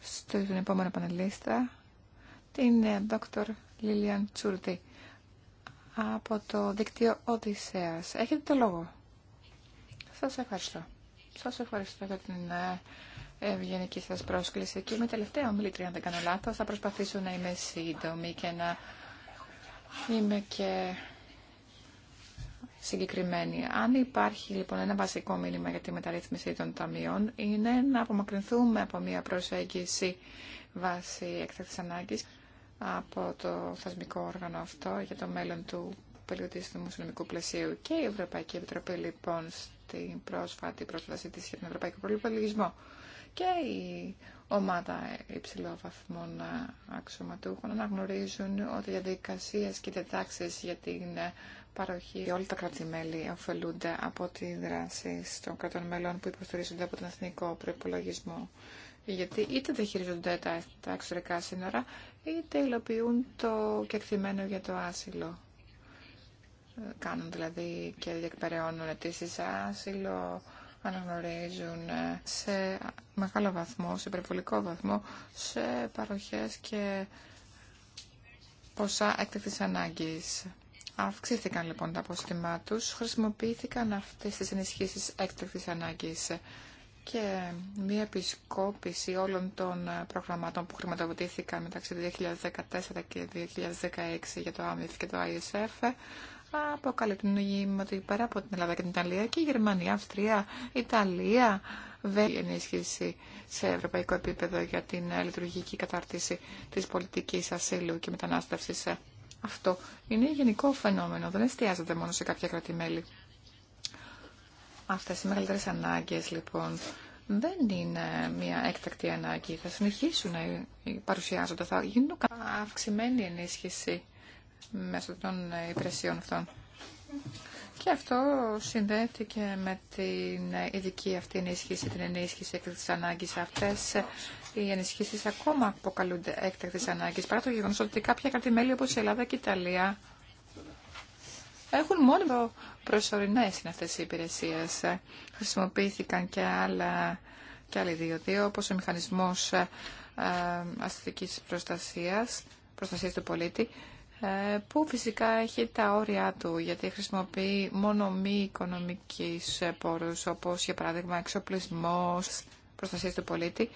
στον επόμενο πανελίστα, την Dr. Ε, Λίλιαν Τσούρτη από το δίκτυο Οδυσσέας. Έχετε το λόγο. Σας ευχαριστώ. Σας ευχαριστώ για την ε, ευγενική σας πρόσκληση και είμαι τελευταία ομιλήτρια, αν δεν κάνω λάθος. Θα προσπαθήσω να είμαι σύντομη και να είμαι και συγκεκριμένη. Αν υπάρχει λοιπόν ένα βασικό μήνυμα για τη μεταρρύθμιση των ταμείων είναι να απομακρυνθούμε από μια προσέγγιση βάση έκθεσης ανάγκης από το θεσμικό όργανο αυτό για το μέλλον του περιοδίστου συνομικού πλαισίου και η Ευρωπαϊκή Επιτροπή λοιπόν στην πρόσφατη πρόσφαση της για τον Ευρωπαϊκό Προπολογισμό και η ομάδα υψηλόβαθμων αξιωματούχων αναγνωρίζουν ότι οι διαδικασίε και διατάξει για την παροχή και όλα τα κρατη ωφελούνται από τη δράση των κρατών μελών που υποστηρίζονται από τον εθνικό προπολογισμό. Γιατί είτε δεν τα, τα εξωτερικά σύνορα, είτε υλοποιούν το κεκτημένο για το άσυλο. Ε, κάνουν δηλαδή και διεκπεραιώνουν αιτήσει άσυλο, αναγνωρίζουν ε, σε μεγάλο βαθμό, σε υπερβολικό βαθμό, σε παροχές και ποσά έκτακτης ανάγκης. Αυξήθηκαν λοιπόν τα απόστημά τους, χρησιμοποιήθηκαν αυτές τις ενισχύσει έκτακτης ανάγκης και μία επισκόπηση όλων των ε, προγραμμάτων που χρηματοδοτήθηκαν μεταξύ 2014 και 2016 για το ΆΜΙΦ και το ISF αποκαλύπτουν ότι πέρα από την Ελλάδα και την Ιταλία και η Γερμανία, Αυστρία, Ιταλία, έχει ενίσχυση σε ευρωπαϊκό επίπεδο για την ε, λειτουργική κατάρτιση της πολιτικής ασύλου και μετανάστευσης. Ε, αυτό είναι γενικό φαινόμενο, δεν εστιάζεται μόνο σε κάποια κρατημέλη. Αυτές οι μεγαλύτερες ανάγκες λοιπόν δεν είναι μια έκτακτη ανάγκη. Θα συνεχίσουν να ε, παρουσιάζονται, θα γίνουν αυξημένη ενίσχυση μέσω των υπηρεσιών αυτών. Και αυτό συνδέεται και με την ειδική αυτή ενίσχυση, την ενίσχυση έκτακτης ανάγκης. Αυτές οι ενισχύσεις ακόμα αποκαλούνται έκτακτης ανάγκης, παρά το γεγονός ότι κάποια κρατημέλη όπως η Ελλάδα και η Ιταλία έχουν μόνο προσωρινές είναι αυτές οι υπηρεσίες. Χρησιμοποιήθηκαν και, άλλα, και άλλοι δύο-δύο, όπως ο μηχανισμός ε, ε, αστικής προστασίας, προστασίας του πολίτη ε, που φυσικά έχει τα όρια του, γιατί χρησιμοποιεί μόνο μη οικονομικής ε, πόρους, όπως για παράδειγμα εξοπλισμός, προστασία του πολίτη,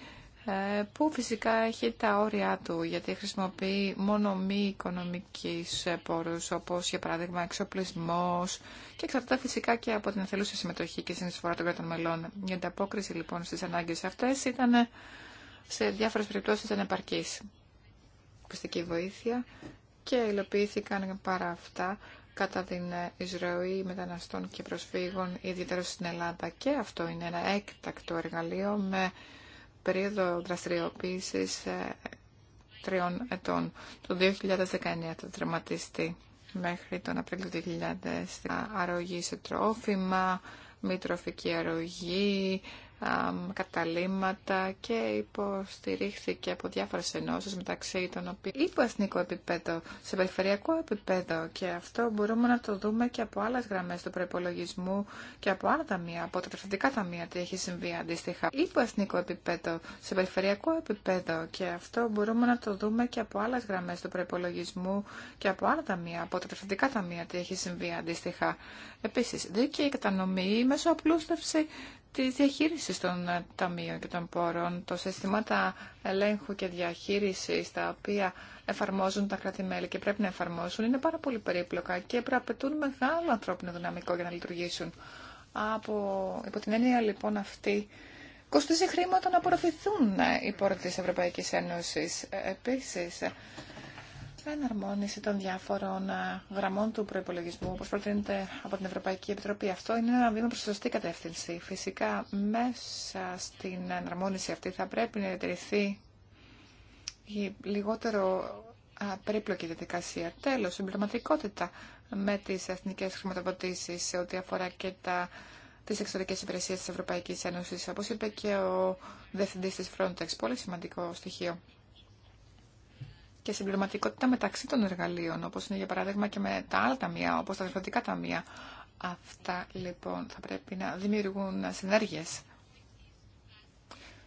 ε, που φυσικά έχει τα όρια του, γιατί χρησιμοποιεί μόνο μη οικονομικής πόρους, όπως για παράδειγμα εξοπλισμός και εξαρτάται φυσικά και από την εθελούσια συμμετοχή και συνεισφορά των κρατών μελών. Η ανταπόκριση λοιπόν στις ανάγκες αυτές ήταν σε διάφορες περιπτώσεις ανεπαρκής. Πιστική βοήθεια και υλοποιήθηκαν παρά αυτά κατά την εισρωή μεταναστών και προσφύγων, ιδιαίτερα στην Ελλάδα. Και αυτό είναι ένα έκτακτο εργαλείο με περίοδο δραστηριοποίησης ε, τριών ετών. Το 2019 θα τερματιστεί μέχρι τον Απρίλιο 2000. Αρρωγή σε τρόφιμα, μη τροφική αρρωγή, καταλήμματα και υποστηρίχθηκε από διάφορες ενώσεις μεταξύ των οποίων υπό εθνικό επίπεδο, σε περιφερειακό επίπεδο και αυτό μπορούμε να το δούμε και από άλλες γραμμές του προπολογισμού και από άλλα ταμεία, από τα τραφετικά ταμεία τι έχει συμβεί αντίστοιχα υπό εθνικό επίπεδο, σε περιφερειακό επίπεδο και αυτό μπορούμε να το δούμε και από άλλες γραμμές του προπολογισμού και από άλλα ταμεία, από τα τραφετικά ταμεία τι έχει συμβεί αντίστοιχα. Επίσης, δίκαιη κατανομή μέσω απλούστευση τη διαχείριση των ε, ταμείων και των πόρων, το συστήματα ελέγχου και διαχείρισης τα οποία εφαρμόζουν τα κράτη-μέλη και πρέπει να εφαρμόσουν είναι πάρα πολύ περίπλοκα και προαπαιτούν μεγάλο ανθρώπινο δυναμικό για να λειτουργήσουν. Από, υπό την έννοια λοιπόν αυτή κοστίζει χρήματα να απορροφηθούν ε, οι πόροι της Ευρωπαϊκής Ένωσης. Ε, εναρμόνιση των διάφορων ε, γραμμών του προπολογισμού, όπω προτείνεται από την Ευρωπαϊκή Επιτροπή. Αυτό είναι ένα βήμα προ σωστή κατεύθυνση. Φυσικά μέσα στην εναρμόνιση αυτή θα πρέπει να διατηρηθεί η λιγότερο ε, περίπλοκη διαδικασία. Τέλο, συμπληρωματικότητα με τι εθνικέ χρηματοδοτήσει σε ό,τι αφορά και τα τι εξωτερικέ υπηρεσίε τη Ευρωπαϊκή Ένωση, όπω είπε και ο διευθυντή τη Frontex. Πολύ σημαντικό στοιχείο και συμπληρωματικότητα μεταξύ των εργαλείων, όπως είναι για παράδειγμα και με τα άλλα ταμεία, όπως τα τα ταμεία. Αυτά λοιπόν θα πρέπει να δημιουργούν συνέργειες.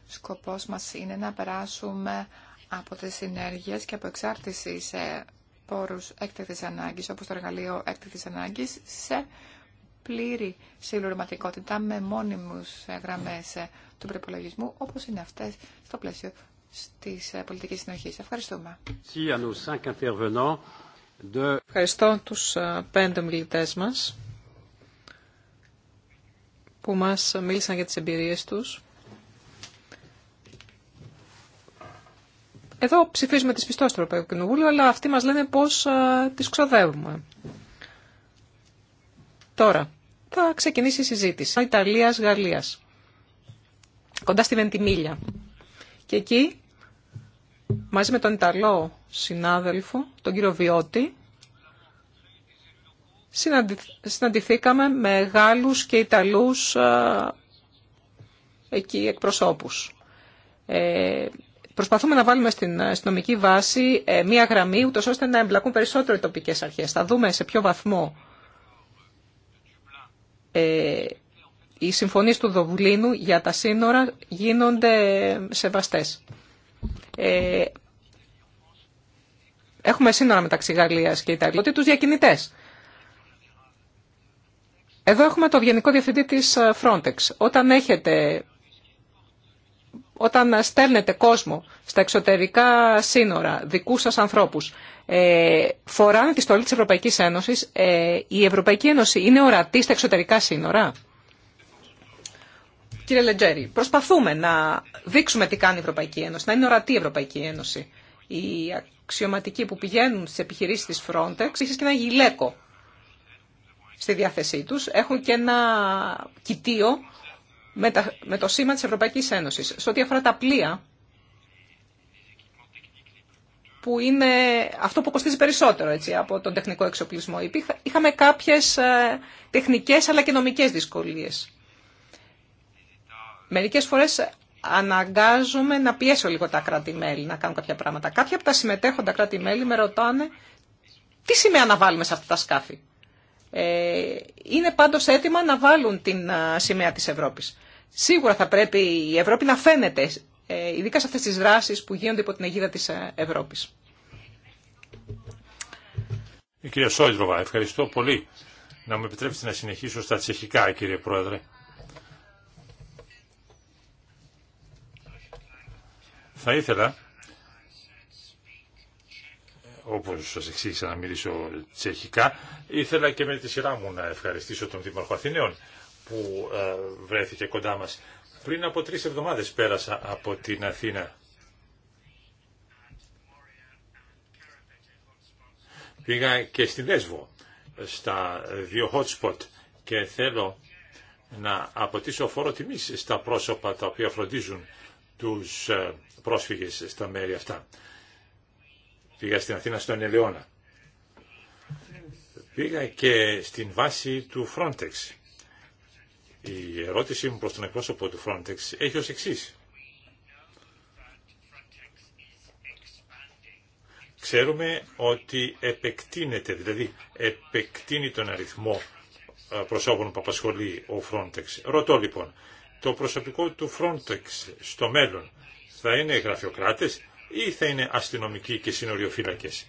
Σκοπός μας είναι να περάσουμε από τις συνέργειες και από εξάρτηση σε πόρους έκτακτης ανάγκης, όπως το εργαλείο έκτακτης ανάγκης, σε πλήρη συμπληρωματικότητα με μόνιμους γραμμές του προπολογισμού, όπως είναι αυτές στο πλαίσιο στις ε, πολιτικές συνοχή. Ευχαριστούμε. Ευχαριστώ τους ε, πέντε μιλητέ μας που μας μίλησαν για τις εμπειρίες τους. Εδώ ψηφίζουμε τις πιστώσεις του Ευρωπαϊκού Κοινοβούλου, αλλά αυτοί μας λένε πώς ε, τις ξοδεύουμε. Τώρα, θα ξεκινήσει η συζήτηση. Ιταλίας-Γαλλίας, κοντά στη Βεντιμίλια. Και εκεί μαζί με τον Ιταλό συνάδελφο, τον κύριο Βιώτη, συναντηθήκαμε με Γάλλους και Ιταλούς ε, εκεί εκπροσώπους. Ε, προσπαθούμε να βάλουμε στην αστυνομική βάση ε, μία γραμμή, ούτως ώστε να εμπλακούν περισσότερο οι τοπικές αρχές. Θα δούμε σε ποιο βαθμό οι συμφωνίες του Δοβουλίνου για τα σύνορα γίνονται σεβαστές. Ε, έχουμε σύνορα μεταξύ Γαλλίας και Ιταλίας, ότι τους διακινητές. Εδώ έχουμε το Γενικό Διευθυντή της ε, Frontex. Όταν έχετε όταν στέλνετε κόσμο στα εξωτερικά σύνορα, δικούς σας ανθρώπους, ε, φοράνε τη στολή της Ευρωπαϊκής Ένωσης, ε, η Ευρωπαϊκή Ένωση είναι ορατή στα εξωτερικά σύνορα. Κύριε Λετζέρη, προσπαθούμε να δείξουμε τι κάνει η Ευρωπαϊκή Ένωση, να είναι ορατή η Ευρωπαϊκή Ένωση. Οι αξιωματικοί που πηγαίνουν στι επιχειρήσεις τη Frontex, έχουν και ένα γυλαίκο στη διάθεσή τους, έχουν και ένα κοιτίο με το σήμα της Ευρωπαϊκής Ένωσης. Σε ό,τι αφορά τα πλοία, που είναι αυτό που κοστίζει περισσότερο έτσι, από τον τεχνικό εξοπλισμό. Είχαμε κάποιες ε, τεχνικές αλλά και νομικές δυσκολίες. Μερικές φορές αναγκάζομαι να πιέσω λίγο τα κράτη-μέλη να κάνουν κάποια πράγματα. Κάποια από τα συμμετέχοντα κράτη-μέλη με ρωτάνε τι σημαία να βάλουμε σε αυτά τα σκάφη. Ε, είναι πάντως έτοιμα να βάλουν την ε, σημαία της Ευρώπης. Σίγουρα θα πρέπει η Ευρώπη να φαίνεται, ε, ειδικά σε αυτές τις δράσεις που γίνονται υπό την αιγίδα της Ευρώπης. Κύριε ευχαριστώ πολύ. Να μου επιτρέψετε να συνεχίσω στα τσεχικά, κύριε Πρόεδρε. Θα ήθελα, όπως σας εξήγησα να μιλήσω τσεχικά, ήθελα και με τη σειρά μου να ευχαριστήσω τον Δήμαρχο Αθηναίων που ε, βρέθηκε κοντά μας. Πριν από τρεις εβδομάδες πέρασα από την Αθήνα. Πήγα και στη Δέσβο στα δύο hot spot και θέλω να αποτίσω φόρο τιμής στα πρόσωπα τα οποία φροντίζουν τους ε, πρόσφυγες στα μέρη αυτά. Πήγα στην Αθήνα στον Ελαιώνα. Πήγα και στην βάση του Frontex. Η ερώτησή μου προς τον εκπρόσωπο του Frontex έχει ως εξής. Ξέρουμε ότι επεκτείνεται, δηλαδή επεκτείνει τον αριθμό ε, προσώπων που απασχολεί ο Frontex. Ρωτώ λοιπόν, το προσωπικό του Frontex στο μέλλον θα είναι γραφειοκράτες ή θα είναι αστυνομικοί και συνοριοφύλακες.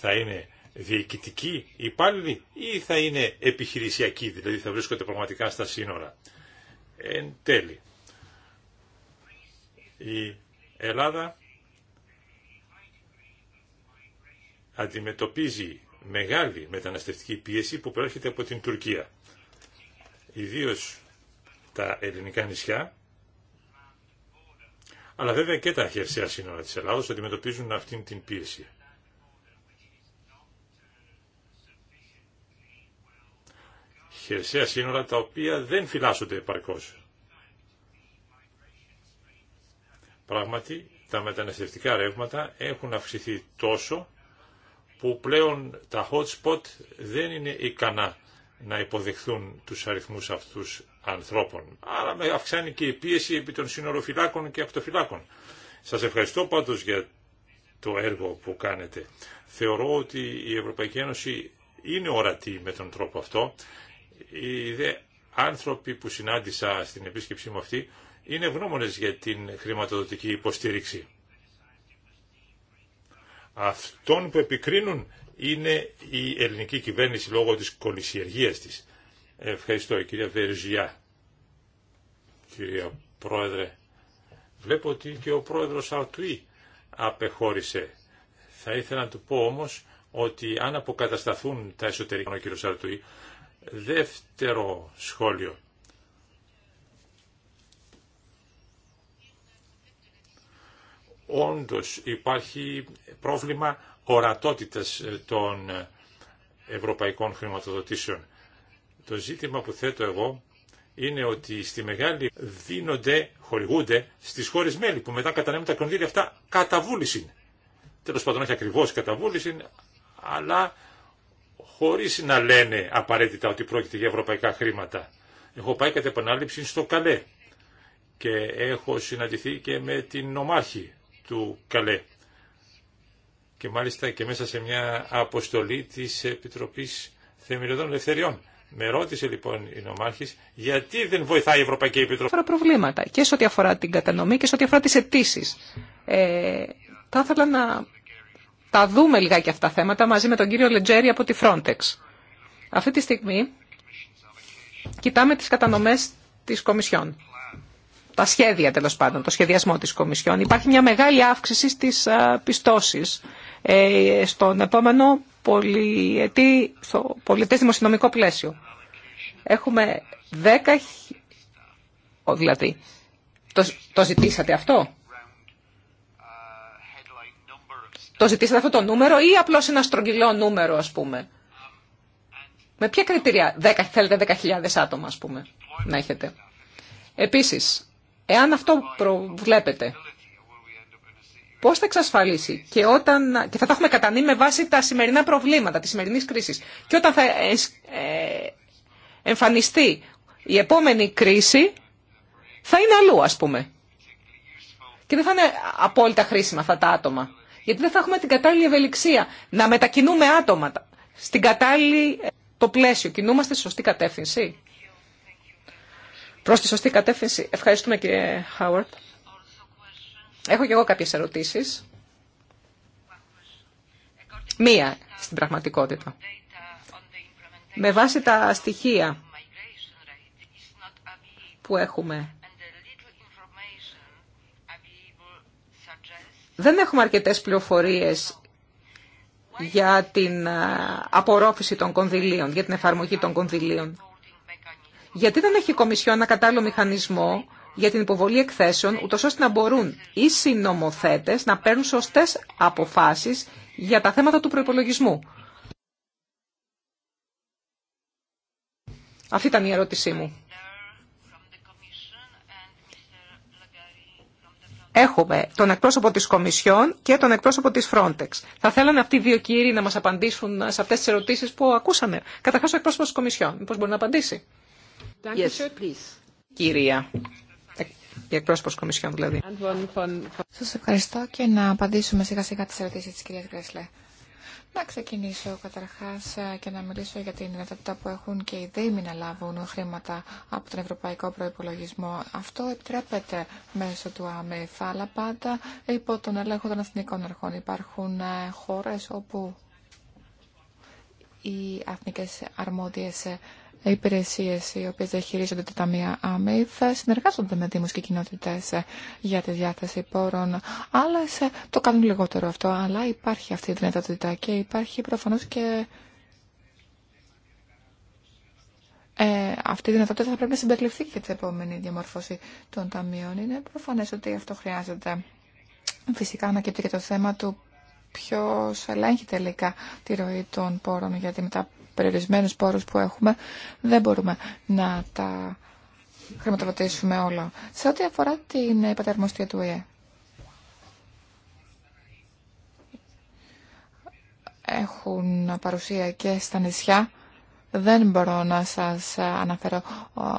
Θα είναι διοικητικοί υπάλληλοι ή θα είναι επιχειρησιακοί, δηλαδή θα βρίσκονται πραγματικά στα σύνορα. Εν τέλει, η Ελλάδα αντιμετωπίζει μεγάλη μεταναστευτική πίεση που προέρχεται από την Τουρκία. Ιδίως τα ελληνικά νησιά αλλά βέβαια και τα χερσαία σύνορα της Ελλάδος αντιμετωπίζουν αυτήν την πίεση. Χερσαία σύνορα τα οποία δεν φυλάσσονται επαρκώς. Πράγματι, τα μεταναστευτικά ρεύματα έχουν αυξηθεί τόσο που πλέον τα hot spot δεν είναι ικανά να υποδεχθούν τους αριθμούς αυτούς ανθρώπων. Άρα με αυξάνει και η πίεση επί των συνοροφυλάκων και ακτοφυλάκων. Σας ευχαριστώ πάντως για το έργο που κάνετε. Θεωρώ ότι η Ευρωπαϊκή Ένωση είναι ορατή με τον τρόπο αυτό. Οι δε άνθρωποι που συνάντησα στην επίσκεψή μου αυτή είναι γνώμονες για την χρηματοδοτική υποστήριξη. Αυτόν που επικρίνουν είναι η ελληνική κυβέρνηση λόγω της κολυσιεργίας της. Ευχαριστώ κυρία Βεργιά. Κυρία Πρόεδρε, βλέπω ότι και ο πρόεδρος Αρτουή απεχώρησε. Θα ήθελα να του πω όμως ότι αν αποκατασταθούν τα εσωτερικά ο κύριος Αρτουή, δεύτερο σχόλιο. Όντως υπάρχει πρόβλημα ορατότητας των ευρωπαϊκών χρηματοδοτήσεων. Το ζήτημα που θέτω εγώ είναι ότι στη μεγάλη δίνονται, χορηγούνται στις χώρες μέλη που μετά κατανέμουν τα κονδύλια αυτά κατά βούληση. Τέλος πάντων όχι ακριβώς κατά βούληση, αλλά χωρί να λένε απαραίτητα ότι πρόκειται για ευρωπαϊκά χρήματα. Έχω πάει κατά επανάληψη στο Καλέ και έχω συναντηθεί και με την νομάρχη του Καλέ και μάλιστα και μέσα σε μια αποστολή της Επιτροπής Θεμελιωδών Ελευθεριών με ρώτησε λοιπόν η Νομάρχη γιατί δεν βοηθάει η Ευρωπαϊκή Επιτροπή. Φέρα προβλήματα και σε ό,τι αφορά την κατανομή και σε ό,τι αφορά τι αιτήσει. Ε, θα ήθελα να τα δούμε λιγάκι αυτά τα θέματα μαζί με τον κύριο Λετζέρι από τη Frontex. Αυτή τη στιγμή κοιτάμε τις κατανομές της Κομισιόν. Τα σχέδια τέλο πάντων, το σχεδιασμό τη Κομισιόν. Υπάρχει μια μεγάλη αύξηση στις πιστώσεις ε, στον επόμενο πολυετή, στο πολιτές δημοσιονομικό πλαίσιο. Έχουμε 10... Ο, δηλαδή, το, ζητήσατε αυτό. Το ζητήσατε αυτό το νούμερο ή απλώς ένα στρογγυλό νούμερο, ας πούμε. Με ποια κριτήρια 10, θέλετε 10.000 άτομα, ας πούμε, να έχετε. Επίσης, εάν αυτό προβλέπετε, Πώ θα εξασφαλίσει και, όταν, και θα τα έχουμε κατανοεί με βάση τα σημερινά προβλήματα τη σημερινή κρίση. Και όταν θα ε, εμφανιστεί η επόμενη κρίση, θα είναι αλλού, α πούμε. Και δεν θα είναι απόλυτα χρήσιμα αυτά τα άτομα. Γιατί δεν θα έχουμε την κατάλληλη ευελιξία να μετακινούμε άτομα στην κατάλληλη ε, το πλαίσιο. Κινούμαστε στη σωστή κατεύθυνση. Προ τη σωστή κατεύθυνση. Ευχαριστούμε, κύριε Χάουαρτ. Έχω και εγώ κάποιες ερωτήσεις. Μία στην πραγματικότητα. Με βάση τα στοιχεία που έχουμε, δεν έχουμε αρκετές πληροφορίες για την απορρόφηση των κονδυλίων, για την εφαρμογή των κονδυλίων. Γιατί δεν έχει η Κομισιόν ένα κατάλληλο μηχανισμό για την υποβολή εκθέσεων, ούτω ώστε να μπορούν οι συνομοθέτε να παίρνουν σωστέ αποφάσεις για τα θέματα του προπολογισμού. Αυτή ήταν η ερώτησή μου. Έχουμε τον εκπρόσωπο της Κομισιόν και τον εκπρόσωπο της Frontex. Θα θέλανε αυτοί οι δύο κύριοι να μας απαντήσουν σε αυτές τις ερωτήσεις που ακούσαμε. Καταρχάς ο εκπρόσωπος της Κομισιόν. Μήπως μπορεί να απαντήσει. Κυρία. Δηλαδή. Σας ευχαριστώ και να απαντήσουμε σιγά σιγά τις ερωτήσεις της κυρίας Γκρέσλε. Να ξεκινήσω καταρχάς ε, και να μιλήσω για την δυνατότητα που έχουν και οι Δήμοι να λάβουν χρήματα από τον Ευρωπαϊκό Προϋπολογισμό. Αυτό επιτρέπεται μέσω του ΑΜΕΦ, αλλά πάντα υπό τον έλεγχο των εθνικών αρχών. Υπάρχουν ε, χώρες όπου οι εθνικές αρμόδιες ε, οι υπηρεσίε οι οποίε διαχειρίζονται τα ταμεία ΑΜΕΙ συνεργάζονται με Δήμου και κοινότητε για τη διάθεση πόρων. Άλλε το κάνουν λιγότερο αυτό, αλλά υπάρχει αυτή η δυνατότητα και υπάρχει προφανώ και. Ε, αυτή η δυνατότητα θα πρέπει να συμπεριληφθεί και την επόμενη διαμορφώση των ταμείων. Είναι προφανέ ότι αυτό χρειάζεται. Φυσικά ανακύπτει και το θέμα του ποιο ελέγχει τελικά τη ροή των πόρων, γιατί μετά περιορισμένους πόρους που έχουμε δεν μπορούμε να τα χρηματοδοτήσουμε όλα. Σε ό,τι αφορά την υπατερμοστία του ΟΕΕ. Έχουν παρουσία και στα νησιά. Δεν μπορώ να σας αναφέρω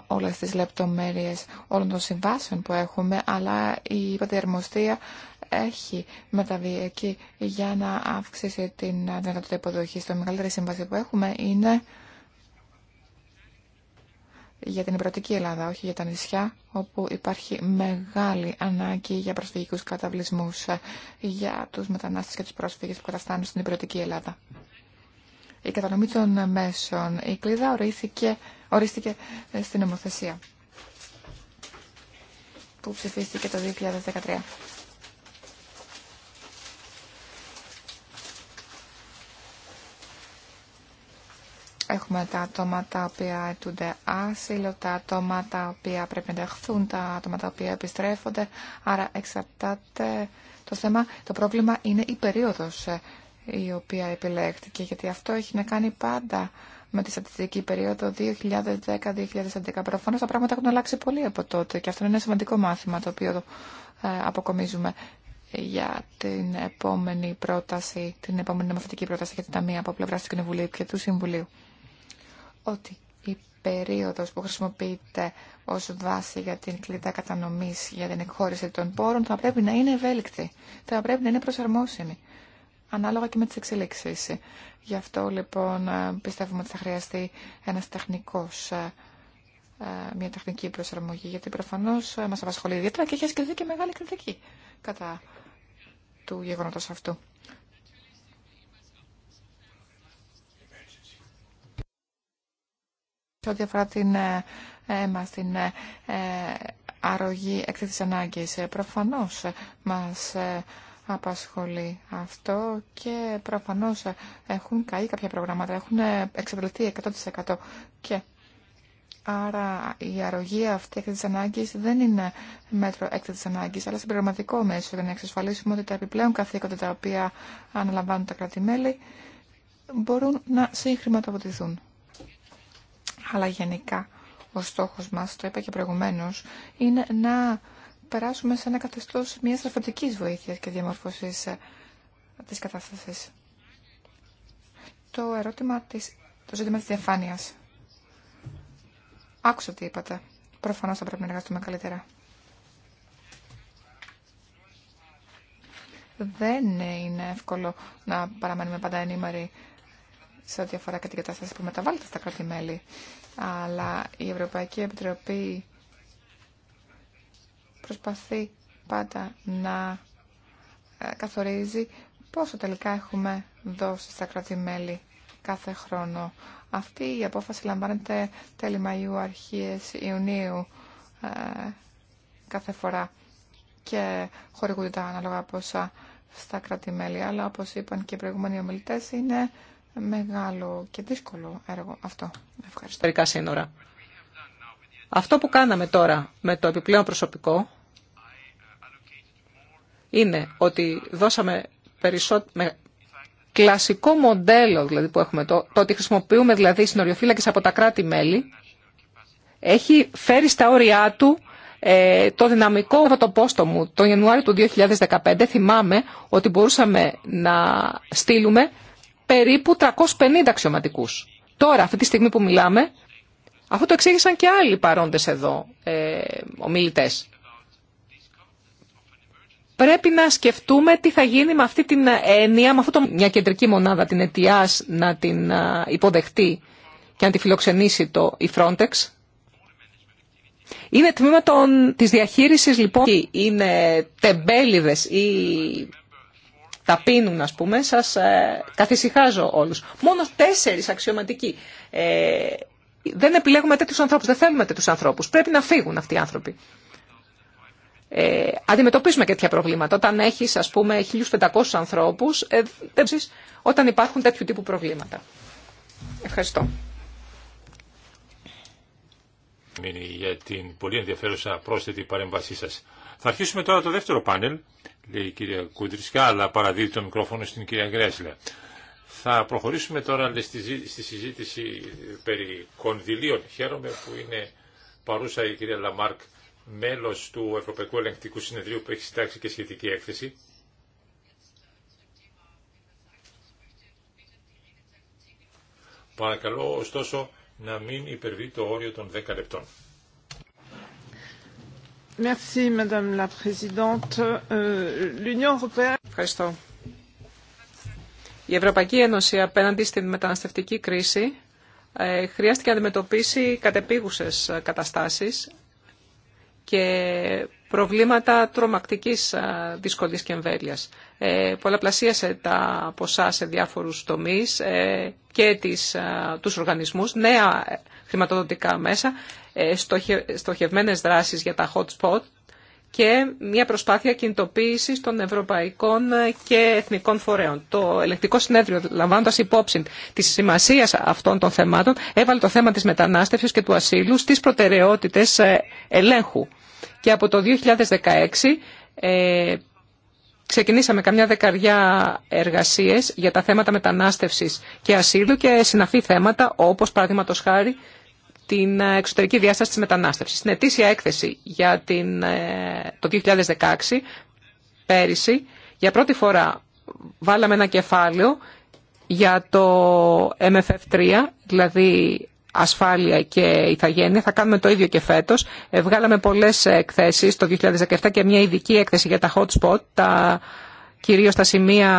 όλες τις λεπτομέρειες όλων των συμβάσεων που έχουμε, αλλά η υπατερμοστία έχει μεταβεί εκεί για να αυξήσει την δυνατότητα υποδοχή. Το μεγαλύτερη σύμβαση που έχουμε είναι για την υπηρετική Ελλάδα, όχι για τα νησιά, όπου υπάρχει μεγάλη ανάγκη για προσφυγικούς καταβλισμούς για τους μετανάστες και τους πρόσφυγες που καταστάνουν στην υπηρετική Ελλάδα. Η κατανομή των μέσων, η κλίδα ορίστηκε, ορίστηκε στην νομοθεσία που ψηφίστηκε το 2013. Έχουμε τα άτομα τα οποία αιτούνται άσυλο, τα άτομα τα οποία πρέπει να ενταχθούν, τα άτομα τα οποία επιστρέφονται. Άρα εξαρτάται το θέμα. Το πρόβλημα είναι η περίοδος ε, η οποία επιλέχθηκε, γιατί αυτό έχει να κάνει πάντα με τη στατιστική περίοδο 2010-2011. Προφανώ τα πράγματα έχουν αλλάξει πολύ από τότε και αυτό είναι ένα σημαντικό μάθημα το οποίο ε, αποκομίζουμε για την επόμενη πρόταση, την επόμενη νομοθετική πρόταση για την Ταμεία από πλευρά του Κοινοβουλίου και του Συμβουλίου ότι η περίοδος που χρησιμοποιείται ως βάση για την κλειδά κατανομής για την εκχώρηση των πόρων θα πρέπει να είναι ευέλικτη, θα πρέπει να είναι προσαρμόσιμη ανάλογα και με τις εξελίξεις. Γι' αυτό λοιπόν ε, πιστεύουμε ότι θα χρειαστεί ένας τεχνικός, ε, ε, μια τεχνική προσαρμογή, γιατί προφανώς μα απασχολεί ιδιαίτερα και έχει ασκηθεί και μεγάλη κριτική κατά του γεγονότος αυτού. σε ό,τι αφορά την, ε, ε, ε, ε μας, την αρρωγή εκτίθεση Προφανώς μας απασχολεί αυτό και προφανώς έχουν καεί κάποια προγράμματα, έχουν εξευρεθεί 100% και Άρα η αρρωγή αυτή της ανάγκης δεν είναι μέτρο έκθεση ανάγκη, αλλά συμπληρωματικό μέσο για να εξασφαλίσουμε ότι τα επιπλέον καθήκοντα τα οποία αναλαμβάνουν τα κράτη-μέλη μπορούν να συγχρηματοποτηθούν. Αλλά γενικά ο στόχος μας, το είπα και προηγουμένως, είναι να περάσουμε σε ένα καθεστώς μιας στρατιωτικής βοήθειας και διαμορφωσής ε, της κατάστασης. Το ερώτημα της, το ζήτημα της διαφάνειας. Άκουσα τι είπατε. Προφανώς θα πρέπει να εργαστούμε καλύτερα. Δεν είναι εύκολο να παραμένουμε πάντα ενήμεροι σε ό,τι αφορά και την κατάσταση που μεταβάλλεται στα κράτη-μέλη αλλά η Ευρωπαϊκή Επιτροπή προσπαθεί πάντα να ε, καθορίζει πόσο τελικά έχουμε δώσει στα κράτη-μέλη κάθε χρόνο. Αυτή η απόφαση λαμβάνεται τέλη Μαΐου, αρχίες Ιουνίου ε, κάθε φορά και χορηγούνται τα ανάλογα ποσά στα κράτη-μέλη. Αλλά όπως είπαν και οι προηγούμενοι ομιλητές είναι μεγάλο και δύσκολο έργο αυτό. Ευχαριστώ. Περικά σύνορα. Αυτό που κάναμε τώρα με το επιπλέον προσωπικό είναι ότι δώσαμε περισσότερο κλασικό μοντέλο δηλαδή, που έχουμε, το, το ότι χρησιμοποιούμε δηλαδή συνοριοφύλακες από τα κράτη-μέλη, έχει φέρει στα όρια του ε, το δυναμικό αυτό το πόστο μου. Τον Ιανουάριο του 2015 θυμάμαι ότι μπορούσαμε να στείλουμε περίπου 350 αξιωματικούς. Τώρα, αυτή τη στιγμή που μιλάμε, αυτό το εξήγησαν και άλλοι παρόντες εδώ, ε, ομιλητές. Πρέπει να σκεφτούμε τι θα γίνει με αυτή την έννοια, με αυτό το... μια κεντρική μονάδα την αιτία να την υποδεχτεί και να τη φιλοξενήσει το, η Frontex. Είναι τμήμα των, της διαχείρισης λοιπόν είναι τεμπέληδες ή τα πίνουν, ας πούμε, σας ε, καθησυχάζω όλους. Μόνο τέσσερις αξιωματικοί. Ε, δεν επιλέγουμε τέτοιου ανθρώπου. δεν θέλουμε τέτοιου ανθρώπους. Πρέπει να φύγουν αυτοί οι άνθρωποι. Ε, αντιμετωπίζουμε και τέτοια προβλήματα. Όταν έχεις, ας πούμε, 1.500 ανθρώπους, ε, δεν ξέρει όταν υπάρχουν τέτοιου τύπου προβλήματα. Ευχαριστώ. για την πολύ ενδιαφέρουσα πρόσθετη παρέμβασή σας. Θα αρχίσουμε τώρα το δεύτερο πάνελ λέει η κυρία Κούντρισκα, αλλά παραδίδει το μικρόφωνο στην κυρία Γκρέσλε. Θα προχωρήσουμε τώρα στη συζήτηση ε, περί κονδυλίων. Χαίρομαι που είναι παρούσα η κυρία Λαμάρκ, μέλος του Ευρωπαϊκού Ελεγκτικού Συνεδρίου που έχει συντάξει και σχετική έκθεση. Παρακαλώ ωστόσο να μην υπερβεί το όριο των 10 λεπτών. Euh, Η Ευρωπαϊκή Ένωση απέναντι στην μεταναστευτική κρίση ε, χρειάστηκε να αντιμετωπίσει κατεπίγουσες ε, καταστάσεις και προβλήματα τρομακτικής ε, δυσκολίας και εμβέλειας. πολλαπλασίασε τα ποσά σε διάφορους τομείς και τις, τους οργανισμούς, νέα χρηματοδοτικά μέσα, ε, στοχευμένες δράσεις για τα hot spot και μια προσπάθεια κινητοποίησης των ευρωπαϊκών και εθνικών φορέων. Το ελεκτικό συνέδριο, λαμβάνοντας υπόψη τη σημασία αυτών των θεμάτων, έβαλε το θέμα της μετανάστευσης και του ασύλου στις προτεραιότητες ε, ελέγχου. Και από το 2016 ε, ξεκινήσαμε καμιά δεκαριά εργασίες για τα θέματα μετανάστευσης και ασύλου και συναφή θέματα όπως παραδείγματο χάρη την εξωτερική διάσταση της μετανάστευσης. Στην ετήσια έκθεση για την, ε, το 2016, πέρυσι, για πρώτη φορά βάλαμε ένα κεφάλαιο για το MFF3, δηλαδή ασφάλεια και ηθαγένεια. Θα κάνουμε το ίδιο και φέτος. Ε, βγάλαμε πολλές εκθέσεις το 2017 και μια ειδική έκθεση για τα hot spot, τα, κυρίως τα σημεία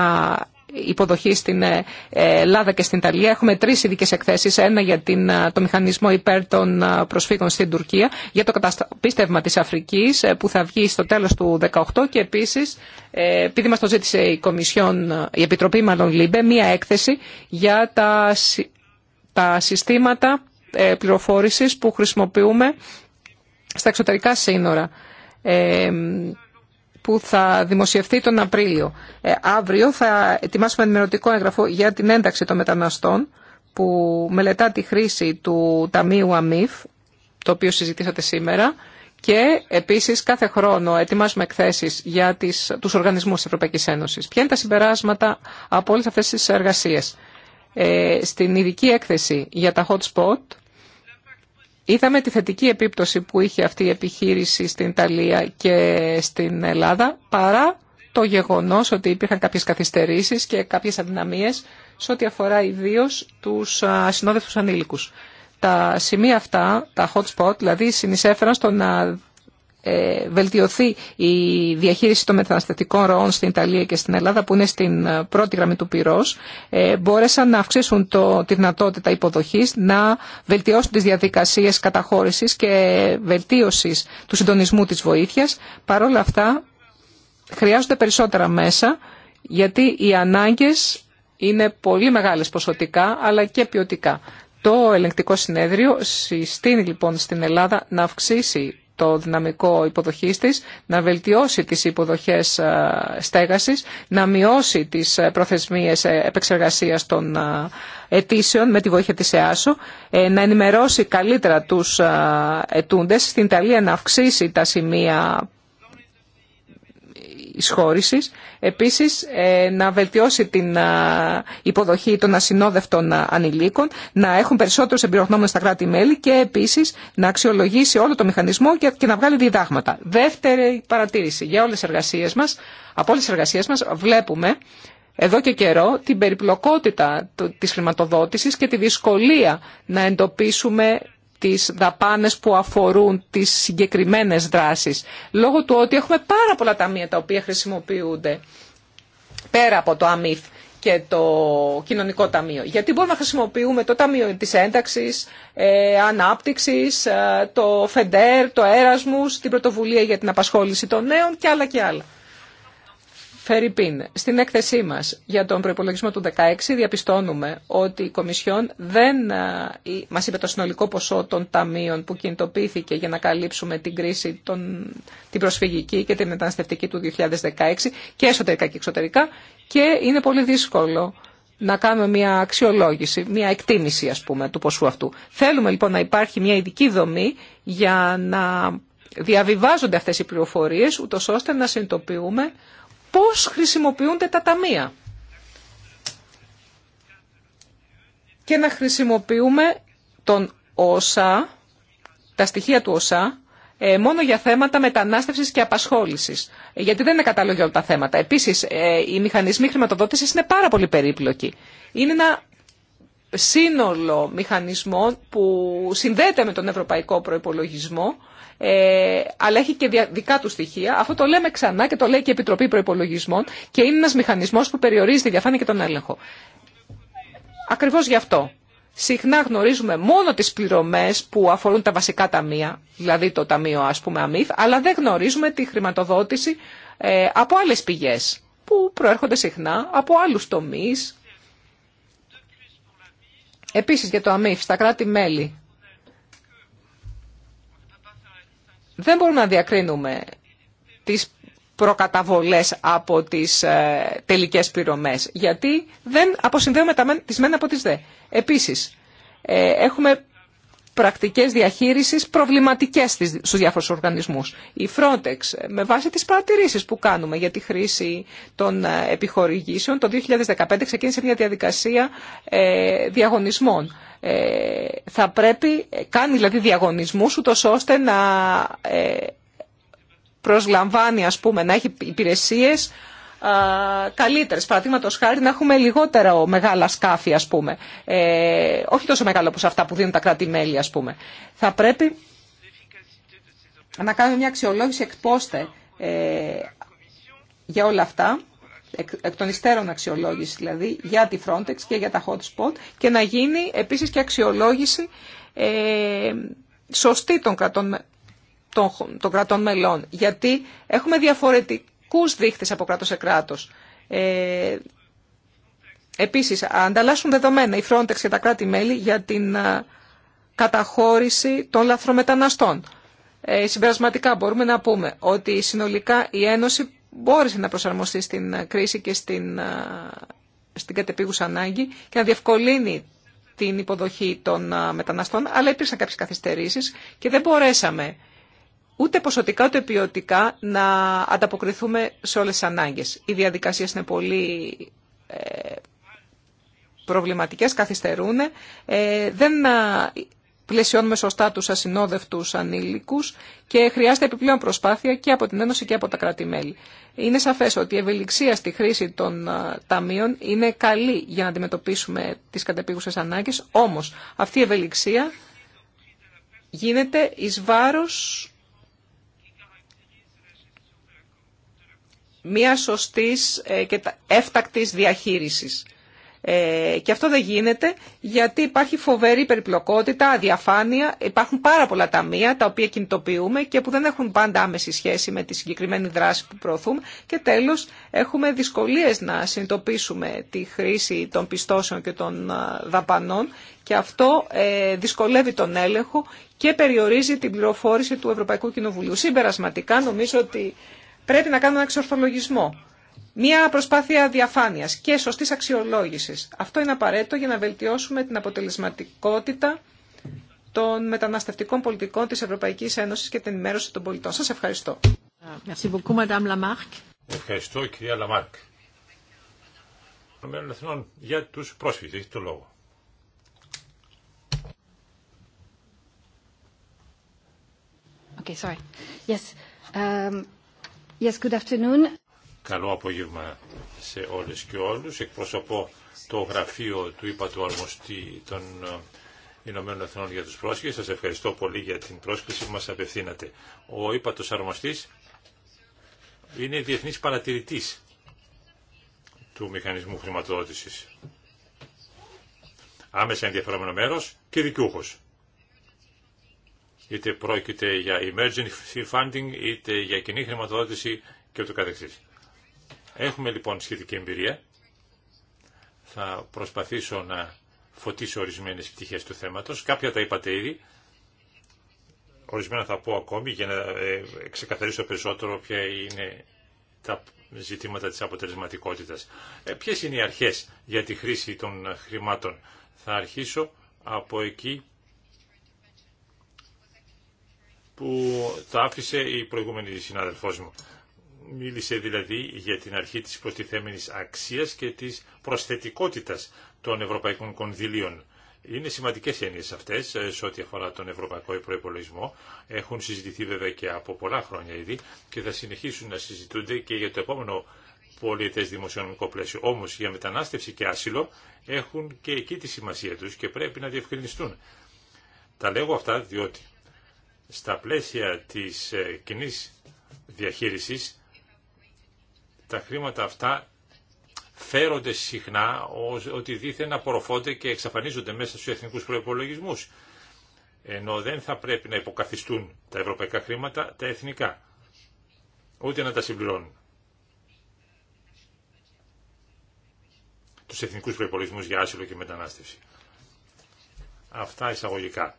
υποδοχή στην ε, ε, Ελλάδα και στην Ιταλία. Έχουμε τρει ειδικέ εκθέσει. Ένα για την, ε, το μηχανισμό υπέρ των προσφύγων στην Τουρκία, για το καταπίστευμα τη Αφρική που θα βγει στο τέλο του 2018 και επίση, επειδή μα το ζήτησε η, Κομισιόν, η Επιτροπή μάλλον Λίμπε, μία έκθεση για τα, τα συστήματα πληροφόρηση που χρησιμοποιούμε στα εξωτερικά σύνορα που θα δημοσιευθεί τον Απρίλιο. Ε, αύριο θα ετοιμάσουμε ενημερωτικό έγγραφο για την ένταξη των μεταναστών που μελετά τη χρήση του Ταμείου ΑΜΙΦ, το οποίο συζητήσατε σήμερα, και επίση κάθε χρόνο ετοιμάζουμε εκθέσει για του οργανισμού τη Ευρωπαϊκή Ευρωπαϊκής Ένωσης. Ποια είναι τα συμπεράσματα από όλε αυτές τις εργασίε ε, στην ειδική έκθεση για τα hot spot Είδαμε τη θετική επίπτωση που είχε αυτή η επιχείρηση στην Ιταλία και στην Ελλάδα παρά το γεγονός ότι υπήρχαν κάποιες καθυστερήσεις και κάποιες αδυναμίες σε ό,τι αφορά ιδίω τους ασυνόδευτους ανήλικους. Τα σημεία αυτά, τα hot spot, δηλαδή συνεισέφεραν στο να ε, βελτιωθεί η διαχείριση των μεταναστευτικών ροών στην Ιταλία και στην Ελλάδα που είναι στην ε, πρώτη γραμμή του πυρός ε, μπόρεσαν να αυξήσουν το, τη δυνατότητα υποδοχής, να βελτιώσουν τις διαδικασίες καταχώρησης και βελτίωσης του συντονισμού της βοήθειας. παρόλα αυτά χρειάζονται περισσότερα μέσα γιατί οι ανάγκες είναι πολύ μεγάλες ποσοτικά αλλά και ποιοτικά. Το ελεγκτικό συνέδριο συστήνει λοιπόν στην Ελλάδα να αυξήσει το δυναμικό υποδοχής της, να βελτιώσει τις υποδοχές ε, στέγασης, να μειώσει τις ε, προθεσμίες ε, επεξεργασίας των αιτήσεων με τη βοήθεια της ΕΑΣΟ, να ενημερώσει καλύτερα τους ετούντες, στην Ιταλία να αυξήσει τα σημεία εισχώρησης. Επίσης, ε, να βελτιώσει την ε, υποδοχή των ασυνόδευτων ε, ανηλίκων, να έχουν περισσότερους εμπειροχνόμενους στα κράτη-μέλη και επίσης να αξιολογήσει όλο το μηχανισμό και να βγάλει διδάγματα. Δεύτερη παρατήρηση για όλες τις εργασίες μας. Από όλες τις εργασίες μας βλέπουμε εδώ και καιρό την περιπλοκότητα της χρηματοδότησης και τη δυσκολία να εντοπίσουμε τις δαπάνες που αφορούν τις συγκεκριμένες δράσεις. Λόγω του ότι έχουμε πάρα πολλά ταμεία τα οποία χρησιμοποιούνται πέρα από το ΑΜΙΦ και το κοινωνικό ταμείο. Γιατί μπορούμε να χρησιμοποιούμε το ταμείο της ένταξης, ε, ανάπτυξης, ε, το ΦΕΝΤΕΡ, το Έρασμους, την πρωτοβουλία για την απασχόληση των νέων και άλλα και άλλα. Φερρυπίν, στην έκθεσή μα για τον προπολογισμό του 2016 διαπιστώνουμε ότι η Κομισιόν δεν μα είπε το συνολικό ποσό των ταμείων που κινητοποιήθηκε για να καλύψουμε την κρίση, τον, την προσφυγική και την μεταναστευτική του 2016 και εσωτερικά και εξωτερικά και είναι πολύ δύσκολο να κάνουμε μια αξιολόγηση, μια εκτίμηση ας πούμε του ποσού αυτού. Θέλουμε λοιπόν να υπάρχει μια ειδική δομή για να διαβιβάζονται αυτές οι πληροφορίες ούτως ώστε να συνειδητοποιούμε πώς χρησιμοποιούνται τα ταμεία. Και να χρησιμοποιούμε τον ΩΣΑ, τα στοιχεία του ΩΣΑ, ε, μόνο για θέματα μετανάστευση και απασχόληση. Ε, γιατί δεν είναι κατάλογοι όλα τα θέματα. Επίση, ε, οι μηχανισμοί χρηματοδότηση είναι πάρα πολύ περίπλοκοι. Είναι ένα σύνολο μηχανισμών που συνδέεται με τον ευρωπαϊκό προπολογισμό ε, αλλά έχει και δικά του στοιχεία. Αυτό το λέμε ξανά και το λέει και η Επιτροπή Προπολογισμών και είναι ένα μηχανισμό που περιορίζει τη διαφάνεια και τον έλεγχο. Ακριβώ γι' αυτό. Συχνά γνωρίζουμε μόνο τις πληρωμές που αφορούν τα βασικά ταμεία, δηλαδή το ταμείο ας πούμε αμύθ, αλλά δεν γνωρίζουμε τη χρηματοδότηση ε, από άλλες πηγές που προέρχονται συχνά από άλλους τομείς. Επίσης για το αμύθ στα κράτη-μέλη δεν μπορούμε να διακρίνουμε τις προκαταβολές από τις ε, τελικές πληρωμές, γιατί δεν αποσυνδέουμε τα, τις μένα από τις δε. Επίσης, ε, έχουμε πρακτικές διαχείρισης προβληματικές στους διάφορους οργανισμούς. Η Frontex, ε, με βάση τις παρατηρήσεις που κάνουμε για τη χρήση των επιχορηγήσεων, το 2015 ξεκίνησε μια διαδικασία διαγωνισμών ε, θα πρέπει, κάνει δηλαδή διαγωνισμούς ούτως ώστε να ε, προσλαμβάνει ας πούμε να έχει υπηρεσίες α, καλύτερες. Παραδείγματο χάρη να έχουμε λιγότερα μεγάλα σκάφη ας πούμε. Ε, όχι τόσο μεγάλα όπως αυτά που δίνουν τα κράτη-μέλη ας πούμε. Θα πρέπει να κάνουμε μια αξιολόγηση εκπόστε ε, για όλα αυτά εκ των υστέρων αξιολόγηση δηλαδή για τη Frontex και για τα hot spot και να γίνει επίσης και αξιολόγηση ε, σωστή των κρατών, μελών. Γιατί έχουμε διαφορετικούς δείχτες από κράτος σε κράτος. Ε, επίσης, ανταλλάσσουν δεδομένα η Frontex και τα κράτη-μέλη για την ε, καταχώρηση των λαθρομεταναστών. Ε, συμπερασματικά μπορούμε να πούμε ότι συνολικά η Ένωση μπόρεσε να προσαρμοστεί στην ε, κρίση και στην, ε, στην κατεπίγουσα ανάγκη και να διευκολύνει την υποδοχή των ε, μεταναστών, αλλά υπήρξαν κάποιες καθυστερήσεις και δεν μπορέσαμε ούτε ποσοτικά ούτε ποιοτικά να ανταποκριθούμε σε όλες τις ανάγκες. Οι διαδικασίες είναι πολύ προβληματικές, καθυστερούν, δεν πλαισιώνουμε σωστά τους ασυνόδευτους ανήλικους και χρειάζεται επιπλέον προσπάθεια και από την Ένωση και από τα κράτη-μέλη. Είναι σαφές ότι η ευελιξία στη χρήση των ταμείων είναι καλή για να αντιμετωπίσουμε τις κατεπίγουσες ανάγκες, όμως αυτή η ευελιξία γίνεται εις βάρος μια σωστής ε, και έφτακτης διαχείρισης ε, και αυτό δεν γίνεται γιατί υπάρχει φοβερή περιπλοκότητα, αδιαφάνεια, υπάρχουν πάρα πολλά ταμεία τα οποία κινητοποιούμε και που δεν έχουν πάντα άμεση σχέση με τη συγκεκριμένη δράση που προωθούμε και τέλος έχουμε δυσκολίες να συνειδητοποιήσουμε τη χρήση των πιστώσεων και των ε, δαπανών και αυτό ε, δυσκολεύει τον έλεγχο και περιορίζει την πληροφόρηση του Ευρωπαϊκού Κοινοβουλίου. Συμπερασματικά νομίζω ότι πρέπει να κάνουμε ένα εξορθολογισμό Μία προσπάθεια διαφάνειας και σωστής αξιολόγησης. Αυτό είναι απαραίτητο για να βελτιώσουμε την αποτελεσματικότητα των μεταναστευτικών πολιτικών της Ευρωπαϊκής Ένωσης και την ενημέρωση των πολιτών. Σας ευχαριστώ. Ευχαριστώ κυρία Λαμάρκ. Ηνωμένων Εθνών για του πρόσφυγε, Έχετε το λόγο. Okay, sorry. Yes. Um, yes, good afternoon. Καλό απόγευμα σε όλες και όλους. Εκπροσωπώ το γραφείο του ΥΠΑ του Αρμοστή των ε, Ηνωμένων Εθνών για τους πρόσφυγες. Σας ευχαριστώ πολύ για την πρόσκληση που μας απευθύνατε. Ο ΥΠΑΤΟΣ Αρμοστής είναι διεθνής παρατηρητής του μηχανισμού χρηματοδότησης. Άμεσα ενδιαφερόμενο μέρος και δικιούχος. Είτε πρόκειται για emergency funding, είτε για κοινή χρηματοδότηση και ούτω καθεξής. Έχουμε λοιπόν σχετική εμπειρία. Θα προσπαθήσω να φωτίσω ορισμένες πτυχές του θέματος. Κάποια τα είπατε ήδη. Ορισμένα θα πω ακόμη για να ε, ξεκαθαρίσω περισσότερο ποια είναι τα ζητήματα της αποτελεσματικότητας. Ε, ποιες είναι οι αρχές για τη χρήση των χρημάτων. Θα αρχίσω από εκεί που τα άφησε η προηγούμενη συνάδελφός μου. Μίλησε δηλαδή για την αρχή της προστιθέμενης αξίας και της προσθετικότητας των ευρωπαϊκών κονδυλίων. Είναι σημαντικές έννοιες αυτές ε, σε ό,τι αφορά τον ευρωπαϊκό προϋπολογισμό. Έχουν συζητηθεί βέβαια και από πολλά χρόνια ήδη και θα συνεχίσουν να συζητούνται και για το επόμενο πολιετές δημοσιονομικό πλαίσιο. Όμως για μετανάστευση και άσυλο έχουν και εκεί τη σημασία τους και πρέπει να διευκρινιστούν. Τα λέγω αυτά διότι στα πλαίσια της ε, κοινή διαχείρισης τα χρήματα αυτά φέρονται συχνά ως ότι δίθεν απορροφώνται και εξαφανίζονται μέσα στους εθνικούς προϋπολογισμούς, ενώ δεν θα πρέπει να υποκαθιστούν τα ευρωπαϊκά χρήματα τα εθνικά, ούτε να τα συμπληρώνουν. Τους εθνικούς προϋπολογισμούς για άσυλο και μετανάστευση. Αυτά εισαγωγικά.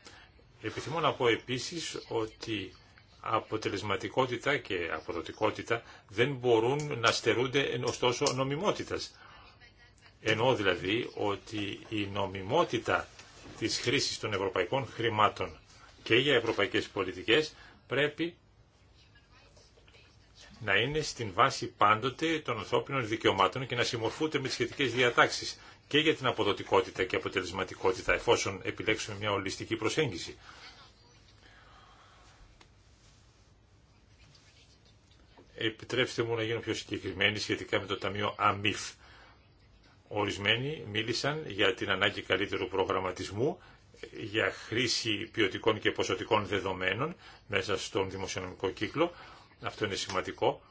Επιθυμώ να πω επίσης ότι αποτελεσματικότητα και αποδοτικότητα δεν μπορούν να στερούνται ωστόσο νομιμότητας. Ενώ δηλαδή ότι η νομιμότητα της χρήσης των ευρωπαϊκών χρημάτων και για ευρωπαϊκές πολιτικές πρέπει να είναι στην βάση πάντοτε των ανθρώπινων δικαιωμάτων και να συμμορφούνται με τις σχετικές διατάξεις και για την αποδοτικότητα και αποτελεσματικότητα εφόσον επιλέξουμε μια ολιστική προσέγγιση. Επιτρέψτε μου να γίνω πιο συγκεκριμένη σχετικά με το Ταμείο ΑΜΙΦ. Ορισμένοι μίλησαν για την ανάγκη καλύτερου προγραμματισμού, για χρήση ποιοτικών και ποσοτικών δεδομένων μέσα στον δημοσιονομικό κύκλο. Αυτό είναι σημαντικό,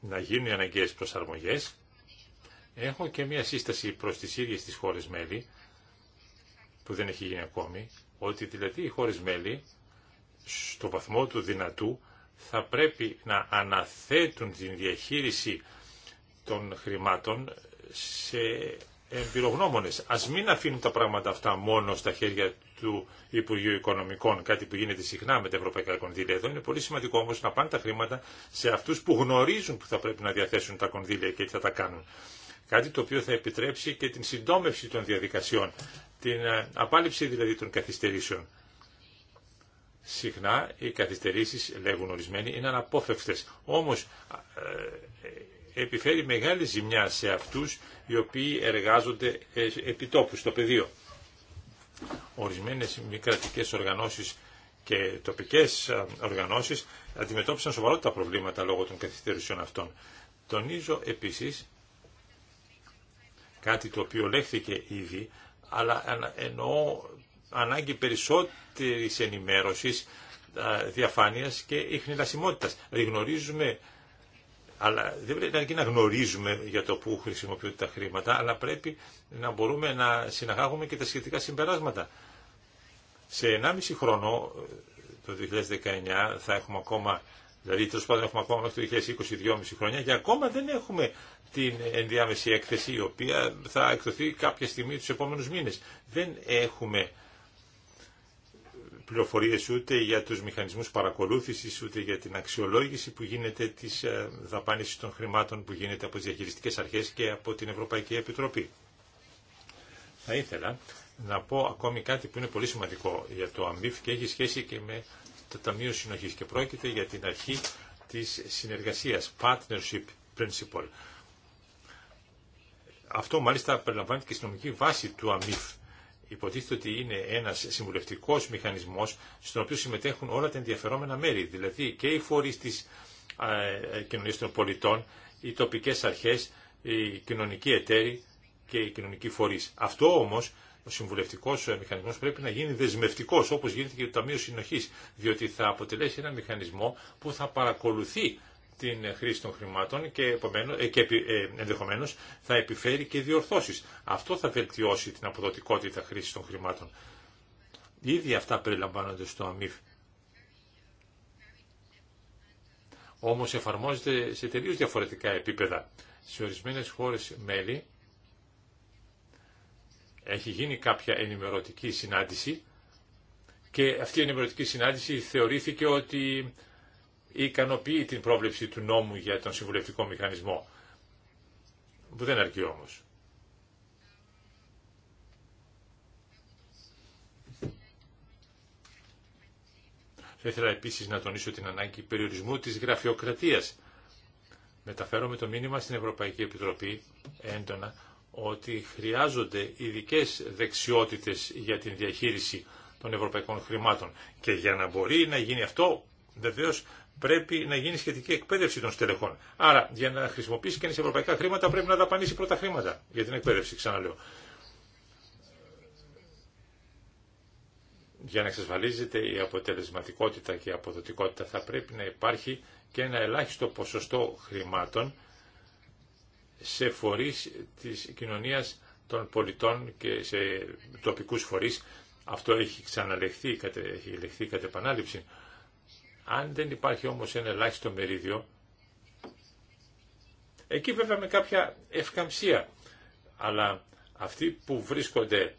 να γίνουν οι αναγκαίες προσαρμογές. Έχω και μία σύσταση προς τις ίδιες τις χώρες μέλη, που δεν έχει γίνει ακόμη, ότι δηλαδή οι χώρες μέλη, στο βαθμό του δυνατού, θα πρέπει να αναθέτουν την διαχείριση των χρημάτων σε εμπειρογνώμονες. Ας μην αφήνουν τα πράγματα αυτά μόνο στα χέρια του Υπουργείου Οικονομικών, κάτι που γίνεται συχνά με τα ευρωπαϊκά κονδύλια. Εδώ είναι πολύ σημαντικό όμως να πάνε τα χρήματα σε αυτούς που γνωρίζουν που θα πρέπει να διαθέσουν τα κονδύλια και τι θα τα κάνουν. Κάτι το οποίο θα επιτρέψει και την συντόμευση των διαδικασιών, την ε, απάλληψη δηλαδή των καθυστερήσεων. Συχνά οι καθυστερήσεις, λέγουν ορισμένοι, είναι αναπόφευκτες. Όμως ε, ε, επιφέρει μεγάλη ζημιά σε αυτούς οι οποίοι εργάζονται ε, επιτόπου στο πεδίο. Ορισμένες μη κρατικές οργανώσεις και τοπικές οργανώσεις αντιμετώπισαν σοβαρότητα προβλήματα λόγω των καθυστερήσεων αυτών. Τονίζω επίσης κάτι το οποίο λέχθηκε ήδη, αλλά εννοώ ανάγκη περισσότερης ενημέρωσης, διαφάνειας και ίχνηλασιμότητας. Δηλαδή γνωρίζουμε, αλλά δεν πρέπει να γνωρίζουμε για το που χρησιμοποιούνται τα χρήματα, αλλά πρέπει να μπορούμε να συναγάγουμε και τα σχετικά συμπεράσματα. Σε 1,5 χρόνο, το 2019, θα έχουμε ακόμα Δηλαδή, τέλο πάντων, έχουμε ακόμα μέχρι το 2020 2,5 χρόνια και ακόμα δεν έχουμε την ενδιάμεση έκθεση η οποία θα εκδοθεί κάποια στιγμή του επόμενου μήνε. Δεν έχουμε πληροφορίες ούτε για τους μηχανισμούς παρακολούθησης, ούτε για την αξιολόγηση που γίνεται της ε, δαπάνησης των χρημάτων που γίνεται από τις διαχειριστικές αρχές και από την Ευρωπαϊκή Επιτροπή. Θα ήθελα να πω ακόμη κάτι που είναι πολύ σημαντικό για το ΑΜΥΦ και έχει σχέση και με το Ταμείο Συνοχής και πρόκειται για την αρχή της συνεργασίας, partnership principle. Αυτό μάλιστα περιλαμβάνεται και στην νομική βάση του ΑΜΙΦ υποτίθεται ότι είναι ένας συμβουλευτικό μηχανισμός στον οποίο συμμετέχουν όλα τα ενδιαφερόμενα μέρη, δηλαδή και οι φορείς της ε, κοινωνία των πολιτών, οι τοπικές αρχές, οι κοινωνικοί εταίροι και οι κοινωνικοί φορείς. Αυτό όμως ο συμβουλευτικό ε, μηχανισμό πρέπει να γίνει δεσμευτικό, όπω γίνεται και το Ταμείο Συνοχή, διότι θα αποτελέσει ένα μηχανισμό που θα παρακολουθεί την χρήση των χρημάτων και, επομένως, ε, και ε, ενδεχομένως θα επιφέρει και διορθώσεις. Αυτό θα βελτιώσει την αποδοτικότητα χρήσης των χρημάτων. Ήδη αυτά περιλαμβάνονται στο ΑΜΥΦ. Όμως εφαρμόζεται σε τελείως διαφορετικά επίπεδα. Σε ορισμένες χώρες μέλη έχει γίνει κάποια ενημερωτική συνάντηση και αυτή η ενημερωτική συνάντηση θεωρήθηκε ότι ικανοποιεί την πρόβλεψη του νόμου για τον συμβουλευτικό μηχανισμό, που δεν αρκεί όμως. Θα ήθελα επίσης να τονίσω την ανάγκη περιορισμού της γραφειοκρατίας. Μεταφέρομαι το μήνυμα στην Ευρωπαϊκή Επιτροπή έντονα ότι χρειάζονται ειδικέ δεξιότητες για την διαχείριση των ευρωπαϊκών χρημάτων και για να μπορεί να γίνει αυτό βεβαίως πρέπει να γίνει σχετική εκπαίδευση των στελεχών. Άρα, για να χρησιμοποιήσει κανεί ευρωπαϊκά χρήματα, πρέπει να δαπανίσει πρώτα χρήματα για την εκπαίδευση, ξαναλέω. Για να εξασφαλίζεται η αποτελεσματικότητα και η αποδοτικότητα, θα πρέπει να υπάρχει και ένα ελάχιστο ποσοστό χρημάτων σε φορείς της κοινωνίας των πολιτών και σε τοπικούς φορείς. Αυτό έχει ξαναλεχθεί, έχει λεχθεί κατ' επανάληψη. Αν δεν υπάρχει όμως ένα ελάχιστο μερίδιο, εκεί βέβαια με κάποια ευκαμψία, αλλά αυτοί που βρίσκονται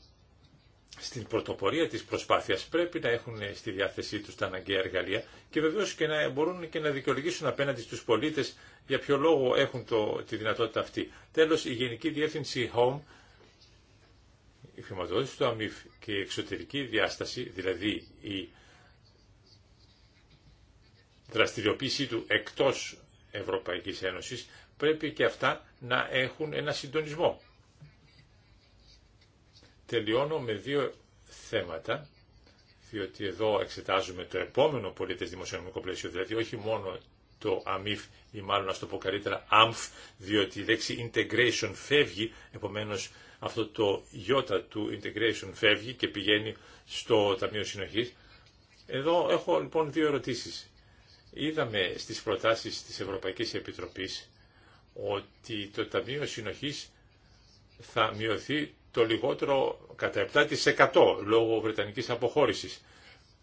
στην πρωτοπορία της προσπάθειας πρέπει να έχουν στη διάθεσή τους τα αναγκαία εργαλεία και βεβαίως και να μπορούν και να δικαιολογήσουν απέναντι στους πολίτες για ποιο λόγο έχουν το, τη δυνατότητα αυτή. Τέλος, η Γενική Διεύθυνση Home, η χρηματοδότηση του ΑΜΥΦ και η εξωτερική διάσταση, δηλαδή η δραστηριοποίησή του εκτός Ευρωπαϊκής Ένωσης πρέπει και αυτά να έχουν ένα συντονισμό. Τελειώνω με δύο θέματα, διότι εδώ εξετάζουμε το επόμενο πολίτες δημοσιονομικό πλαίσιο, δηλαδή όχι μόνο το αμύφ ή μάλλον να το πω καλύτερα αμφ, διότι η λέξη integration φεύγει, επομένως αυτό το γιώτα του integration φεύγει και πηγαίνει στο Ταμείο Συνοχής. Εδώ έχω λοιπόν δύο ερωτήσεις. Είδαμε στις προτάσεις της Ευρωπαϊκής Επιτροπής ότι το Ταμείο Συνοχής θα μειωθεί το λιγότερο κατά 7% λόγω Βρετανικής αποχώρησης.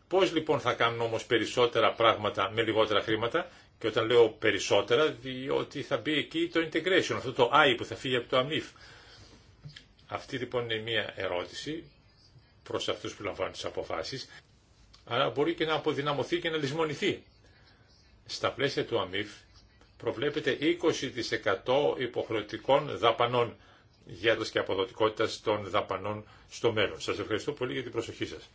Πώς λοιπόν θα κάνουν όμως περισσότερα πράγματα με λιγότερα χρήματα και όταν λέω περισσότερα διότι θα μπει εκεί το integration, αυτό το I που θα φύγει από το AMIF. Αυτή λοιπόν είναι μια ερώτηση προς αυτούς που λαμβάνουν τις αποφάσεις αλλά μπορεί και να αποδυναμωθεί και να λησμονηθεί στα πλαίσια του ΑΜΥΦ προβλέπεται 20% υποχρεωτικών δαπανών για και αποδοτικότητα των δαπανών στο μέλλον. Σας ευχαριστώ πολύ για την προσοχή σας.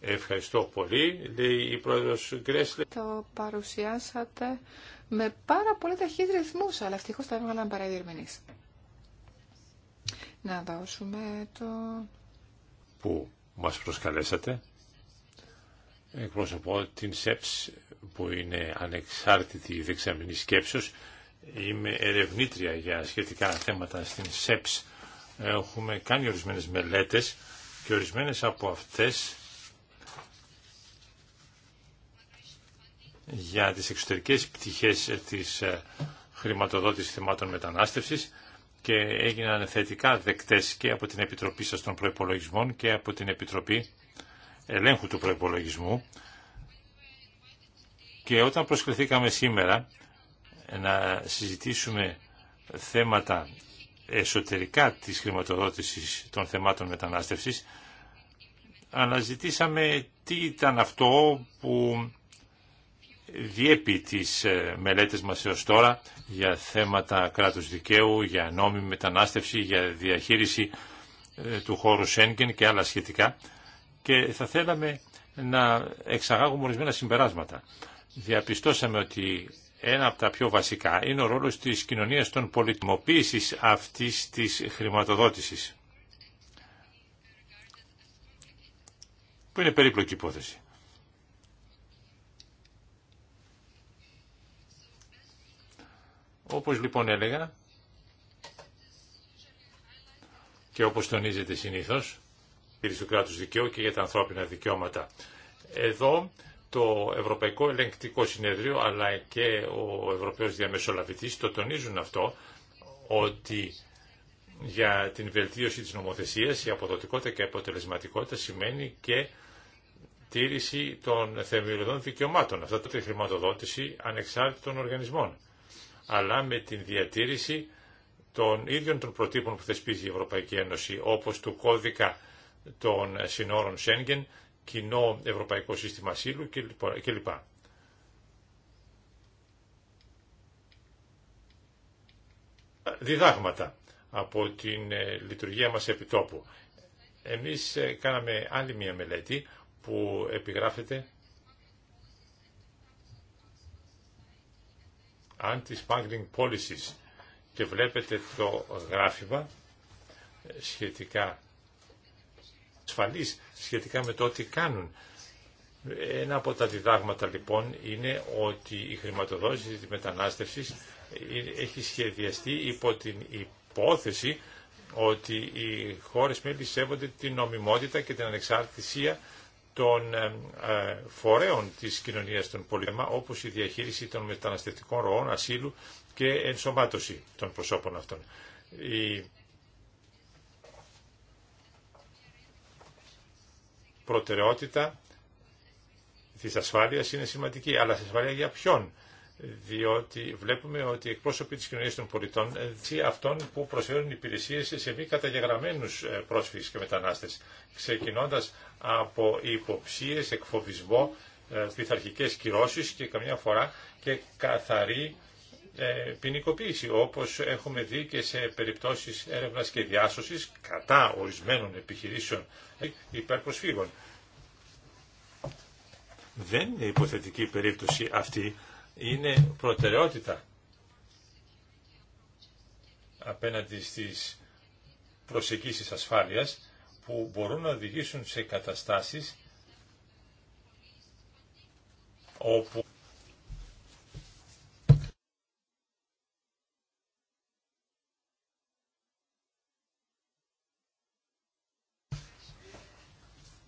Ευχαριστώ πολύ, λέει η πρόεδρος Γκρέσλε. Το παρουσιάσατε με πάρα πολύ ταχύς ρυθμούς, αλλά ευτυχώς τα να παραδειρμενείς. Να δώσουμε το... Που μας προσκαλέσατε. Εκπροσωπώ την ΣΕΠΣ που είναι ανεξάρτητη δεξαμενή σκέψεως. Είμαι ερευνήτρια για σχετικά θέματα στην ΣΕΠΣ. Έχουμε κάνει ορισμένες μελέτες και ορισμένες από αυτές για τις εξωτερικές πτυχές της ε, χρηματοδότησης θεμάτων μετανάστευσης και έγιναν θετικά δεκτές και από την Επιτροπή σας των Προϋπολογισμών και από την Επιτροπή Ελέγχου του Προϋπολογισμού και όταν προσκληθήκαμε σήμερα να συζητήσουμε θέματα εσωτερικά της χρηματοδότησης των θεμάτων μετανάστευσης, αναζητήσαμε τι ήταν αυτό που διέπει τις ε, μελέτες μας έως τώρα για θέματα κράτους δικαίου, για νόμιμη μετανάστευση, για διαχείριση ε, του χώρου Σένγκεν και άλλα σχετικά και θα θέλαμε να εξαγάγουμε ορισμένα συμπεράσματα διαπιστώσαμε ότι ένα από τα πιο βασικά είναι ο ρόλος της κοινωνίας των πολιτιμοποίησης αυτής της χρηματοδότησης. Που είναι περίπλοκη υπόθεση. Όπως λοιπόν έλεγα και όπως τονίζεται συνήθως, κύριε του κράτους δικαίου και για τα ανθρώπινα δικαιώματα. Εδώ το Ευρωπαϊκό Ελεγκτικό Συνεδρίο αλλά και ο Ευρωπαίος Διαμεσολαβητής το τονίζουν αυτό ότι για την βελτίωση της νομοθεσίας η αποδοτικότητα και η αποτελεσματικότητα σημαίνει και τήρηση των θεμελιωδών δικαιωμάτων. Αυτά τότε χρηματοδότηση ανεξάρτητων οργανισμών αλλά με την διατήρηση των ίδιων των προτύπων που θεσπίζει η Ευρωπαϊκή Ένωση όπως του κώδικα των συνόρων Σέγγεν κοινό ευρωπαϊκό σύστημα ασύλου κλπ. Διδάγματα από την ε, λειτουργία μας επιτόπου. Εμείς ε, κάναμε άλλη μία μελέτη που επιγράφεται Anti-Smuggling Policies και βλέπετε το γράφημα ε, σχετικά ασφαλείς σχετικά με το ότι κάνουν. Ένα από τα διδάγματα λοιπόν είναι ότι η χρηματοδότηση της μετανάστευσης έχει σχεδιαστεί υπό την υπόθεση ότι οι χώρες μέλη σέβονται την νομιμότητα και την ανεξάρτησία των ε, ε, φορέων της κοινωνίας των πολιτών, όπως η διαχείριση των μεταναστευτικών ροών, ασύλου και ενσωμάτωση των προσώπων αυτών. προτεραιότητα της ασφάλειας είναι σημαντική. Αλλά ασφάλεια για ποιον. Διότι βλέπουμε ότι οι εκπρόσωποι της κοινωνίας των πολιτών αυτών που προσφέρουν υπηρεσίες σε μη καταγεγραμμένους ε, πρόσφυγες και μετανάστες. Ξεκινώντας από υποψίες, εκφοβισμό, ε, πειθαρχικέ κυρώσεις και καμιά φορά και καθαρή ε, ποινικοποίηση, όπως έχουμε δει και σε περιπτώσεις έρευνας και διάσωσης κατά ορισμένων επιχειρήσεων υπερπροσφύγων. Δεν είναι υποθετική περίπτωση αυτή, είναι προτεραιότητα απέναντι στις προσεγγίσεις ασφάλειας που μπορούν να οδηγήσουν σε καταστάσεις όπου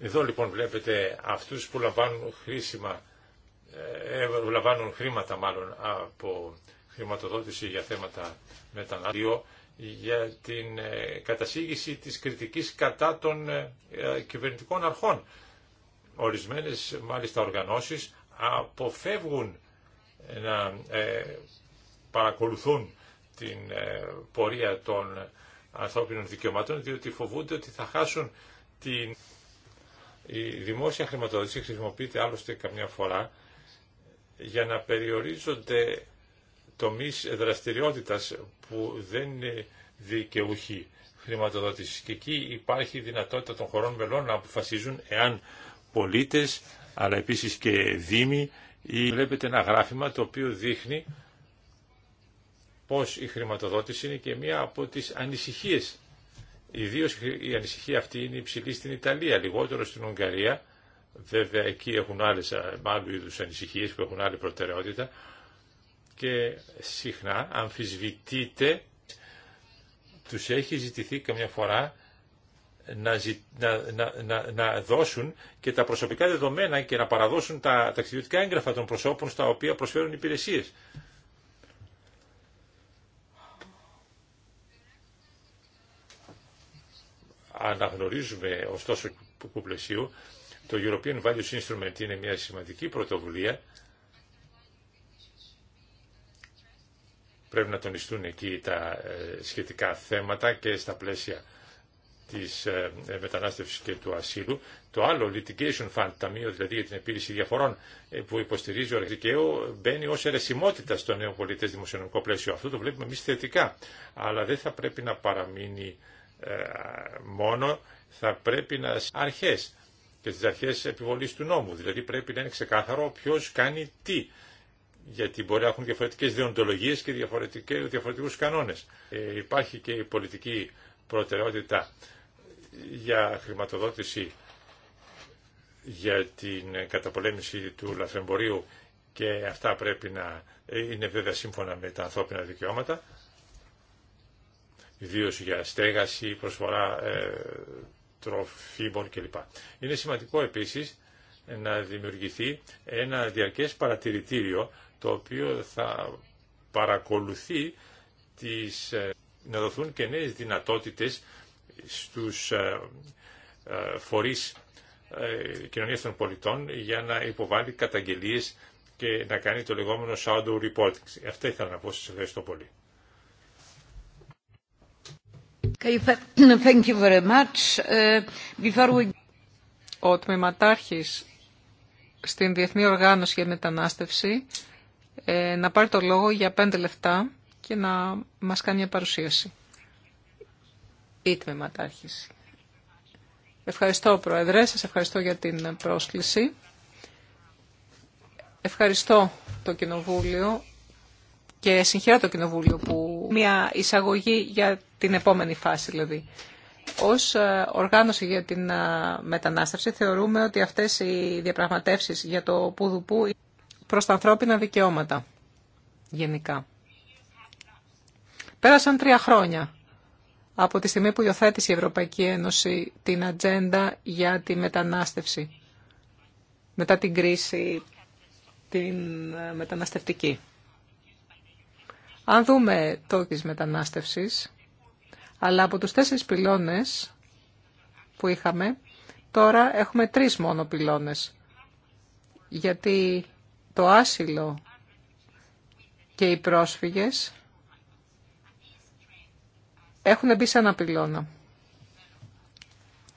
Εδώ λοιπόν βλέπετε αυτούς που λαμβάνουν, χρήσιμα, ε, ε λαμβάνουν χρήματα μάλλον από χρηματοδότηση για θέματα μετανάστευση για την ε, κατασήγηση της κριτικής κατά των ε, κυβερνητικών αρχών. Ορισμένες μάλιστα οργανώσεις αποφεύγουν να παρακολουθούν την πορεία των ανθρώπινων δικαιωμάτων διότι φοβούνται ότι θα χάσουν την η δημόσια χρηματοδότηση χρησιμοποιείται άλλωστε καμιά φορά για να περιορίζονται τομείς δραστηριότητας που δεν είναι δικαιούχοι χρηματοδότηση. Και εκεί υπάρχει η δυνατότητα των χωρών μελών να αποφασίζουν εάν πολίτες, αλλά επίσης και δήμοι, ή βλέπετε ένα γράφημα το οποίο δείχνει πως η χρηματοδότηση είναι και μία από τις ανησυχίες Ιδίω η ανησυχία αυτή είναι υψηλή στην Ιταλία, λιγότερο στην Ουγγαρία. Βέβαια εκεί έχουν άλλε μάλλον είδου ανησυχίες που έχουν άλλη προτεραιότητα και συχνά αμφισβητείται, του έχει ζητηθεί καμιά φορά να, να, δώσουν και τα προσωπικά δεδομένα και να παραδώσουν τα ταξιδιωτικά έγγραφα των προσώπων στα οποία προσφέρουν υπηρεσίες. Αναγνωρίζουμε ωστόσο του πλαισίου το European Values Instrument είναι μια σημαντική πρωτοβουλία. Πρέπει να τονιστούν εκεί τα ε, σχετικά θέματα και στα πλαίσια της ε, μετανάστευσης και του ασύλου. Το άλλο, Litigation Fund, ταμείο δηλαδή για την επίλυση διαφορών ε, που υποστηρίζει ο δικαίου, μπαίνει ως αιρεσιμότητα στο νέο πολιτές δημοσιονομικό πλαίσιο. Αυτό το βλέπουμε εμεί θετικά, αλλά δεν θα πρέπει να παραμείνει ε, μόνο θα πρέπει να αρχές και τις αρχές επιβολής του νόμου. Δηλαδή πρέπει να είναι ξεκάθαρο ποιος κάνει τι. Γιατί μπορεί να έχουν διαφορετικές διοντολογίες και διαφορετικούς κανόνες. Ε, υπάρχει και η πολιτική προτεραιότητα για χρηματοδότηση για την καταπολέμηση του λαθρεμπορίου και αυτά πρέπει να ε, είναι βέβαια σύμφωνα με τα ανθρώπινα δικαιώματα ιδίως για στέγαση, προσφορά ε, τροφίμων κλπ. Είναι σημαντικό επίσης να δημιουργηθεί ένα διαρκές παρατηρητήριο το οποίο θα παρακολουθεί τις, ε, να δοθούν και νέες δυνατότητες στους ε, φορείς κοινωνίας των πολιτών για να υποβάλει καταγγελίες και να κάνει το λεγόμενο shadow reporting. Αυτά ήθελα να πω. Σας ευχαριστώ πολύ. Uh, Ο τμήματάρχης στην Διεθνή Οργάνωση για Μετανάστευση ε, να πάρει το λόγο για πέντε λεπτά και να μας κάνει μια παρουσίαση. Ή τμήματάρχης. Ευχαριστώ, Πρόεδρε. Σας ευχαριστώ για την πρόσκληση. Ευχαριστώ το Κοινοβούλιο και συγχαίρω το Κοινοβούλιο που μια εισαγωγή για την επόμενη φάση δηλαδή. Ως ε, οργάνωση για την ε, μετανάστευση θεωρούμε ότι αυτές οι διαπραγματεύσεις για το πουδουπού προς τα ανθρώπινα δικαιώματα γενικά. Πέρασαν τρία χρόνια από τη στιγμή που υιοθέτησε η Ευρωπαϊκή Ένωση την ατζέντα για τη μετανάστευση μετά την κρίση την ε, μεταναστευτική. Αν δούμε το της μετανάστευσης, αλλά από τους τέσσερις πυλώνες που είχαμε, τώρα έχουμε τρεις μόνο πυλώνες. Γιατί το άσυλο και οι πρόσφυγες έχουν μπει σε ένα πυλώνα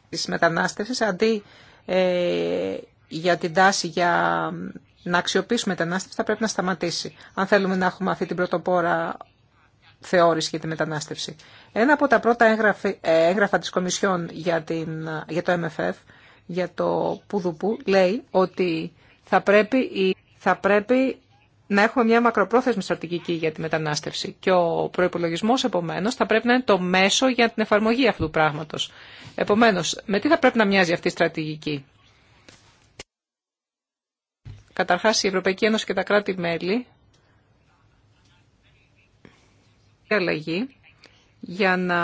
της μετανάστευσης, αντί ε, για την τάση για να αξιοποιήσουμε μετανάστευση θα πρέπει να σταματήσει, αν θέλουμε να έχουμε αυτή την πρωτοπόρα θεώρηση για τη μετανάστευση. Ένα από τα πρώτα ε, έγγραφα της Κομισιόν για, την, για το MFF, για το Πουδουπού, λέει ότι θα πρέπει, θα πρέπει να έχουμε μια μακροπρόθεσμη στρατηγική για τη μετανάστευση. Και ο προπολογισμό, επομένω, θα πρέπει να είναι το μέσο για την εφαρμογή αυτού του πράγματο. Επομένω, με τι θα πρέπει να μοιάζει αυτή η στρατηγική. Καταρχάς η Ευρωπαϊκή Ένωση και τα κράτη-μέλη αλλαγή για να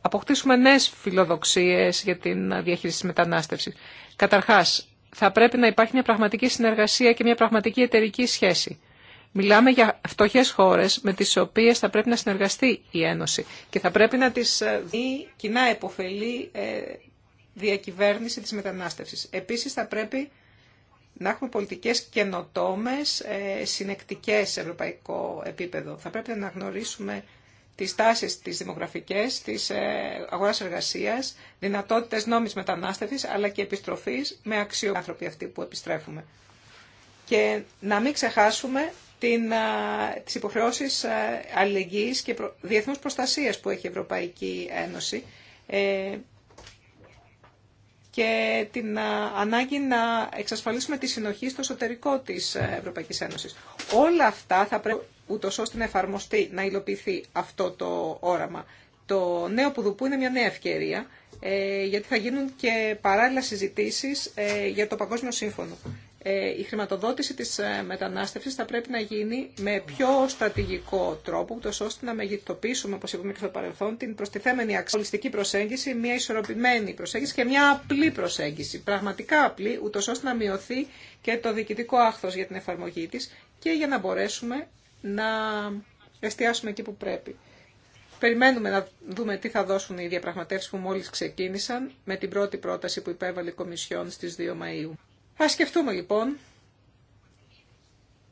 αποκτήσουμε νέες φιλοδοξίες για την διαχείριση της μετανάστευσης. Καταρχάς, θα πρέπει να υπάρχει μια πραγματική συνεργασία και μια πραγματική εταιρική σχέση. Μιλάμε για φτωχέ χώρες με τις οποίες θα πρέπει να συνεργαστεί η Ένωση και θα πρέπει να τι δει κοινά επωφελή ε, διακυβέρνηση της μετανάστευσης. Επίσης θα πρέπει να έχουμε πολιτικές καινοτόμες, ε, συνεκτικές σε ευρωπαϊκό επίπεδο. Θα πρέπει να γνωρίσουμε τις τάσεις τις δημογραφικές, της ε, αγοράς εργασίας, δυνατότητες νόμης μετανάστευσης, αλλά και επιστροφής με αξιο άνθρωποι αυτοί που επιστρέφουμε. Και να μην ξεχάσουμε την, ε, τις υποχρεώσεις αλληλεγγύης και διεθνούς προστασίας που έχει η Ευρωπαϊκή Ένωση και την ανάγκη να εξασφαλίσουμε τη συνοχή στο εσωτερικό της ε, Ευρωπαϊκής Ένωσης. Όλα αυτά θα πρέπει ούτω ώστε να εφαρμοστεί, να υλοποιηθεί αυτό το όραμα. Το νέο Πουδουπού είναι μια νέα ευκαιρία, ε, γιατί θα γίνουν και παράλληλα συζητήσεις ε, για το Παγκόσμιο Σύμφωνο. Ε, η χρηματοδότηση της ε, μετανάστευσης θα πρέπει να γίνει με πιο στρατηγικό τρόπο, ούτως ώστε να μεγιστοποιήσουμε, όπως είπαμε και στο παρελθόν, την προστιθέμενη αξιολιστική προσέγγιση, μια ισορροπημένη προσέγγιση και μια απλή προσέγγιση, πραγματικά απλή, ούτως ώστε να μειωθεί και το διοικητικό άχθος για την εφαρμογή της και για να μπορέσουμε να εστιάσουμε εκεί που πρέπει. Περιμένουμε να δούμε τι θα δώσουν οι διαπραγματεύσεις που μόλις ξεκίνησαν με την πρώτη πρόταση που υπέβαλε η Κομισιόν στις 2 Μαΐου. Θα σκεφτούμε λοιπόν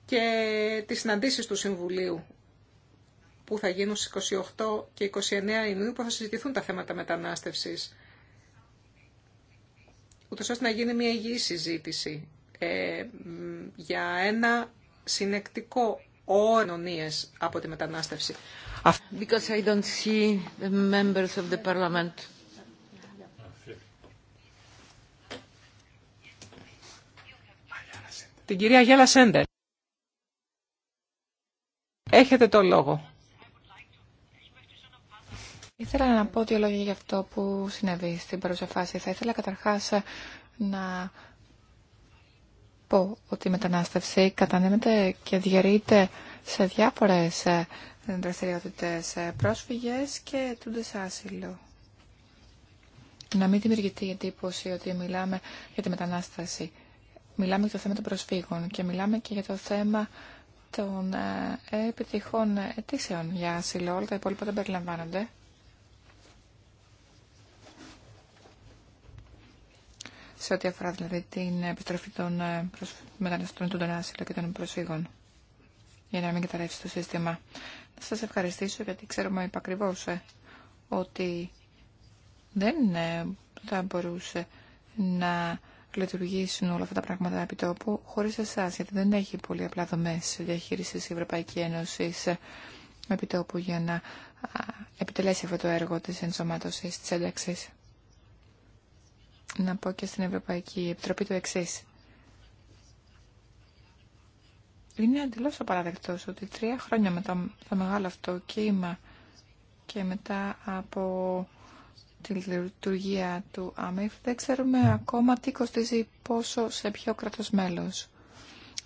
και τις συναντήσεις του Συμβουλίου που θα γίνουν στις 28 και 29 Ιουνίου που θα συζητηθούν τα θέματα μετανάστευσης. Ούτως ώστε να γίνει μια υγιή συζήτηση ε, για ένα συνεκτικό όρο από τη μετανάστευση. Because I don't see members of the parliament. την κυρία Γέλα Σέντερ. Έχετε το λόγο. Ήθελα να πω δύο λόγια για αυτό που συνέβη στην παρουσιαφάση. Θα ήθελα καταρχάς να πω ότι η μετανάστευση κατανέμεται και διαιρείται σε διάφορες δραστηριότητες πρόσφυγες και τούντες άσυλο. Να μην δημιουργηθεί η εντύπωση ότι μιλάμε για τη μετανάσταση μιλάμε για το θέμα των προσφύγων και μιλάμε και για το θέμα των ε, επιτυχών αιτήσεων για άσυλο. Όλα τα υπόλοιπα δεν περιλαμβάνονται. σε ό,τι αφορά δηλαδή την επιστροφή των ε, προσφ... μεταναστών των άσυλων και των προσφύγων για να μην καταρρεύσει το σύστημα. Να σας ευχαριστήσω γιατί ξέρουμε επακριβώς ε, ότι δεν θα μπορούσε να λειτουργήσουν όλα αυτά τα πράγματα επί τόπου χωρίς εσά, γιατί δεν έχει πολύ απλά διαχείριση διαχείρισης Ευρωπαϊκή Ένωση επί τόπου για να επιτελέσει αυτό το έργο της ενσωμάτωσης τη ένταξη Να πω και στην Ευρωπαϊκή Επιτροπή το εξή. Είναι εντελώ απαράδεκτο ότι τρία χρόνια μετά το μεγάλο αυτό κύμα και μετά από τη λειτουργία του ΑΜΕΦ, δεν ξέρουμε ακόμα τι κοστίζει πόσο σε ποιο κράτος μέλος.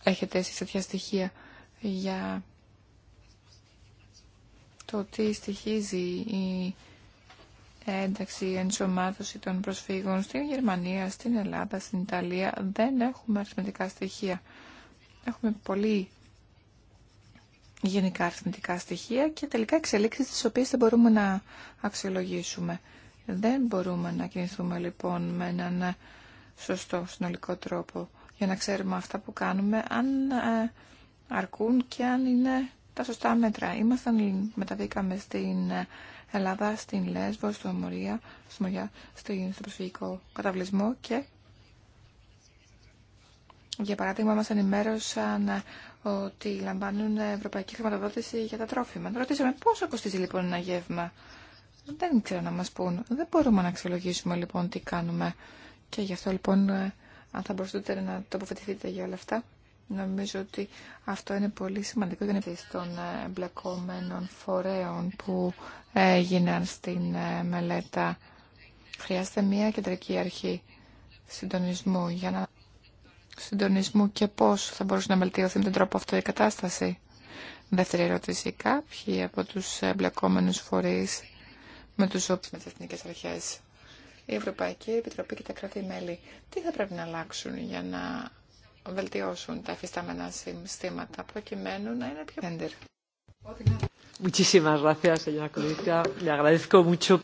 Έχετε εσείς τέτοια στοιχεία για το τι στοιχίζει η ένταξη, η ενσωμάτωση των προσφύγων στην Γερμανία, στην Ελλάδα, στην Ιταλία. Δεν έχουμε αριθμητικά στοιχεία. Έχουμε πολύ γενικά αριθμητικά στοιχεία και τελικά εξελίξεις τις οποίες δεν μπορούμε να αξιολογήσουμε. Δεν μπορούμε να κινηθούμε λοιπόν με έναν ε, σωστό συνολικό τρόπο για να ξέρουμε αυτά που κάνουμε αν ε, αρκούν και αν είναι τα σωστά μέτρα. Ήμασταν, μεταβήκαμε στην ε, Ελλάδα, στην Λέσβο, στο Μωρία, στο, Μωρία, στο, προσφυγικό καταβλισμό και για παράδειγμα μας ενημέρωσαν ότι λαμβάνουν ευρωπαϊκή χρηματοδότηση για τα τρόφιμα. Ρωτήσαμε πόσο κοστίζει λοιπόν ένα γεύμα δεν ξέρω να μας πούν. Δεν μπορούμε να αξιολογήσουμε λοιπόν τι κάνουμε. Και γι' αυτό λοιπόν, ε, αν θα μπορούσατε να τοποθετηθείτε για όλα αυτά, νομίζω ότι αυτό είναι πολύ σημαντικό για την των ε, εμπλεκόμενων φορέων που έγιναν στην ε, μελέτα. Χρειάζεται μια κεντρική αρχή συντονισμού για να συντονισμού και πώς θα μπορούσε να βελτιωθεί με τον τρόπο αυτό η κατάσταση. Δεύτερη ερώτηση. Κάποιοι από τους εμπλεκόμενους φορείς με τους όπους με τις εθνικές αρχές. Η Ευρωπαϊκή Επιτροπή και τα κράτη-μέλη τι θα πρέπει να αλλάξουν για να βελτιώσουν τα εφιστάμενα συστήματα προκειμένου να είναι πιο πέντερ. Σε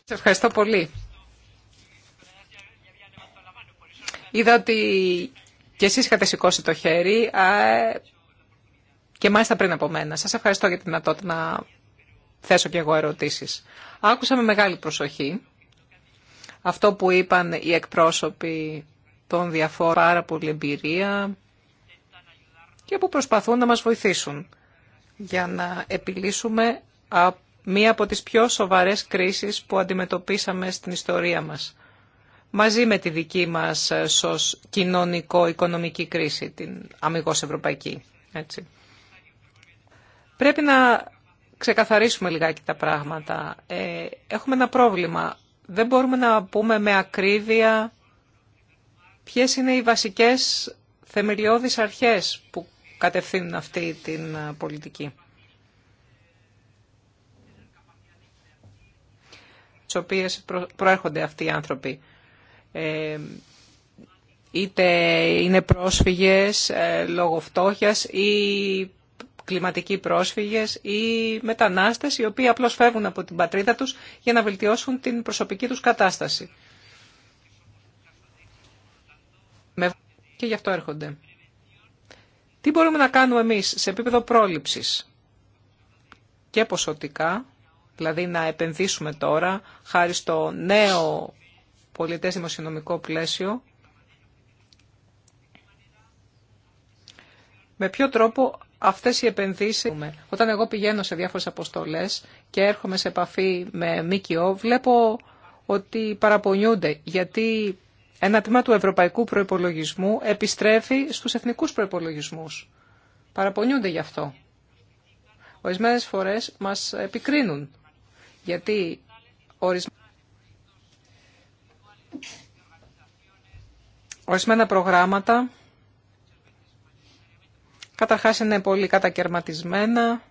ευχαριστώ πολύ. Είδα ότι και εσείς είχατε σηκώσει το χέρι και μάλιστα πριν από μένα. Σας ευχαριστώ για τη δυνατότητα να θέσω κι εγώ ερωτήσεις. Άκουσα με μεγάλη προσοχή αυτό που είπαν οι εκπρόσωποι των διαφόρων πάρα πολύ εμπειρία και που προσπαθούν να μας βοηθήσουν για να επιλύσουμε μία από τις πιο σοβαρές κρίσεις που αντιμετωπίσαμε στην ιστορία μας μαζί με τη δική μας ε, κοινωνικό-οικονομική κρίση, την αμυγός ευρωπαϊκή. Έτσι. Πρέπει να ξεκαθαρίσουμε λιγάκι τα πράγματα. Ε, έχουμε ένα πρόβλημα. Δεν μπορούμε να πούμε με ακρίβεια ποιες είναι οι βασικές θεμελιώδεις αρχές που κατευθύνουν αυτή την ε, πολιτική. τις οποίες προέρχονται αυτοί οι άνθρωποι. Ε, είτε είναι πρόσφυγες ε, λόγω φτώχειας ή κλιματικοί πρόσφυγες ή μετανάστες οι οποίοι απλώς φεύγουν από την πατρίδα τους για να βελτιώσουν την προσωπική τους κατάσταση. Και γι' αυτό έρχονται. Τι μπορούμε να κάνουμε εμείς σε επίπεδο πρόληψης και ποσοτικά, δηλαδή να επενδύσουμε τώρα χάρη στο νέο πολιτές δημοσιονομικό πλαίσιο, με ποιο τρόπο Αυτέ οι επενδύσεις. Όταν εγώ πηγαίνω σε διάφορε αποστολέ και έρχομαι σε επαφή με ΜΚΟ, βλέπω ότι παραπονιούνται γιατί ένα τμήμα του ευρωπαϊκού προπολογισμού επιστρέφει στους εθνικούς προπολογισμού. Παραπονιούνται γι' αυτό. Ορισμένε φορές μας επικρίνουν γιατί ορισμένα προγράμματα Καταρχάς είναι πολύ κατακαιρματισμένα.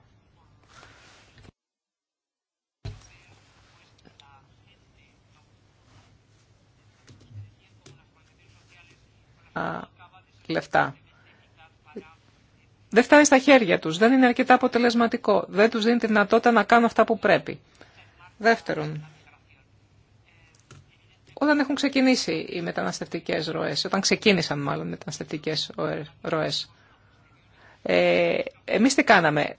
Α, λεφτά. Δεν φτάνει στα χέρια τους, δεν είναι αρκετά αποτελεσματικό, δεν τους δίνει τη δυνατότητα να κάνουν αυτά που πρέπει. Δεύτερον, όταν έχουν ξεκινήσει οι μεταναστευτικές ροές, όταν ξεκίνησαν μάλλον οι μεταναστευτικές ροές, ε, εμείς τι κάναμε.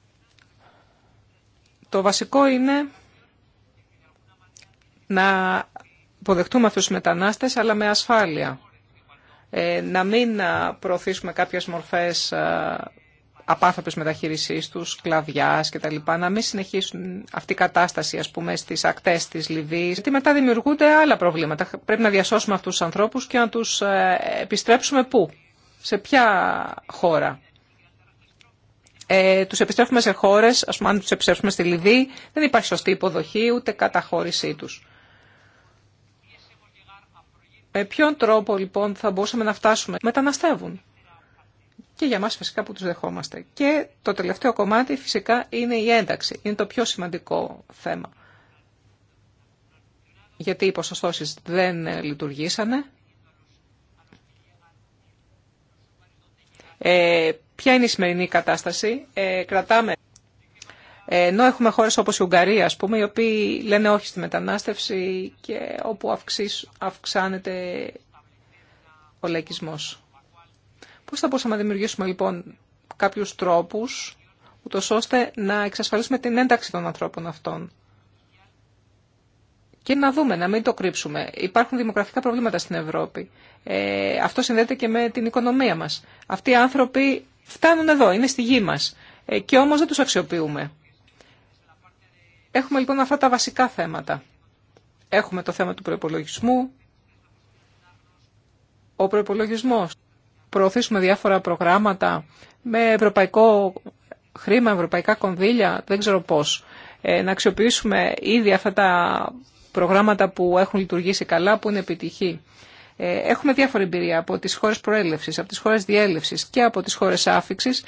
Το βασικό είναι να υποδεχτούμε αυτούς τους μετανάστες, αλλά με ασφάλεια. Ε, να μην προωθήσουμε κάποιες μορφές απάνθρωπης μεταχείρισής τους, κλαβιάς και τα λοιπά, να μην συνεχίσουν αυτή η κατάσταση, ας πούμε, στις ακτές της Λιβύης, γιατί μετά δημιουργούνται άλλα προβλήματα. Πρέπει να διασώσουμε αυτούς τους ανθρώπους και να τους ε, επιστρέψουμε πού, σε ποια χώρα ε, τους επιστρέφουμε σε χώρες, ας πούμε αν τους επιστρέφουμε στη Λιβύη, δεν υπάρχει σωστή υποδοχή ούτε καταχώρησή τους. Με ποιον τρόπο λοιπόν θα μπορούσαμε να φτάσουμε. Μεταναστεύουν. Και για μας φυσικά που τους δεχόμαστε. Και το τελευταίο κομμάτι φυσικά είναι η ένταξη. Είναι το πιο σημαντικό θέμα. Γιατί οι ποσοστώσεις δεν ε, λειτουργήσανε. Ε, Ποια είναι η σημερινή κατάσταση. Ε, κρατάμε. Ε, ενώ έχουμε χώρες όπως η Ουγγαρία, ας πούμε, οι οποίοι λένε όχι στη μετανάστευση και όπου αυξάνεται ο λαϊκισμός. Πώς θα μπορούσαμε να δημιουργήσουμε λοιπόν κάποιους τρόπους, ούτως ώστε να εξασφαλίσουμε την ένταξη των ανθρώπων αυτών. Και να δούμε, να μην το κρύψουμε. Υπάρχουν δημοκρατικά προβλήματα στην Ευρώπη. Ε, αυτό συνδέεται και με την οικονομία μας. Αυτοί οι άνθρωποι φτάνουν εδώ, είναι στη γη μας ε, και όμως δεν τους αξιοποιούμε. Έχουμε λοιπόν αυτά τα βασικά θέματα. Έχουμε το θέμα του προπολογισμού. Ο προπολογισμό. Προωθήσουμε διάφορα προγράμματα με ευρωπαϊκό χρήμα, ευρωπαϊκά κονδύλια, δεν ξέρω πώς. Ε, να αξιοποιήσουμε ήδη αυτά τα προγράμματα που έχουν λειτουργήσει καλά, που είναι επιτυχή. Ε, έχουμε διάφορη εμπειρία από τις χώρες προέλευσης, από τις χώρες διέλευσης και από τις χώρες άφηξης.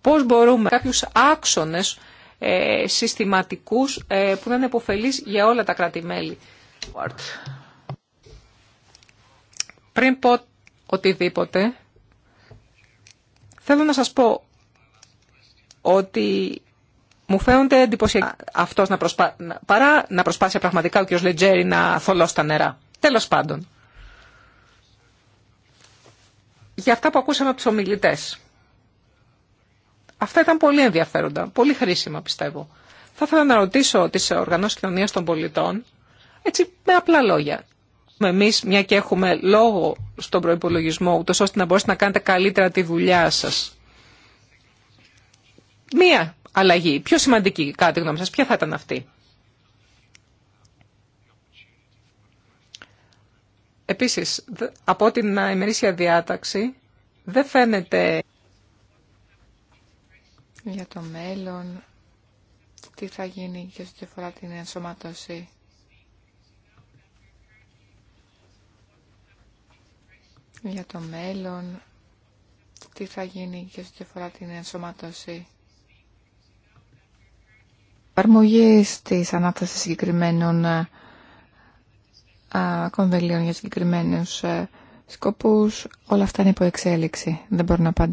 Πώς μπορούμε κάποιους άξονες ε, συστηματικούς ε, που να είναι υποφελείς για όλα τα κράτη-μέλη. Πριν πω οτιδήποτε, θέλω να σας πω ότι μου φαίνονται εντυπωσιακά αυτός να, προσπά... παρά να προσπάσει πραγματικά ο κ. Λετζέρη να θολώσει τα νερά. Τέλος πάντων, για αυτά που ακούσαμε από τους ομιλητές. Αυτά ήταν πολύ ενδιαφέροντα, πολύ χρήσιμα πιστεύω. Θα ήθελα να ρωτήσω τις οργανώσεις κοινωνία των πολιτών, έτσι με απλά λόγια. Εμείς, μια και έχουμε λόγο στον προϋπολογισμό, ούτως ώστε να μπορέσετε να κάνετε καλύτερα τη δουλειά σας. Μία αλλαγή, πιο σημαντική κάτι γνώμη σας, ποια θα ήταν αυτή. Επίσης, από την ημερήσια διάταξη δεν φαίνεται για το μέλλον τι θα γίνει και ό,τι αφορά την ενσωματώση. Για το μέλλον τι θα γίνει και ό,τι αφορά την ενσωματώση. Παρμογή της ανάθεσης συγκεκριμένων ε, κονδυλίων για συγκεκριμένους ε, σκοπούς. Όλα αυτά είναι υπό εξέλιξη. Δεν μπορώ να απαντήσω.